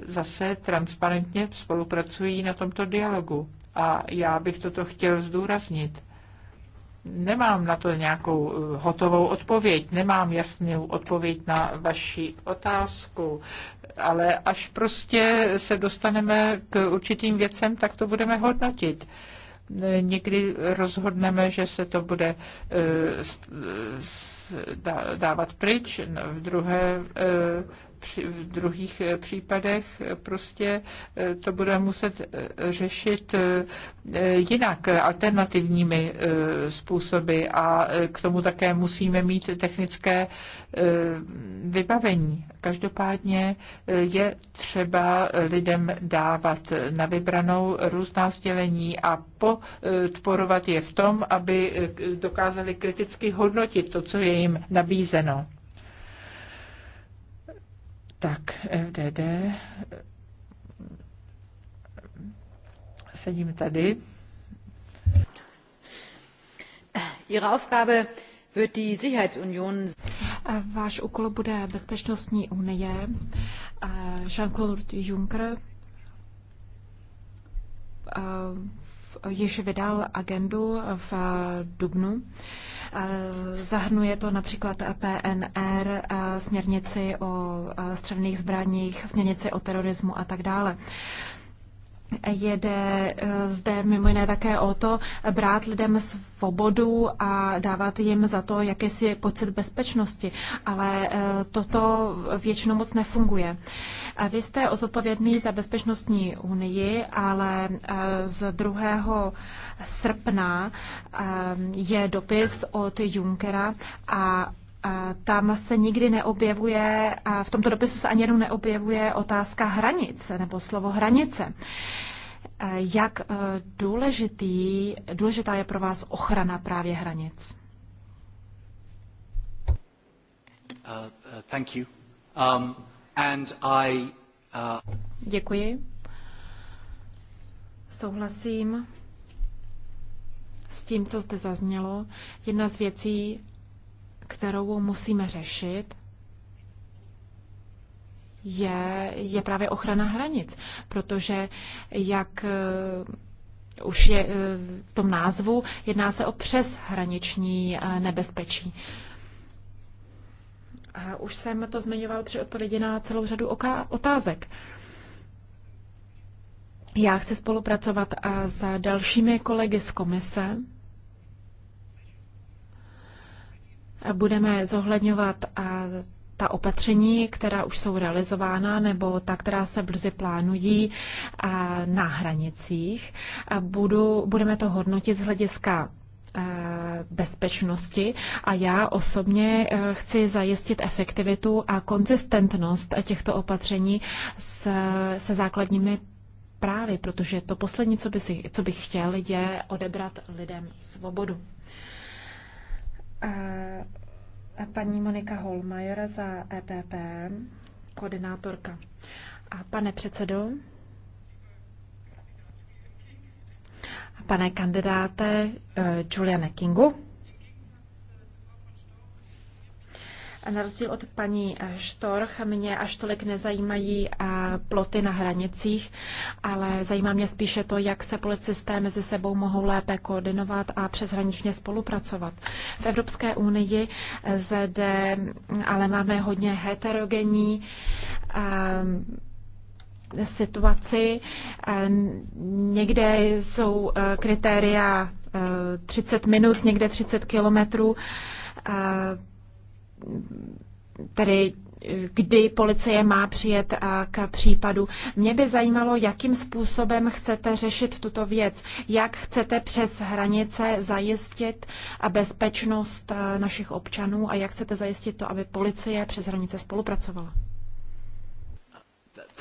zase transparentně spolupracují na tomto dialogu. A já bych toto chtěl zdůraznit. Nemám na to nějakou eh, hotovou odpověď, nemám jasnou odpověď na vaši otázku, ale až prostě se dostaneme k určitým věcem, tak to budeme hodnotit eh, někdy rozhodneme, že se to bude eh, dávat pryč, v druhé v druhých eh, případech eh, prostě eh, to bude muset řešit jinak, alternativními způsoby a k tomu také musíme mít technické vybavení. Každopádně je třeba lidem dávat na vybranou různá sdělení a podporovat je v tom, aby dokázali kriticky hodnotit to, co je jim nabízeno tak FDD. Sedím tady. Ihre Aufgabe wird die Sicherheitsunion. Váš úkol bude bezpečnostní unie. Jean-Claude Juncker eh, již vydal agendu v eh, Dubnu. Zahrnuje to například PNR, směrnici o střelných zbraních, směrnici o terorismu a tak dále jede eh, zde mimo jiné také o to brát lidem svobodu a dávat jim za to jakýsi pocit bezpečnosti, ale eh, toto většinou moc nefunguje. Vy jste zodpovědný za bezpečnostní unii, ale eh, z 2. srpna je dopis od Junkera a tam se nikdy neobjevuje, v tomto dopisu se ani jednou neobjevuje otázka hranice nebo slovo hranice. E, jak e, důležitý, důležitá je pro vás ochrana právě hranic? Uh, uh, thank you. Um, and I, uh... Děkuji. Souhlasím s tím, co zde zaznělo. Jedna z věcí, kterou musíme řešit, je, je právě ochrana hranic, protože jak eh, už je eh, v tom názvu, jedná se o přeshraniční eh, nebezpečí. A už jsem to zmiňoval při odpovědi na celou řadu otázek. Já chci spolupracovat a s dalšími kolegy z komise, budeme zohledňovat ta opatření, která už jsou realizována, nebo ta, která se brzy plánují na hranicích. Budu, budeme to hodnotit z hlediska e, bezpečnosti a já osobně e, chci zajistit efektivitu a konzistentnost těchto opatření s, se základními právy, protože to poslední, co, by si, co bych chtěl, je odebrat lidem svobodu a paní Monika Holmajer za EPP, koordinátorka. A pane předsedo, pane kandidáte eh, Juliane Kingu, Na rozdíl od paní Štorch, mě až tolik nezajímají eh, ploty na hranicích, ale zajímá mě spíše to, jak se policisté mezi sebou mohou lépe koordinovat a přeshraničně spolupracovat. V Evropské unii eh, zde mm, ale máme hodně heterogenní eh, situaci. Někde jsou kritéria 30 minut, někde 30 kilometrů tedy kdy policie má přijet k případu. Mě by zajímalo, jakým způsobem chcete řešit tuto věc. Jak chcete přes hranice zajistit bezpečnost našich občanů a jak chcete zajistit to, aby policie přes hranice spolupracovala?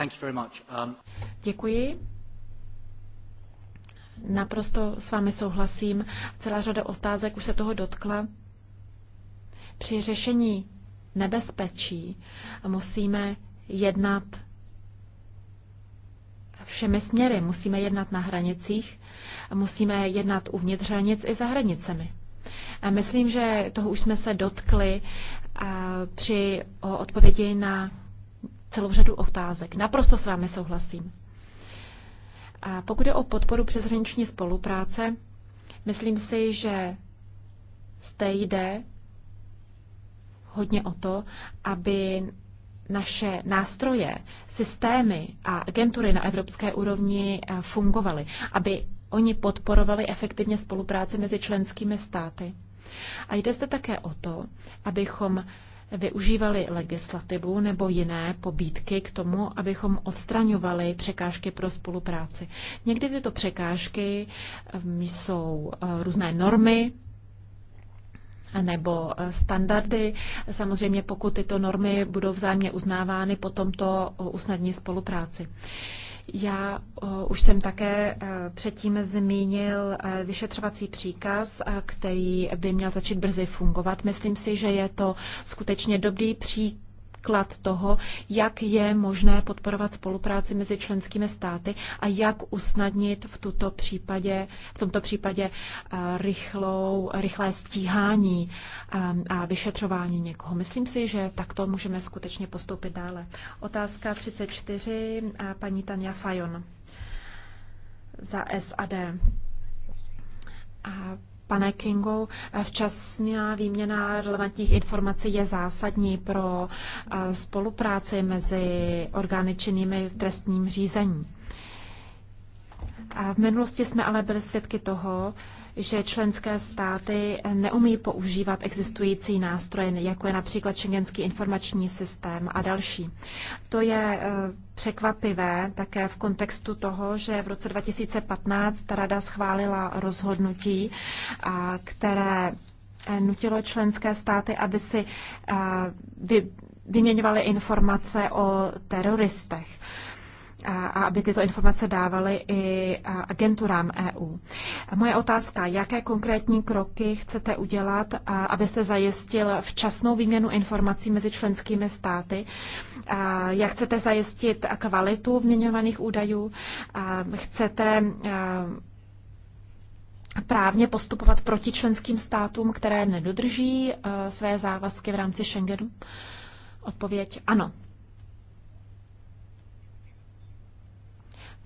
Um... Děkuji. Naprosto s vámi souhlasím. Celá řada otázek už se toho dotkla. Při řešení nebezpečí musíme jednat všemi směry. Musíme jednat na hranicích, musíme jednat uvnitř hranic i za hranicemi. A myslím, že toho už jsme se dotkli při odpovědi na celou řadu otázek. Naprosto s vámi souhlasím. A pokud je o podporu přeshraniční spolupráce, myslím si, že zde jde hodně o to, aby naše nástroje, systémy a agentury na evropské úrovni eh, fungovaly, aby oni podporovali efektivně spolupráci mezi členskými státy. A jde zde také o to, abychom využívali legislativu nebo jiné pobídky k tomu, abychom odstraňovali překážky pro spolupráci. Někdy tyto překážky eh, jsou eh, různé normy, nebo eh, standardy. Samozřejmě pokud tyto normy budou vzájemně uznávány, potom to eh, usnadní spolupráci. Já eh, už jsem také předtím zmínil vyšetřovací příkaz, který by měl začít brzy fungovat. Myslím si, že je to skutečně dobrý příklad příklad toho, jak je možné podporovat spolupráci mezi členskými státy a jak usnadnit v, tuto případě, v tomto případě eh, rychlou, rychlé stíhání eh, a vyšetřování někoho. Myslím si, že takto můžeme skutečně postoupit dále. Otázka 34, eh, paní Tanja Fajon za SAD. A Pane Kingu, včasná výměna relevantních informací je zásadní pro eh, spolupráci mezi orgány činnými v trestním řízení. v minulosti jsme ale byli svědky toho, že členské státy neumí používat existující nástroje, jako je například Schengenský informační systém a další. To je eh, překvapivé také v kontextu toho, že v roce 2015 Rada schválila rozhodnutí, které eh, nutilo členské státy, aby si eh, vyměňovaly informace o teroristech a aby tyto informace dávaly i agenturám EU. Moje otázka, jaké konkrétní kroky chcete udělat, abyste zajistil včasnou výměnu informací mezi členskými státy? Jak chcete zajistit kvalitu vměňovaných údajů? Chcete právně postupovat proti členským státům, které nedodrží své závazky v rámci Schengenu? Odpověď ano.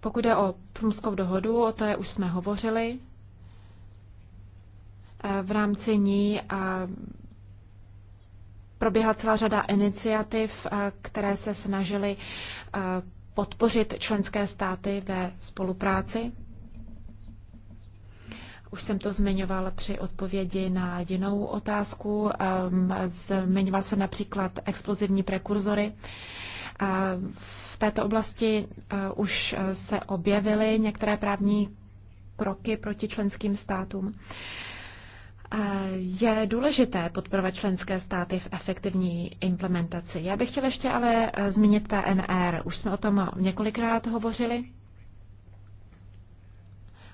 Pokud jde o Prumskou dohodu, o té už jsme hovořili. Eh, v rámci ní eh, proběhla celá řada iniciativ, eh, které se snažily podpořit členské státy ve spolupráci. Už jsem to zmiňoval při odpovědi na jinou otázku. Ehm, zmiňoval jsem například explozivní prekurzory. V v této oblasti eh, už eh, se objevily některé právní kroky proti členským státům. Eh, je důležité podporovat členské státy v efektivní implementaci. Já bych chtěla ještě ale zmínit PNR. Už jsme o tom několikrát hovořili.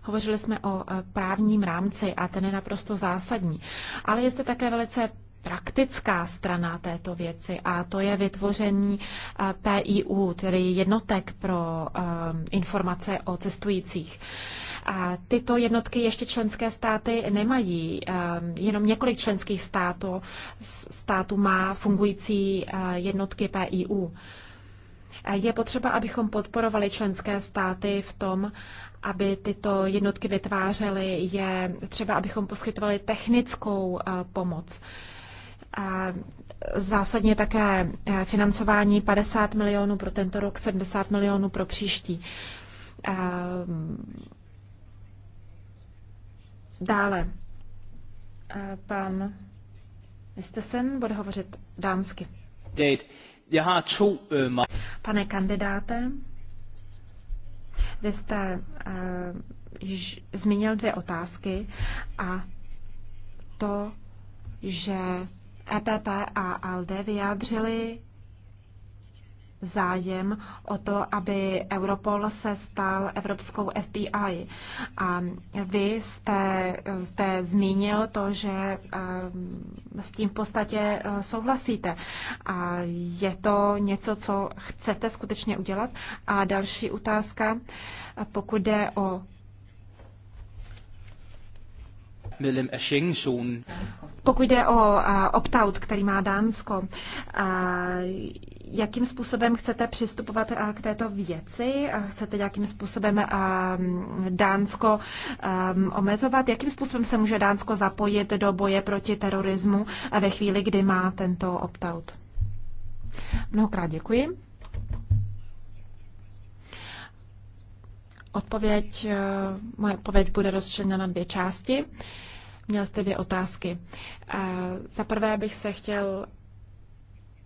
Hovořili jsme o právním rámci a ten je naprosto zásadní. Ale je zde také velice praktická strana této věci a to je vytvoření eh, PIU, tedy jednotek pro eh, informace o cestujících. A tyto jednotky ještě členské státy nemají. Eh, jenom několik členských států, států má fungující jednotky PIU. Je potřeba, abychom podporovali členské státy v tom, aby tyto jednotky vytvářely, je třeba, abychom poskytovali technickou pomoc zásadně také eh, financování 50 milionů pro tento rok, 70 milionů pro příští. Ehm, dále eh, pan Estesen bude hovořit dánsky. Øh, Pane kandidáte, vy jste uh, již zmínil dvě otázky a to, že EPP a ALDE vyjádřili zájem o to, aby Europol se stal evropskou FBI. A vy jste, jste zmínil to, že ehm, s tím v podstatě e, souhlasíte. A je to něco, co chcete skutečně udělat? A další otázka, pokud jde o pokud jde o opt-out, který má Dánsko, jakým způsobem chcete přistupovat k této věci? Chcete jakým způsobem Dánsko omezovat? Jakým způsobem se může Dánsko zapojit do boje proti terorismu ve chvíli, kdy má tento opt-out? Mnohokrát děkuji. Odpověď, moje odpověď bude rozšířena na dvě části. Měl jste dvě otázky. Eh, za prvé bych se chtěl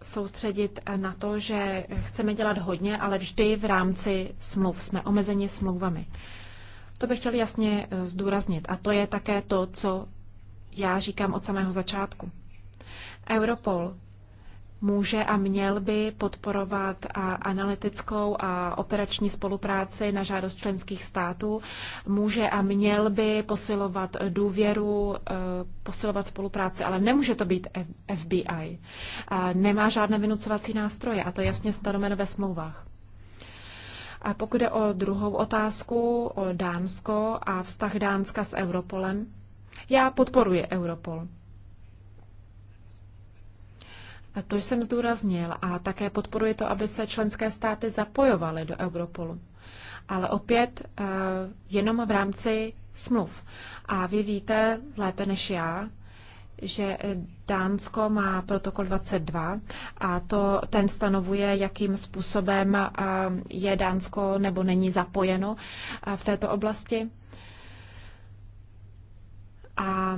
soustředit na to, že chceme dělat hodně, ale vždy v rámci smluv. Jsme omezeni smlouvami. To bych chtěl jasně eh, zdůraznit. A to je také to, co já říkám od samého začátku. Europol může a měl by podporovat a analytickou a operační spolupráci na žádost členských států, může a měl by posilovat důvěru, eh, posilovat spolupráci, ale nemůže to být FBI. Nemá žádné vynucovací nástroje a to jasně stanoveno ve smlouvách. A pokud je o druhou otázku, o Dánsko a vztah Dánska s Europolem, já podporuji Europol. To jsem zdůraznil a také podporuji to, aby se členské státy zapojovaly do Europolu. Ale opět eh, jenom v rámci smluv. A vy víte lépe než já, že Dánsko má protokol 22 a to ten stanovuje, jakým způsobem eh, je Dánsko nebo není zapojeno eh, v této oblasti. A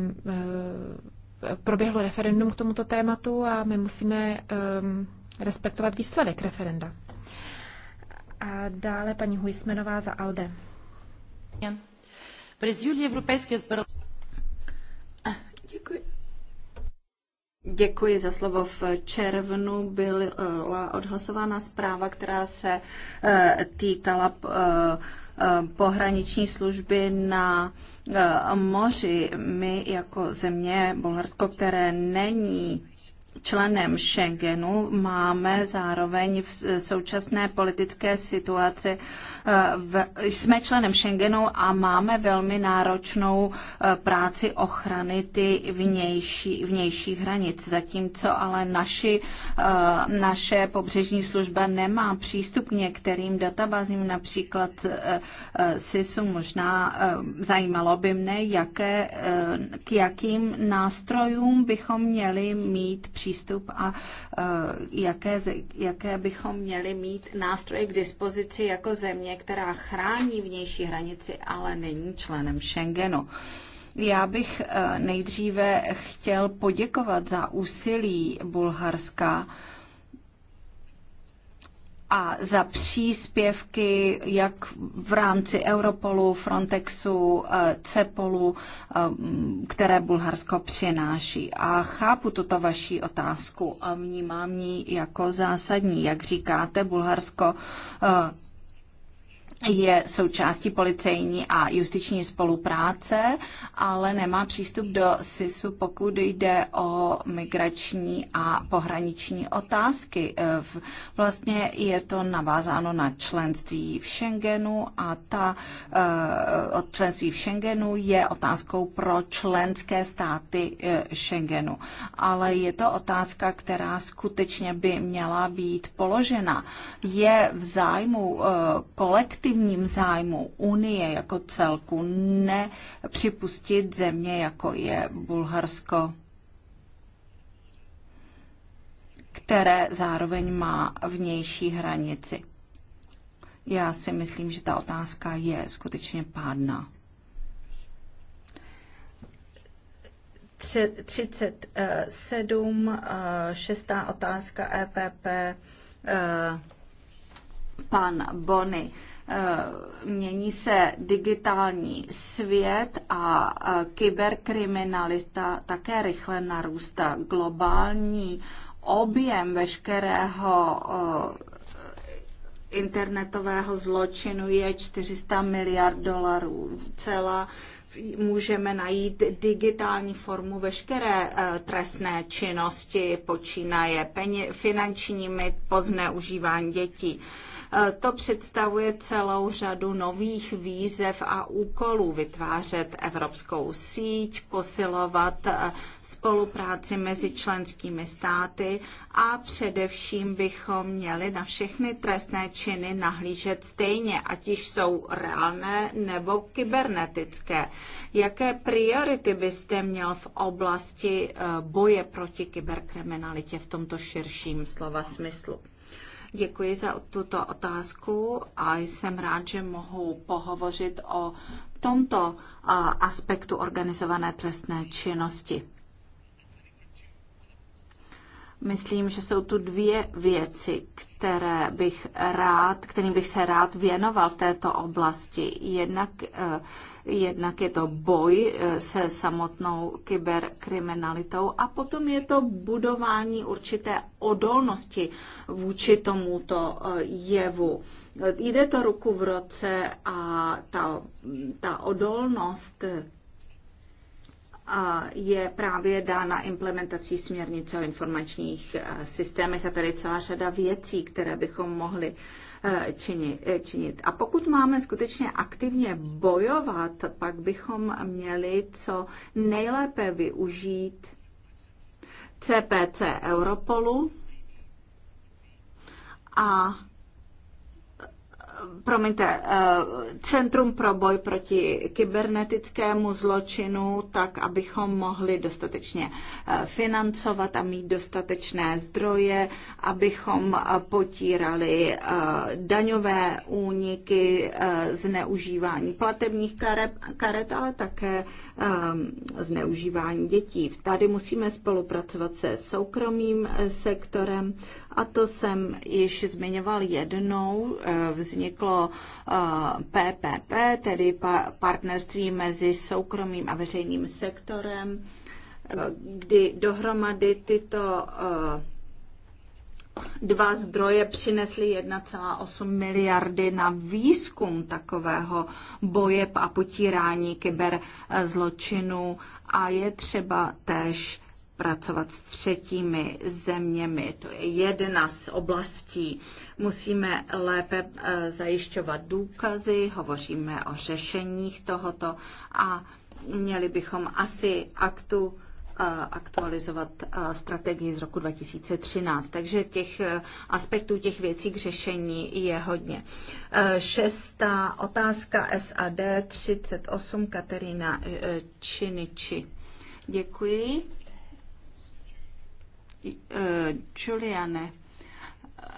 proběhlo referendum k tomuto tématu a my musíme um, respektovat výsledek referenda. A dále paní Hujsmenová za ALDE. Děkuji. Děkuji za slovo. V červnu byla odhlasována zpráva, která se eh, týkala eh, eh, pohraniční služby na Eh, moři. My jako země Bulharsko, které není členem Schengenu máme zároveň v současné politické situaci, eh, v, jsme členem Schengenu a máme velmi náročnou eh, práci ochrany ty vnější, vnější hranic, zatímco ale naši, eh, naše pobřežní služba nemá přístup k některým databázím, například SISu. Možná zajímalo by mne, jaké, k jakým nástrojům bychom měli mít přístup a e, jaké, jaké bychom měli mít nástroje k dispozici jako země, která chrání vnější hranici, ale není členem Schengenu. Já bych e, nejdříve chtěl poděkovat za úsilí Bulharska a za příspěvky jak v rámci Europolu, Frontexu, eh, Cepolu, eh, které Bulharsko přináší. A chápu tuto vaši otázku a vnímám ji jako zásadní. Jak říkáte, Bulharsko eh, je součástí policejní a justiční spolupráce, ale nemá přístup do SISu, pokud jde o migrační a pohraniční otázky. E, vlastně je to navázáno na členství v Schengenu a ta e, od členství v Schengenu je otázkou pro členské státy e, Schengenu. Ale je to otázka, která skutečně by měla být položena. Je v zájmu kolektivní kolektivním zájmu Unie jako celku nepřipustit země, jako je Bulharsko, které zároveň má vnější hranici. Já si myslím, že ta otázka je skutečně pádná. 37, eh, eh, šestá otázka EPP, eh, pan Bony. Eh, mění se digitální svět a eh, kyberkriminalita také rychle narůstá. Globální objem veškerého eh, internetového zločinu je 400 miliard dolarů. Celá můžeme najít digitální formu veškeré trestné činnosti, počínaje peně, finančními pozneužívání dětí. Eh, to představuje celou řadu nových výzev a úkolů vytvářet evropskou síť, posilovat eh, spolupráci mezi členskými státy a především bychom měli na všechny trestné činy nahlížet stejně, ať již jsou reálné nebo kybernetické. Jaké priority byste měl v oblasti eh, boje proti kyberkriminalitě v tomto širším slova smyslu? Děkuji za tuto otázku a jsem rád, že mohu pohovořit o tomto aspektu organizované trestné činnosti. Myslím, že jsou tu dvě věci, které bych rád, kterým bych se rád věnoval v této oblasti. Jednak, eh, jednak je to boj eh, se samotnou kyberkriminalitou a potom je to budování určité odolnosti vůči tomuto eh, jevu. Jde to ruku v roce a ta, ta odolnost je právě dána implementací směrnice o informačních eh, systémech a tady celá řada věcí, které bychom mohli eh, eh, činit. A pokud máme skutečně aktivně bojovat, pak bychom měli co nejlépe využít CPC Europolu a promiňte, eh, Centrum pro boj proti kybernetickému zločinu, tak abychom mohli dostatečně eh, financovat a mít dostatečné zdroje, abychom eh, potírali daňové úniky, zneužívání platebních karet, ale také zneužívání dětí. Tady musíme spolupracovat se soukromým sektorem a to jsem již zmiňoval jednou, eh, vzniklo PPP, eh, tedy partnerství mezi soukromým a veřejným sektorem, eh, kdy dohromady tyto dva zdroje přinesly 1,8 miliardy na výzkum takového boje a potírání kyberzločinu a je třeba též pracovat s třetími zeměmi. To je jedna z oblastí. Musíme lépe eh, zajišťovat důkazy, hovoříme o řešeních tohoto a měli bychom asi aktu eh, aktualizovat eh, strategii z roku 2013. Takže těch aspektů, těch věcí k řešení je hodně. Šestá otázka SAD 38 Katerina Činiči. Děkuji. Juliane, eh,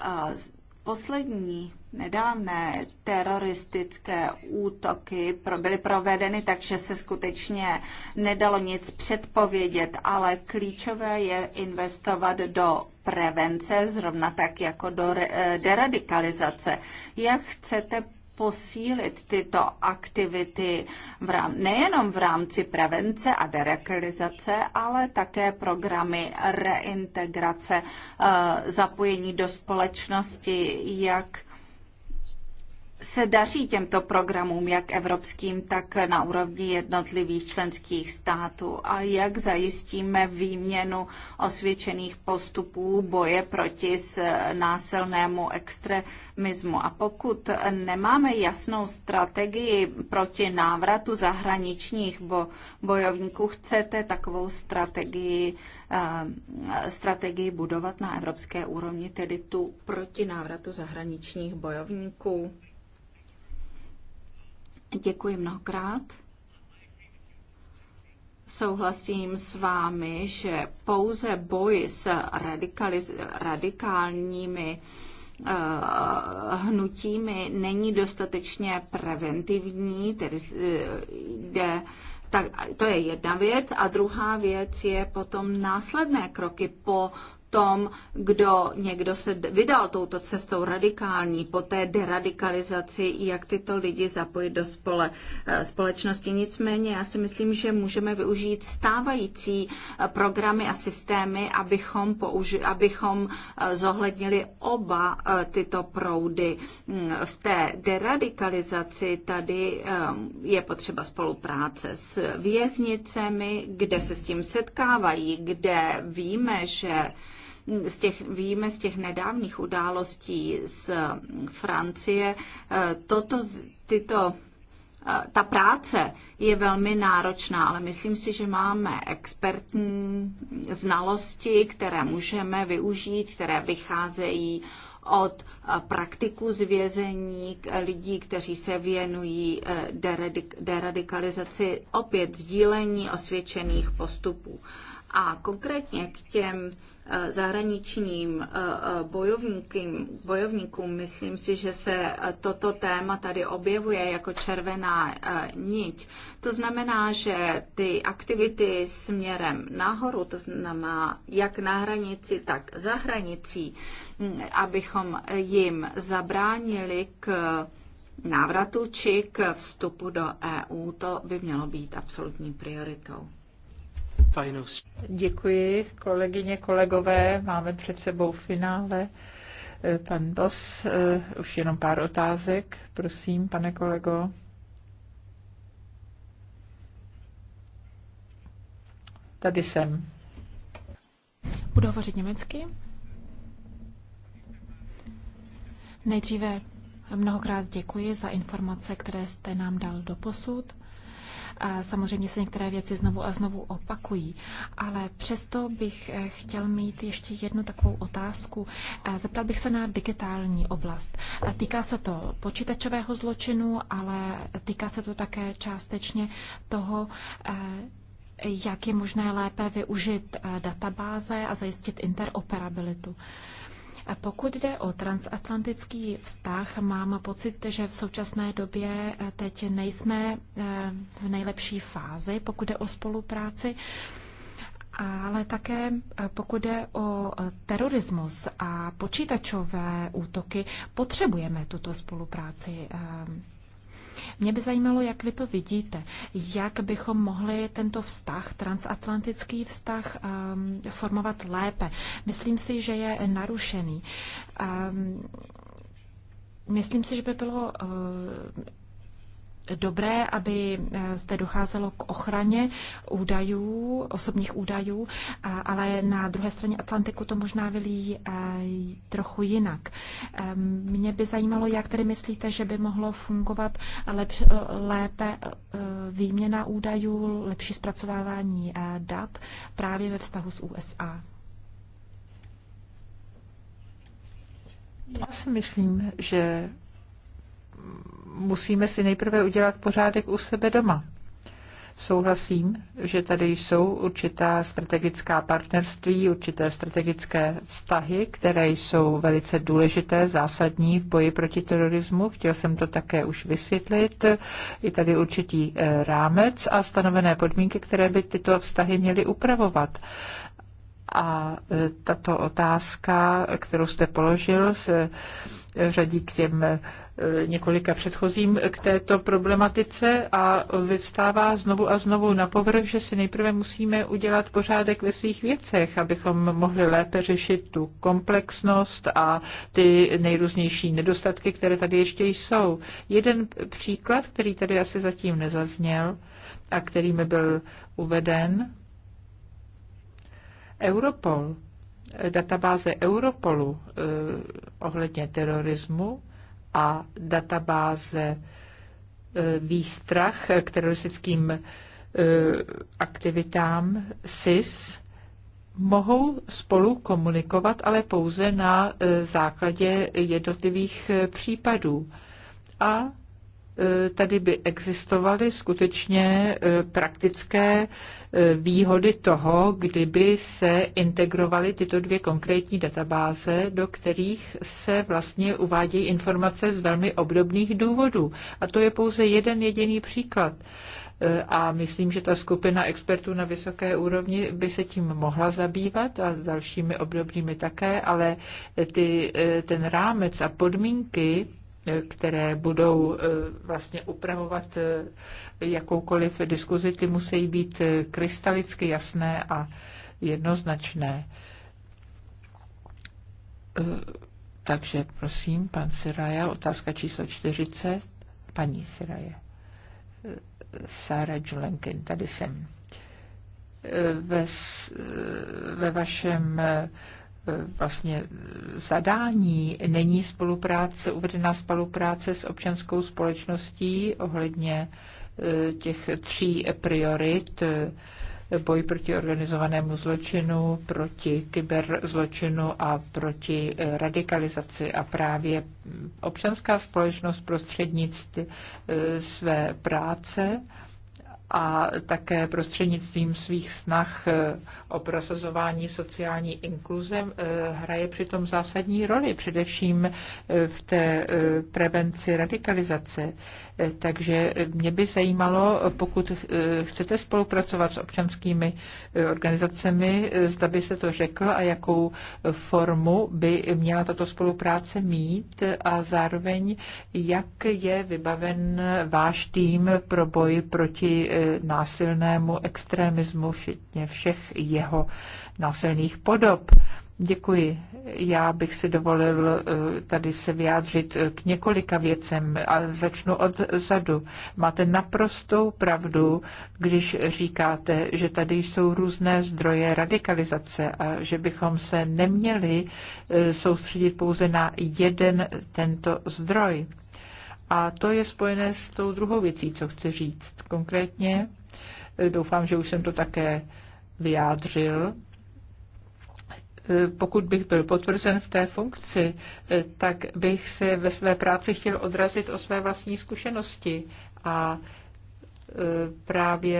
eh, poslední nedávné teroristické útoky byly provedeny takže se skutečně nedalo nic předpovědět, ale klíčové je investovat do prevence, zrovna tak jako do eh, deradikalizace. Jak chcete posílit tyto aktivity v rám, nejenom v rámci prevence a derekalizace, ale také programy reintegrace, eh, zapojení do společnosti, jak se daří těmto programům, jak evropským, tak na úrovni jednotlivých členských států a jak zajistíme výměnu osvědčených postupů boje proti násilnému extremismu. A pokud nemáme jasnou strategii proti návratu zahraničních bo- bojovníků, chcete takovou strategii, eh, strategii budovat na evropské úrovni, tedy tu proti návratu zahraničních bojovníků? Děkuji mnohokrát. Souhlasím s vámi, že pouze boj s radikálními eh, hnutími není dostatečně preventivní, tedy eh, jde tak to je jedna věc. A druhá věc je potom následné kroky po tom, kdo někdo se vydal touto cestou radikální, po té deradikalizaci, jak tyto lidi zapojit do spole, eh, společnosti. Nicméně já si myslím, že můžeme využít stávající eh, programy a systémy, abychom, použi- abychom eh, zohlednili oba tyto proudy. Mm, v té deradikalizaci tady je potřeba spolupráce s věznicemi, kde se s tím setkávají, kde víme, že z těch, víme z těch nedávných událostí z Francie, eh, toto, tyto eh, ta práce je velmi náročná, ale myslím si, že máme expertní znalosti, které můžeme využít, které vycházejí od eh, praktiků z vězení, lidí, kteří se věnují deradikalizaci, opět sdílení osvědčených postupů. A konkrétně k těm Eh, zahraničním eh, eh, bojovníkům, myslím si, že se toto téma tady objevuje jako červená niť. To znamená, že ty aktivity směrem nahoru, to znamená jak na hranici, tak za hranicí, hm, abychom jim zabránili k návratu či k vstupu do EU, to by mělo být absolutní prioritou. Děkuji, kolegyně, kolegové. Máme před sebou finále. Eh, pan Bos, eh, už jenom pár otázek. Prosím, pane kolego. Tady jsem. Budu hovořit německy. Nejdříve mnohokrát děkuji za informace, které jste nám dal do posud. Samozřejmě se některé věci znovu a znovu opakují, ale přesto bych eh, chtěl mít ještě jednu takovou otázku. Eh, zeptal bych se na digitální oblast. Eh, týká se to počítačového zločinu, ale týká se to také částečně toho, jak je možné lépe využít databáze a zajistit interoperabilitu. Pokud jde o transatlantický vztah, mám pocit, že v současné době eh, teď nejsme eh, v nejlepší fázi, pokud jde o spolupráci ale také eh, pokud jde o terorismus a počítačové útoky, potřebujeme tuto spolupráci mě by zajímalo, jak vy to vidíte, jak bychom mohli tento vztah, transatlantický vztah, um, formovat lépe. Myslím si, že je narušený. Um, Myslím si, že by bylo uh, dobré, aby eh, zde docházelo k ochraně údajů, osobních údajů, ale na druhé straně Atlantiku to možná vylí eh, trochu jinak. Eh, mě by zajímalo, jak tedy myslíte, že by mohlo fungovat lep, lépe výměna údajů, lepší zpracovávání dat právě ve vztahu s USA. Já si myslím, že musíme si nejprve udělat pořádek u sebe doma. Souhlasím, že tady jsou určitá strategická partnerství, určité strategické vztahy, které jsou velice důležité, zásadní v boji proti terorismu. Chtěl jsem to také už vysvětlit. Je tady určitý eh, rámec a stanovené podmínky, které by tyto vztahy měly upravovat. A eh, tato otázka, kterou jste položil, se řadí k těm eh, E, několika předchozím k této problematice a vyvstává znovu a znovu na povrch, že si nejprve musíme udělat pořádek ve svých věcech, abychom mohli lépe řešit tu komplexnost a ty nejrůznější nedostatky, které tady ještě jsou. Jeden příklad, který tady asi zatím nezazněl a který mi byl uveden, Europol, databáze Europolu eh, ohledně terorismu, a databáze e, výstrach k teroristickým e, aktivitám SIS mohou spolu komunikovat, ale pouze na e, základě jednotlivých případů. A E, tady by existovaly skutečně e, praktické e, výhody toho, kdyby se integrovaly tyto dvě konkrétní databáze, do kterých se vlastně uvádějí informace z velmi obdobných důvodů. A to je pouze jeden jediný příklad a myslím, že ta skupina expertů na vysoké úrovni by se tím mohla zabývat a dalšími obdobnými také, ale ty, ten rámec a podmínky které budou eh, vlastně upravovat eh, jakoukoliv diskuzi, ty musí být eh, krystalicky jasné a jednoznačné. Takže prosím, pan Siraja, otázka číslo 40, paní Siraje. Sára Julenkin, tady jsem. Ve, ve vašem vlastně zadání není spolupráce, uvedená spolupráce s občanskou společností ohledně eh, těch tří priorit eh, boj proti organizovanému zločinu, proti kyberzločinu a proti eh, radikalizaci. A právě občanská společnost prostřednictvím své práce a také prostřednictvím svých snah eh, o prosazování sociální inkluze eh, hraje přitom zásadní roli, především eh, v té prevenci radikalizace. Takže mě by zajímalo, pokud eh, chcete spolupracovat s občanskými eh, organizacemi, eh, zda by se to řekl a jakou formu by měla tato spolupráce mít a zároveň, jak je vybaven váš tým pro boj proti násilnému extremismu, všetně všech jeho násilných podob. Děkuji. Já bych si dovolil eh, tady se vyjádřit eh, k několika věcem a začnu od zadu. Máte naprostou pravdu, když říkáte, že tady jsou různé zdroje radikalizace a že bychom se neměli eh, soustředit pouze na jeden tento zdroj. A to je spojené s tou druhou věcí, co chci říct. Konkrétně doufám, že už jsem to také vyjádřil pokud bych byl potvrzen v té funkci, tak bych se ve své práci chtěl odrazit o své vlastní zkušenosti a e, právě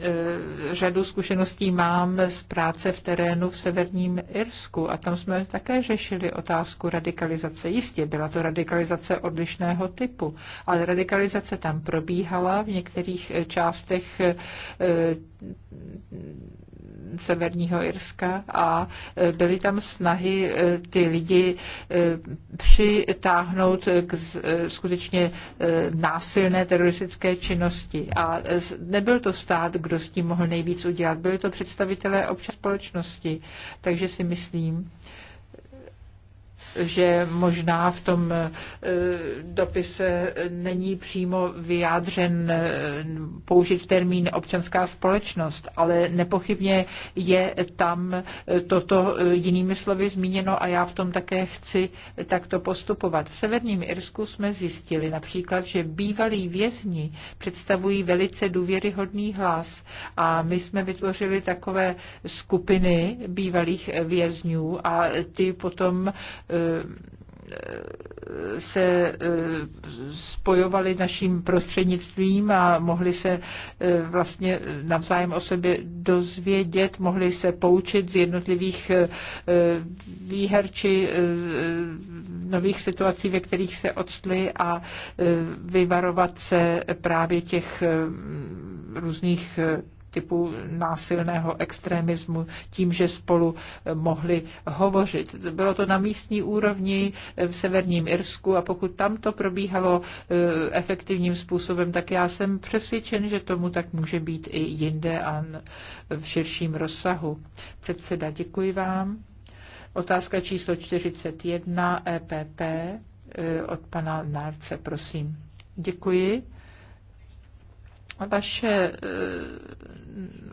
e, řadu zkušeností mám z práce v terénu v severním Irsku a tam jsme také řešili otázku radikalizace. Jistě byla to radikalizace odlišného typu, ale radikalizace tam probíhala v některých e, částech Severního Irska a e, byly tam snahy e, ty lidi e, přitáhnout k skutečně násilné teroristické činnosti. A nebyl to stát, kdo s tím mohl nejvíc udělat. Byli to představitelé občas společnosti. Takže si myslím, že možná v tom eh, dopise není přímo vyjádřen eh, použit termín občanská společnost, ale nepochybně je tam eh, toto jinými slovy zmíněno a já v tom také chci takto postupovat. V Severním Irsku jsme zjistili například, že bývalí vězni představují velice důvěryhodný hlas a my jsme vytvořili takové skupiny bývalých vězňů a ty potom se eh, spojovali naším prostřednictvím a mohli se eh, vlastně navzájem o sobě dozvědět, mohli se poučit z jednotlivých eh, výher či nových situací, ve kterých se odstly a vyvarovat se právě těch různých typu násilného extremismu tím, že spolu eh, mohli hovořit. Bylo to na místní úrovni eh, v severním Irsku a pokud tam to probíhalo eh, efektivním způsobem, tak já jsem přesvědčen, že tomu tak může být i jinde a v širším rozsahu. Předseda, děkuji vám. Otázka číslo 41 EPP od pana Nárce, prosím. Děkuji. Vaše eh,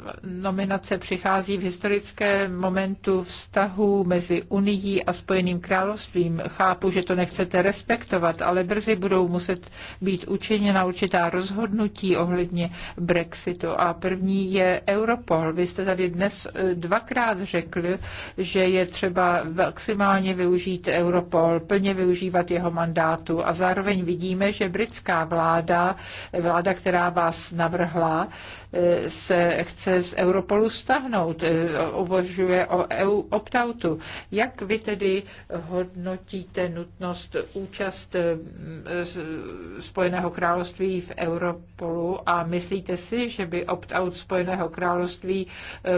no, nominace přichází v historickém momentu vztahu mezi Unií a Spojeným královstvím. Chápu, že to nechcete respektovat, ale brzy budou muset být učiněna určitá rozhodnutí ohledně Brexitu. A první je Europol. Vy jste tady dnes eh, dvakrát řekl, že je třeba maximálně využít Europol, plně využívat jeho mandátu. A zároveň vidíme, že britská vláda, vláda, která vás navrhla, eh, se chce z Europolu stahnout, eh, uvažuje o EU optautu. Jak vy tedy hodnotíte nutnost účast eh, Spojeného království v Europolu a myslíte si, že by opt-out Spojeného království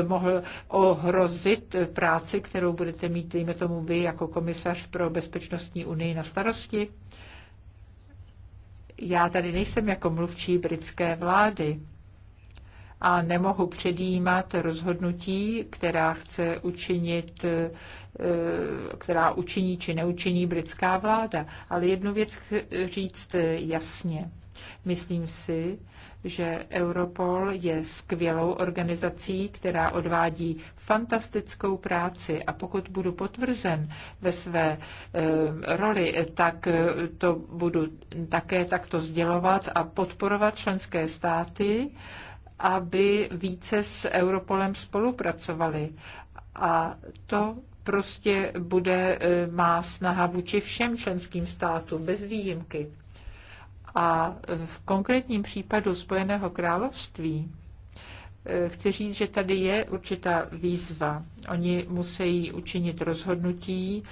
mohl ohrozit práci, kterou budete mít, dejme tomu vy, jako komisař pro bezpečnostní unii na starosti? já tady nejsem jako mluvčí britské vlády a nemohu předjímat rozhodnutí, která chce učinit, eh, která učiní či neučiní britská vláda. Ale jednu věc říct eh, jasně. Myslím si, že Europol je skvělou organizací, která odvádí fantastickou práci a pokud budu potvrzen ve své eh, roli, tak eh, to budu také takto sdělovat a podporovat členské státy, aby více s Europolem spolupracovali. A to prostě bude eh, má snaha vůči všem členským státům bez výjimky. A v konkrétním případu Spojeného království eh, chci říct, že tady je určitá výzva. Oni musí učinit rozhodnutí,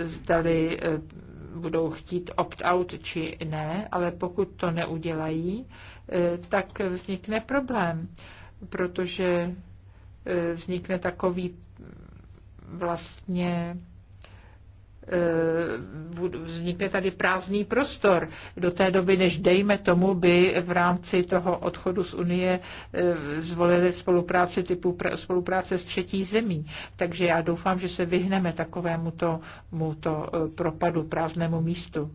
zdali eh, budou chtít opt-out či ne, ale pokud to neudělají, eh, tak vznikne problém, protože vznikne takový mm, vlastně Eh, vznikne tady prázdný prostor do té doby, než dejme tomu, by v rámci toho odchodu z Unie eh, zvolili spolupráci typu spolupráce s třetí zemí. Takže já doufám, že se vyhneme takovému to, mu to eh, propadu, prázdnému místu.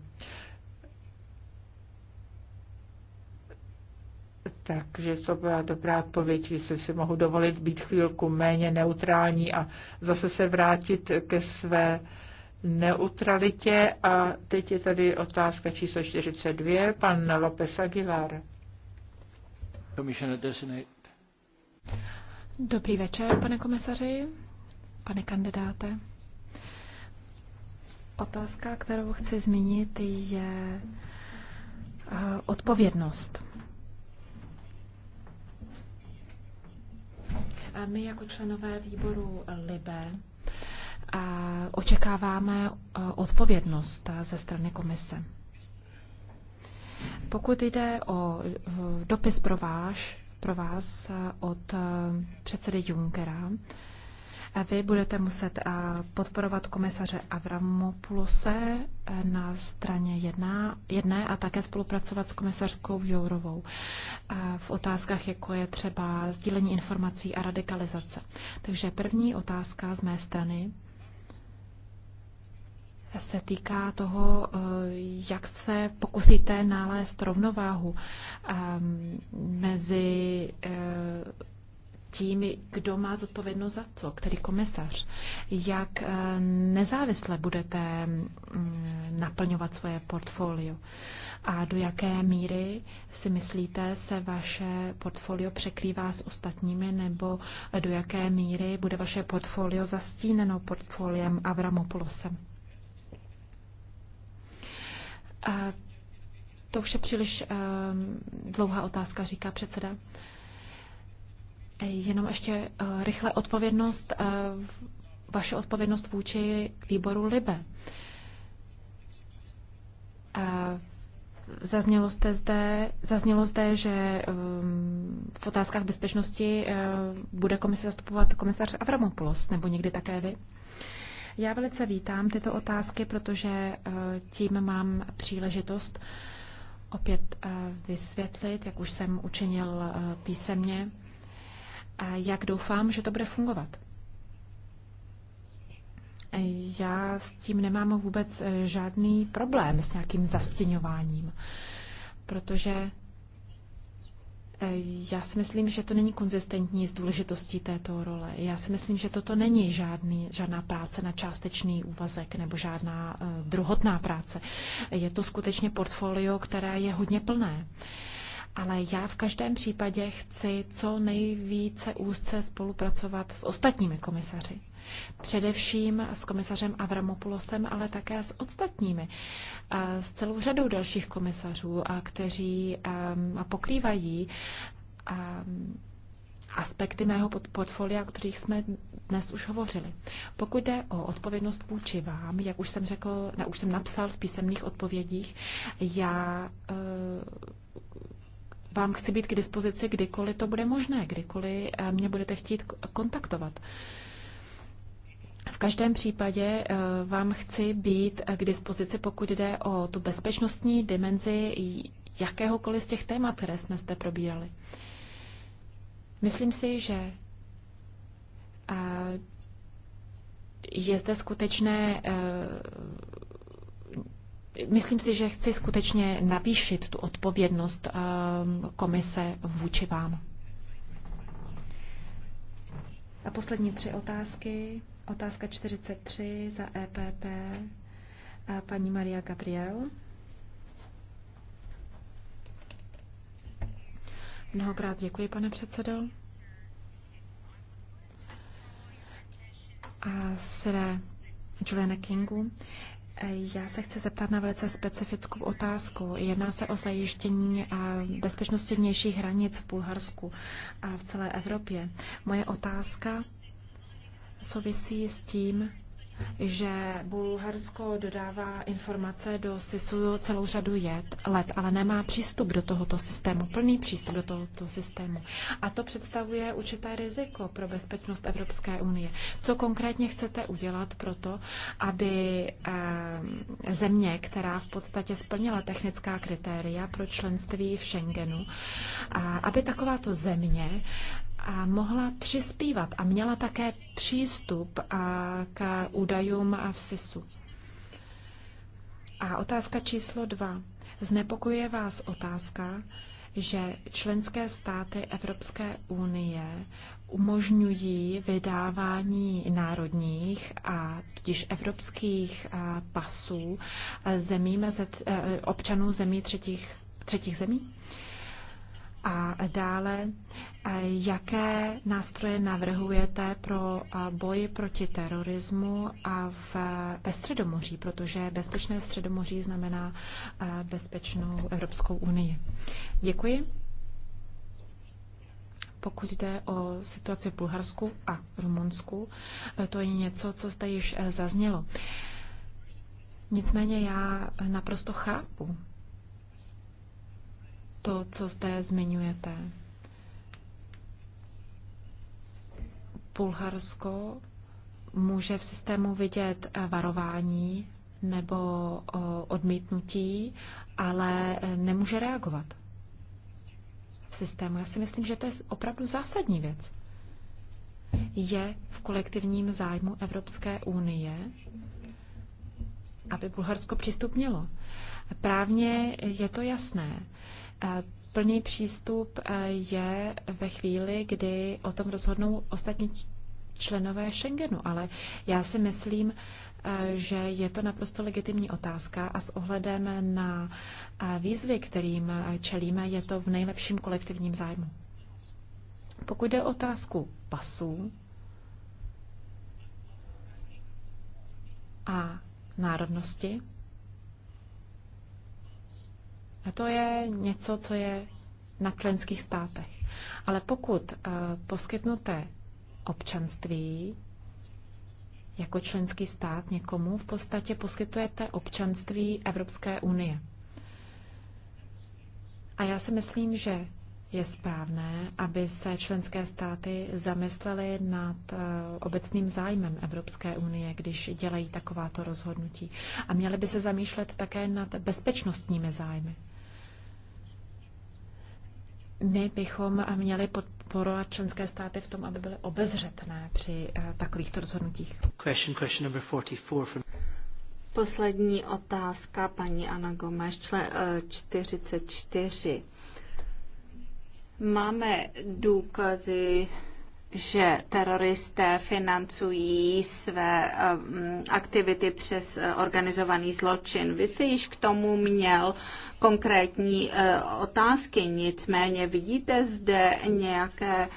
Takže to byla dobrá odpověď, jestli si mohu dovolit být chvílku méně neutrální a zase se vrátit ke své neutralitě a teď je tady otázka číslo 42, pan López Aguilar. Dobrý večer, pane komisaři, pane kandidáte. Otázka, kterou chci zmínit, je eh, odpovědnost. my jako členové výboru LIBE očekáváme e, odpovědnost e, ze strany komise. Pokud jde o e, dopis pro vás, pro vás od předsedy Junckera, vy budete muset podporovat komisaře Avramopulose na straně jedna, jedné a také spolupracovat s komisařkou Jourovou v otázkách, jako je třeba sdílení informací a radikalizace. Takže první otázka z mé strany se týká toho, eh, jak se pokusíte nalézt rovnováhu ehm, mezi eh, tím, kdo má zodpovědnost za co, který komisař, jak eh, nezávisle budete mm, naplňovat svoje portfolio a do jaké míry si myslíte, se vaše portfolio překrývá s ostatními nebo do jaké míry bude vaše portfolio zastíneno portfoliem Avramopoulosem. A to už je příliš uh, dlouhá otázka, říká předseda. Jenom ještě uh, rychle odpovědnost, uh, vaše odpovědnost vůči výboru LIBE. Uh, Zaznělo, jste zde, zaznělo zde, že um, v otázkách bezpečnosti uh, bude komise zastupovat komisař Avramopoulos, nebo někdy také vy? Já velice vítám tyto otázky, protože eh, tím mám příležitost opět eh, vysvětlit, jak už jsem učinil eh, písemně, jak doufám, že to bude fungovat. Já s tím nemám vůbec žádný problém s nějakým zastěňováním, protože já si myslím, že to není konzistentní s důležitostí této role. Já si myslím, že toto není žádný, žádná práce na částečný úvazek nebo žádná uh, druhotná práce. Je to skutečně portfolio, které je hodně plné. Ale já v každém případě chci co nejvíce úzce spolupracovat s ostatními komisaři. Především s komisařem Avramopulosem, ale také s ostatními, s celou řadou dalších komisařů, kteří um, pokrývají um, aspekty mého portfolia, o kterých jsme dnes už hovořili. Pokud jde o odpovědnost vůči vám, jak už jsem řekl, ne, už jsem napsal v písemných odpovědích, já e, vám chci být k dispozici kdykoliv to bude možné, kdykoliv uh, mě budete chtít kontaktovat. E, v každém případě eh, vám chci být eh, k dispozici, pokud jde o tu bezpečnostní dimenzi jakéhokoliv z těch témat, které jsme zde probírali. Myslím si, že eh, je zde skutečné myslím si, že chci skutečně navýšit tu odpovědnost komise vůči vám. A poslední tři otázky. Otázka 43 za EPP a paní Maria Gabriel. Mnohokrát děkuji, pane předsedo. A sere Juliana Kingu. Já se chci zeptat na velice specifickou otázku. Jedná se o zajištění bezpečnosti vnějších hranic v Bulharsku a v celé Evropě. Moje otázka souvisí s tím, že Bulharsko dodává informace do SISu celou řadu let, ale nemá přístup do tohoto systému, plný přístup do tohoto systému. A to představuje určité riziko pro bezpečnost Evropské unie. Co konkrétně chcete udělat pro to, aby eh, země, která v podstatě splnila technická kritéria pro členství v Schengenu, eh, aby takováto země a mohla přispívat a měla také přístup a k údajům a v SISu. A otázka číslo dva. Znepokuje vás otázka, že členské státy Evropské unie umožňují vydávání národních a tudíž evropských pasů zemí mezi, občanů zemí třetích, třetích zemí? A dále, eh, jaké nástroje navrhujete pro eh, boj proti terorismu a v, eh, ve Středomoří, protože bezpečné Středomoří znamená bezpečnou Evropskou unii. Děkuji. Pokud jde o situaci v Bulharsku a Rumunsku, to je něco, co zde již zaznělo. Nicméně já naprosto chápu to, co zde zmiňujete. Bulharsko může v systému vidět eh, varování nebo odmítnutí, ale eh, nemůže reagovat v systému. Já si myslím, že to je opravdu zásadní věc. Je v kolektivním zájmu Evropské unie, aby Bulharsko přistupnilo. Právně je to jasné. Plný přístup e, je ve chvíli, kdy o tom rozhodnou ostatní členové Schengenu, ale já si myslím, e, že je to naprosto legitimní otázka a s ohledem na e, výzvy, kterým čelíme, je to v nejlepším kolektivním zájmu. Pokud jde o otázku pasů a národnosti, a to je něco, co je na členských státech. Ale pokud eh, poskytnuté občanství jako členský stát někomu, v podstatě poskytujete občanství Evropské unie. A já si myslím, že je správné, aby se členské státy zamyslely nad eh, obecným zájmem Evropské unie, když dělají takováto rozhodnutí. A měly by se zamýšlet také nad bezpečnostními zájmy. My bychom měli podporovat členské státy v tom, aby byly obezřetné při eh, takovýchto rozhodnutích. Question, question number 44 from... Poslední otázka paní Ana Gomes, člen 44. Eh, Máme důkazy že teroristé financují své eh, aktivity přes eh, organizovaný zločin. Vy jste již k tomu měl konkrétní eh, otázky, nicméně vidíte zde nějaké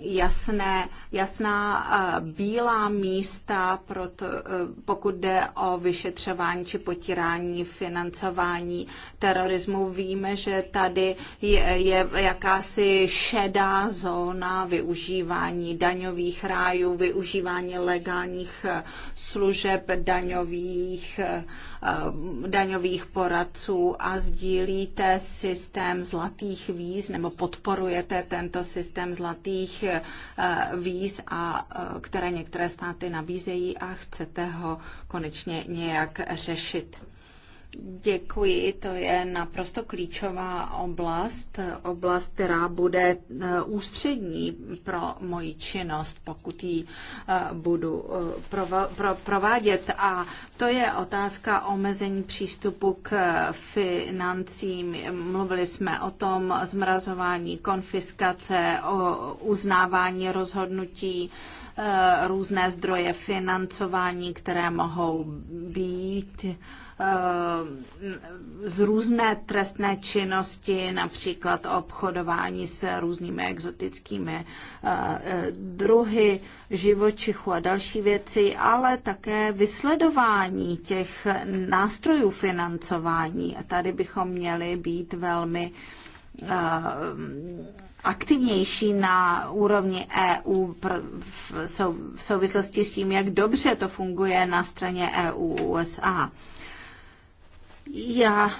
jasné, jasná eh, bílá místa, proto, eh, pokud jde o vyšetřování či potírání financování terorismu. Víme, že tady je, je jakási šedá zóna využívání daňových rájů, využívání legálních eh, služeb daňových Eh, daňových poradců a sdílíte systém zlatých víz nebo podporujete tento systém zlatých eh, víz, a, eh, které některé státy nabízejí a chcete ho konečně nějak řešit. Děkuji, to je naprosto klíčová oblast, oblast, která bude eh, ústřední pro moji činnost, pokud ji eh, budu eh, provádět. A to je otázka omezení přístupu k financím. Mluvili jsme o tom zmrazování, konfiskace, o uznávání rozhodnutí různé zdroje financování, které mohou být z různé trestné činnosti, například obchodování s různými exotickými eh, eh, druhy živočichů a další věci, ale také vysledování těch nástrojů financování. A tady bychom měli být velmi eh, aktivnější na úrovni EU v souvislosti s tím, jak dobře to funguje na straně EU-USA. Já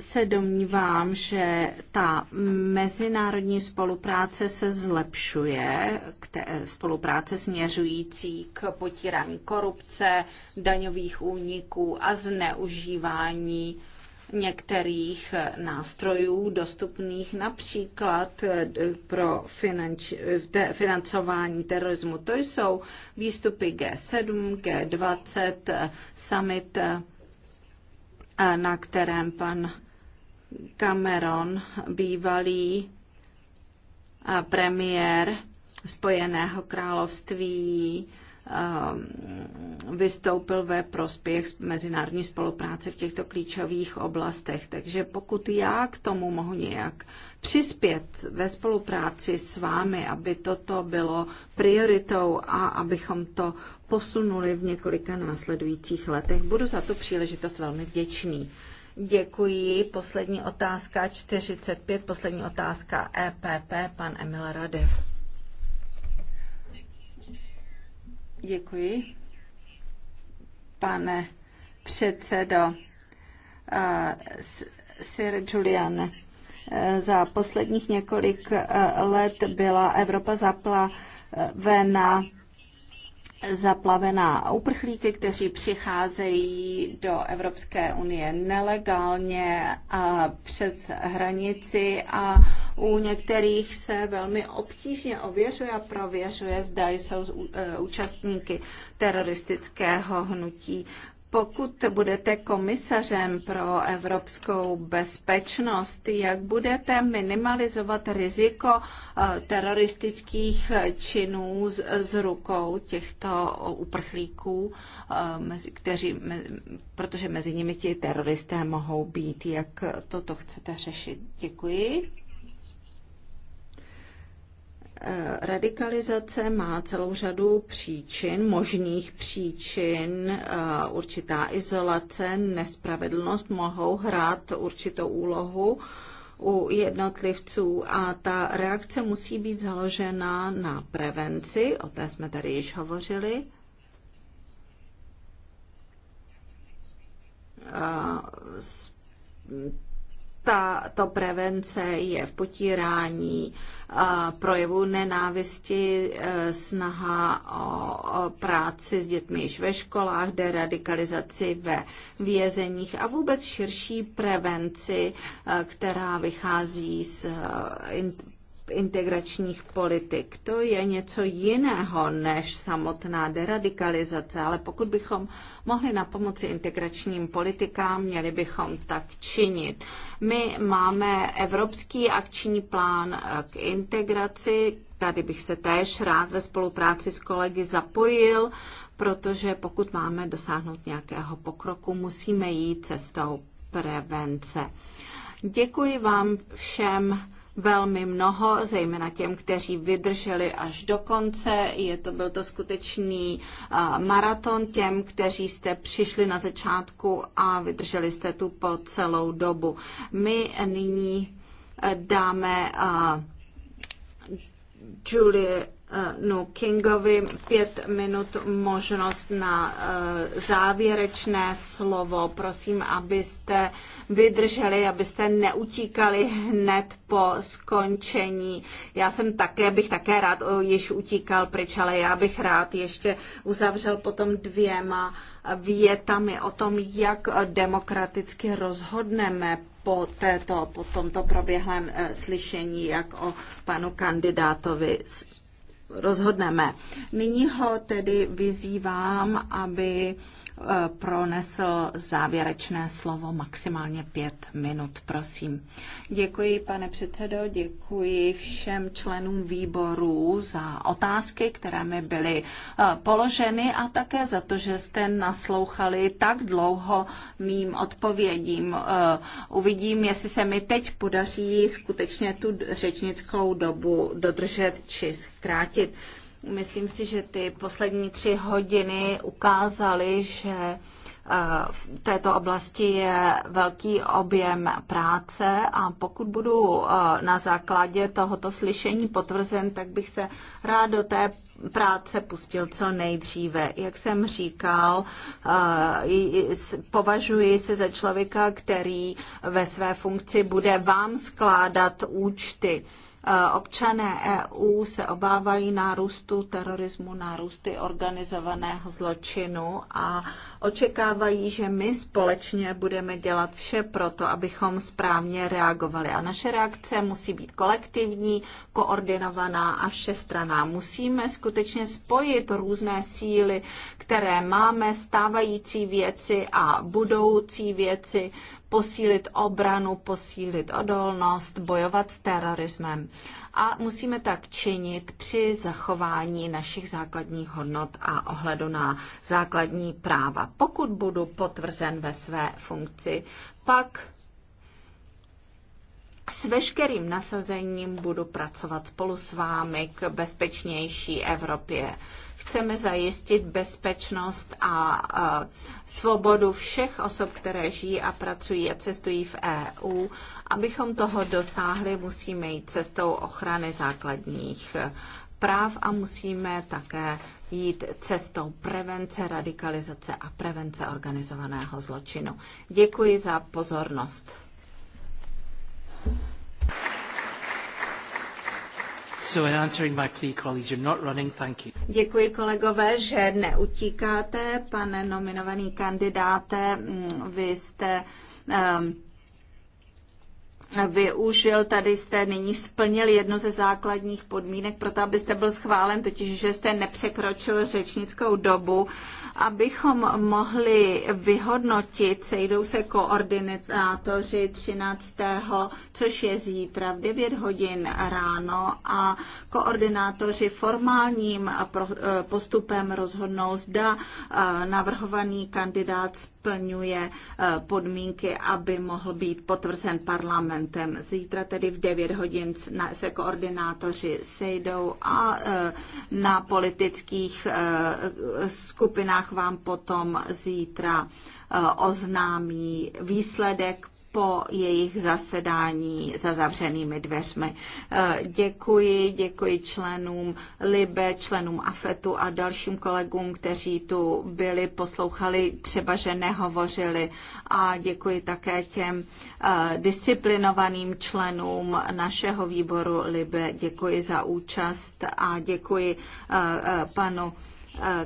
se domnívám, že ta mezinárodní spolupráce se zlepšuje, spolupráce směřující k potírání korupce, daňových úniků a zneužívání některých nástrojů dostupných například eh, pro finanč, financování terorismu. To jsou výstupy G7, G20, eh, summit eh, na kterém pan Cameron, bývalý premiér Spojeného království, um, vystoupil ve prospěch mezinárodní spolupráce v těchto klíčových oblastech. Takže pokud já k tomu mohu nějak přispět ve spolupráci s vámi, aby toto bylo prioritou a abychom to posunuli v několika následujících letech. Budu za tu příležitost velmi vděčný. Děkuji. Poslední otázka 45, poslední otázka EPP, pan Emil Radev. Děkuji. Pane předsedo, uh, Sir Julian, za posledních několik eh, let byla Evropa zaplavená zaplavená uprchlíky, kteří přicházejí do Evropské unie nelegálně a přes hranici a u některých se velmi obtížně ověřuje a prověřuje, zda jsou eh, účastníky teroristického hnutí. Pokud budete komisařem pro evropskou bezpečnost, jak budete minimalizovat riziko eh, teroristických činů z rukou těchto uprchlíků, eh, kteří, protože mezi nimi ti teroristé mohou být? Jak toto chcete řešit? Děkuji. Radikalizace má celou řadu příčin, možných příčin, eh, určitá izolace, nespravedlnost mohou hrát určitou úlohu u jednotlivců a ta reakce musí být založena na prevenci, o té jsme tady již hovořili. A eh, tato prevence je v potírání projevu nenávisti, e, snaha o práci s dětmi již ve školách, deradikalizaci ve vězeních a vůbec širší prevenci, e, která vychází z e, integračních politik. To je něco jiného než samotná deradikalizace, ale pokud bychom mohli na pomoci integračním politikám, měli bychom tak činit. My máme Evropský akční plán k integraci, tady bych se též rád ve spolupráci s kolegy zapojil, protože pokud máme dosáhnout nějakého pokroku, musíme jít cestou prevence. Děkuji vám všem velmi mnoho, zejména těm, kteří vydrželi až do konce. Je to, byl to skutečný maraton těm, kteří jste přišli na začátku a vydrželi jste tu po celou dobu. My nyní e, dáme Julie Eh, no, Kingovi pět minut možnost na eh, závěrečné slovo. Prosím, abyste vydrželi, abyste neutíkali hned po skončení. Já jsem také, bych také rád eh, již utíkal pryč, ale já bych rád ještě uzavřel potom dvěma větami o tom, jak demokraticky rozhodneme po, této, po tomto proběhlém slyšení, jak o panu kandidátovi rozhodneme. Nyní ho tedy vyzývám, aby pronesl závěrečné slovo maximálně pět minut, prosím. Děkuji, pane předsedo, děkuji všem členům výboru za otázky, které mi byly eh, položeny a také za to, že jste naslouchali tak dlouho mým odpovědím. Eh, uvidím, jestli se mi teď podaří skutečně tu řečnickou dobu dodržet či zkrátit. Myslím si, že ty poslední tři hodiny ukázaly, že eh, v této oblasti je velký objem práce a pokud budu eh, na základě tohoto slyšení potvrzen, tak bych se rád do té práce pustil co nejdříve. Jak jsem říkal, eh, považuji se za člověka, který ve své funkci bude vám skládat účty. Občané EU se obávají nárůstu terorismu, nárůsty organizovaného zločinu a očekávají, že my společně budeme dělat vše pro to, abychom správně reagovali. A naše reakce musí být kolektivní, koordinovaná a všestraná. Musíme skutečně spojit různé síly, které máme, stávající věci a budoucí věci, posílit obranu, posílit odolnost, bojovat s terorismem a musíme tak činit při zachování našich základních hodnot a ohledu na základní práva. Pokud budu potvrzen ve své funkci, pak s veškerým nasazením budu pracovat spolu s vámi k bezpečnější Evropě chceme zajistit bezpečnost a svobodu všech osob, které žijí a pracují a cestují v EU. Abychom toho dosáhli, musíme jít cestou ochrany základních eh, práv a musíme také jít cestou prevence radikalizace a prevence organizovaného zločinu. Děkuji za pozornost. So in answering my plea, colleagues, you're not running, thank you. Děkuji kolegové, že neutíkáte, pane nominovaný kandidáte. Mm, vy jste um, využil, tady jste nyní splnil jednu ze základních podmínek pro to, abyste byl schválen, totiž, že jste nepřekročil řečnickou dobu abychom mohli vyhodnotit, sejdou se koordinátoři 13. což je zítra v 9 hodin ráno a koordinátoři formálním eh, postupem rozhodnou, zda eh, navrhovaný kandidát splňuje eh, podmínky, aby mohl být potvrzen parlamentem. Zítra tedy v 9 hodin se koordinátoři sejdou a eh, na politických eh, skupinách vám potom zítra oznámí výsledek po jejich zasedání za zavřenými dveřmi. Eh, děkuji, děkuji členům Libe, členům AFETu a dalším kolegům, kteří tu byli, poslouchali, třeba že nehovořili a děkuji také těm eh, disciplinovaným členům našeho výboru Libe. Děkuji za účast a děkuji eh, panu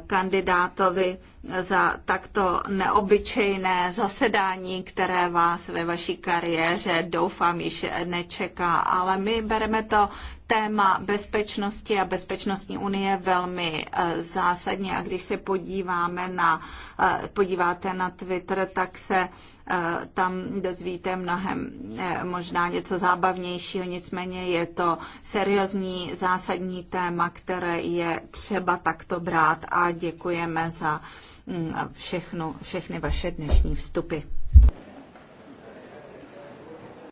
kandidátovi za takto neobyčejné zasedání, které vás ve vaší kariéře doufám již nečeká, ale my bereme to téma bezpečnosti a bezpečnostní unie velmi eh, zásadně a když se podíváme na, eh, podíváte na Twitter, tak se Eh, tam dozvíte mnohem eh, možná něco zábavnějšího, nicméně je to seriózní zásadní téma, které je třeba takto brát a děkujeme za mm, všechnu, všechny vaše dnešní vstupy.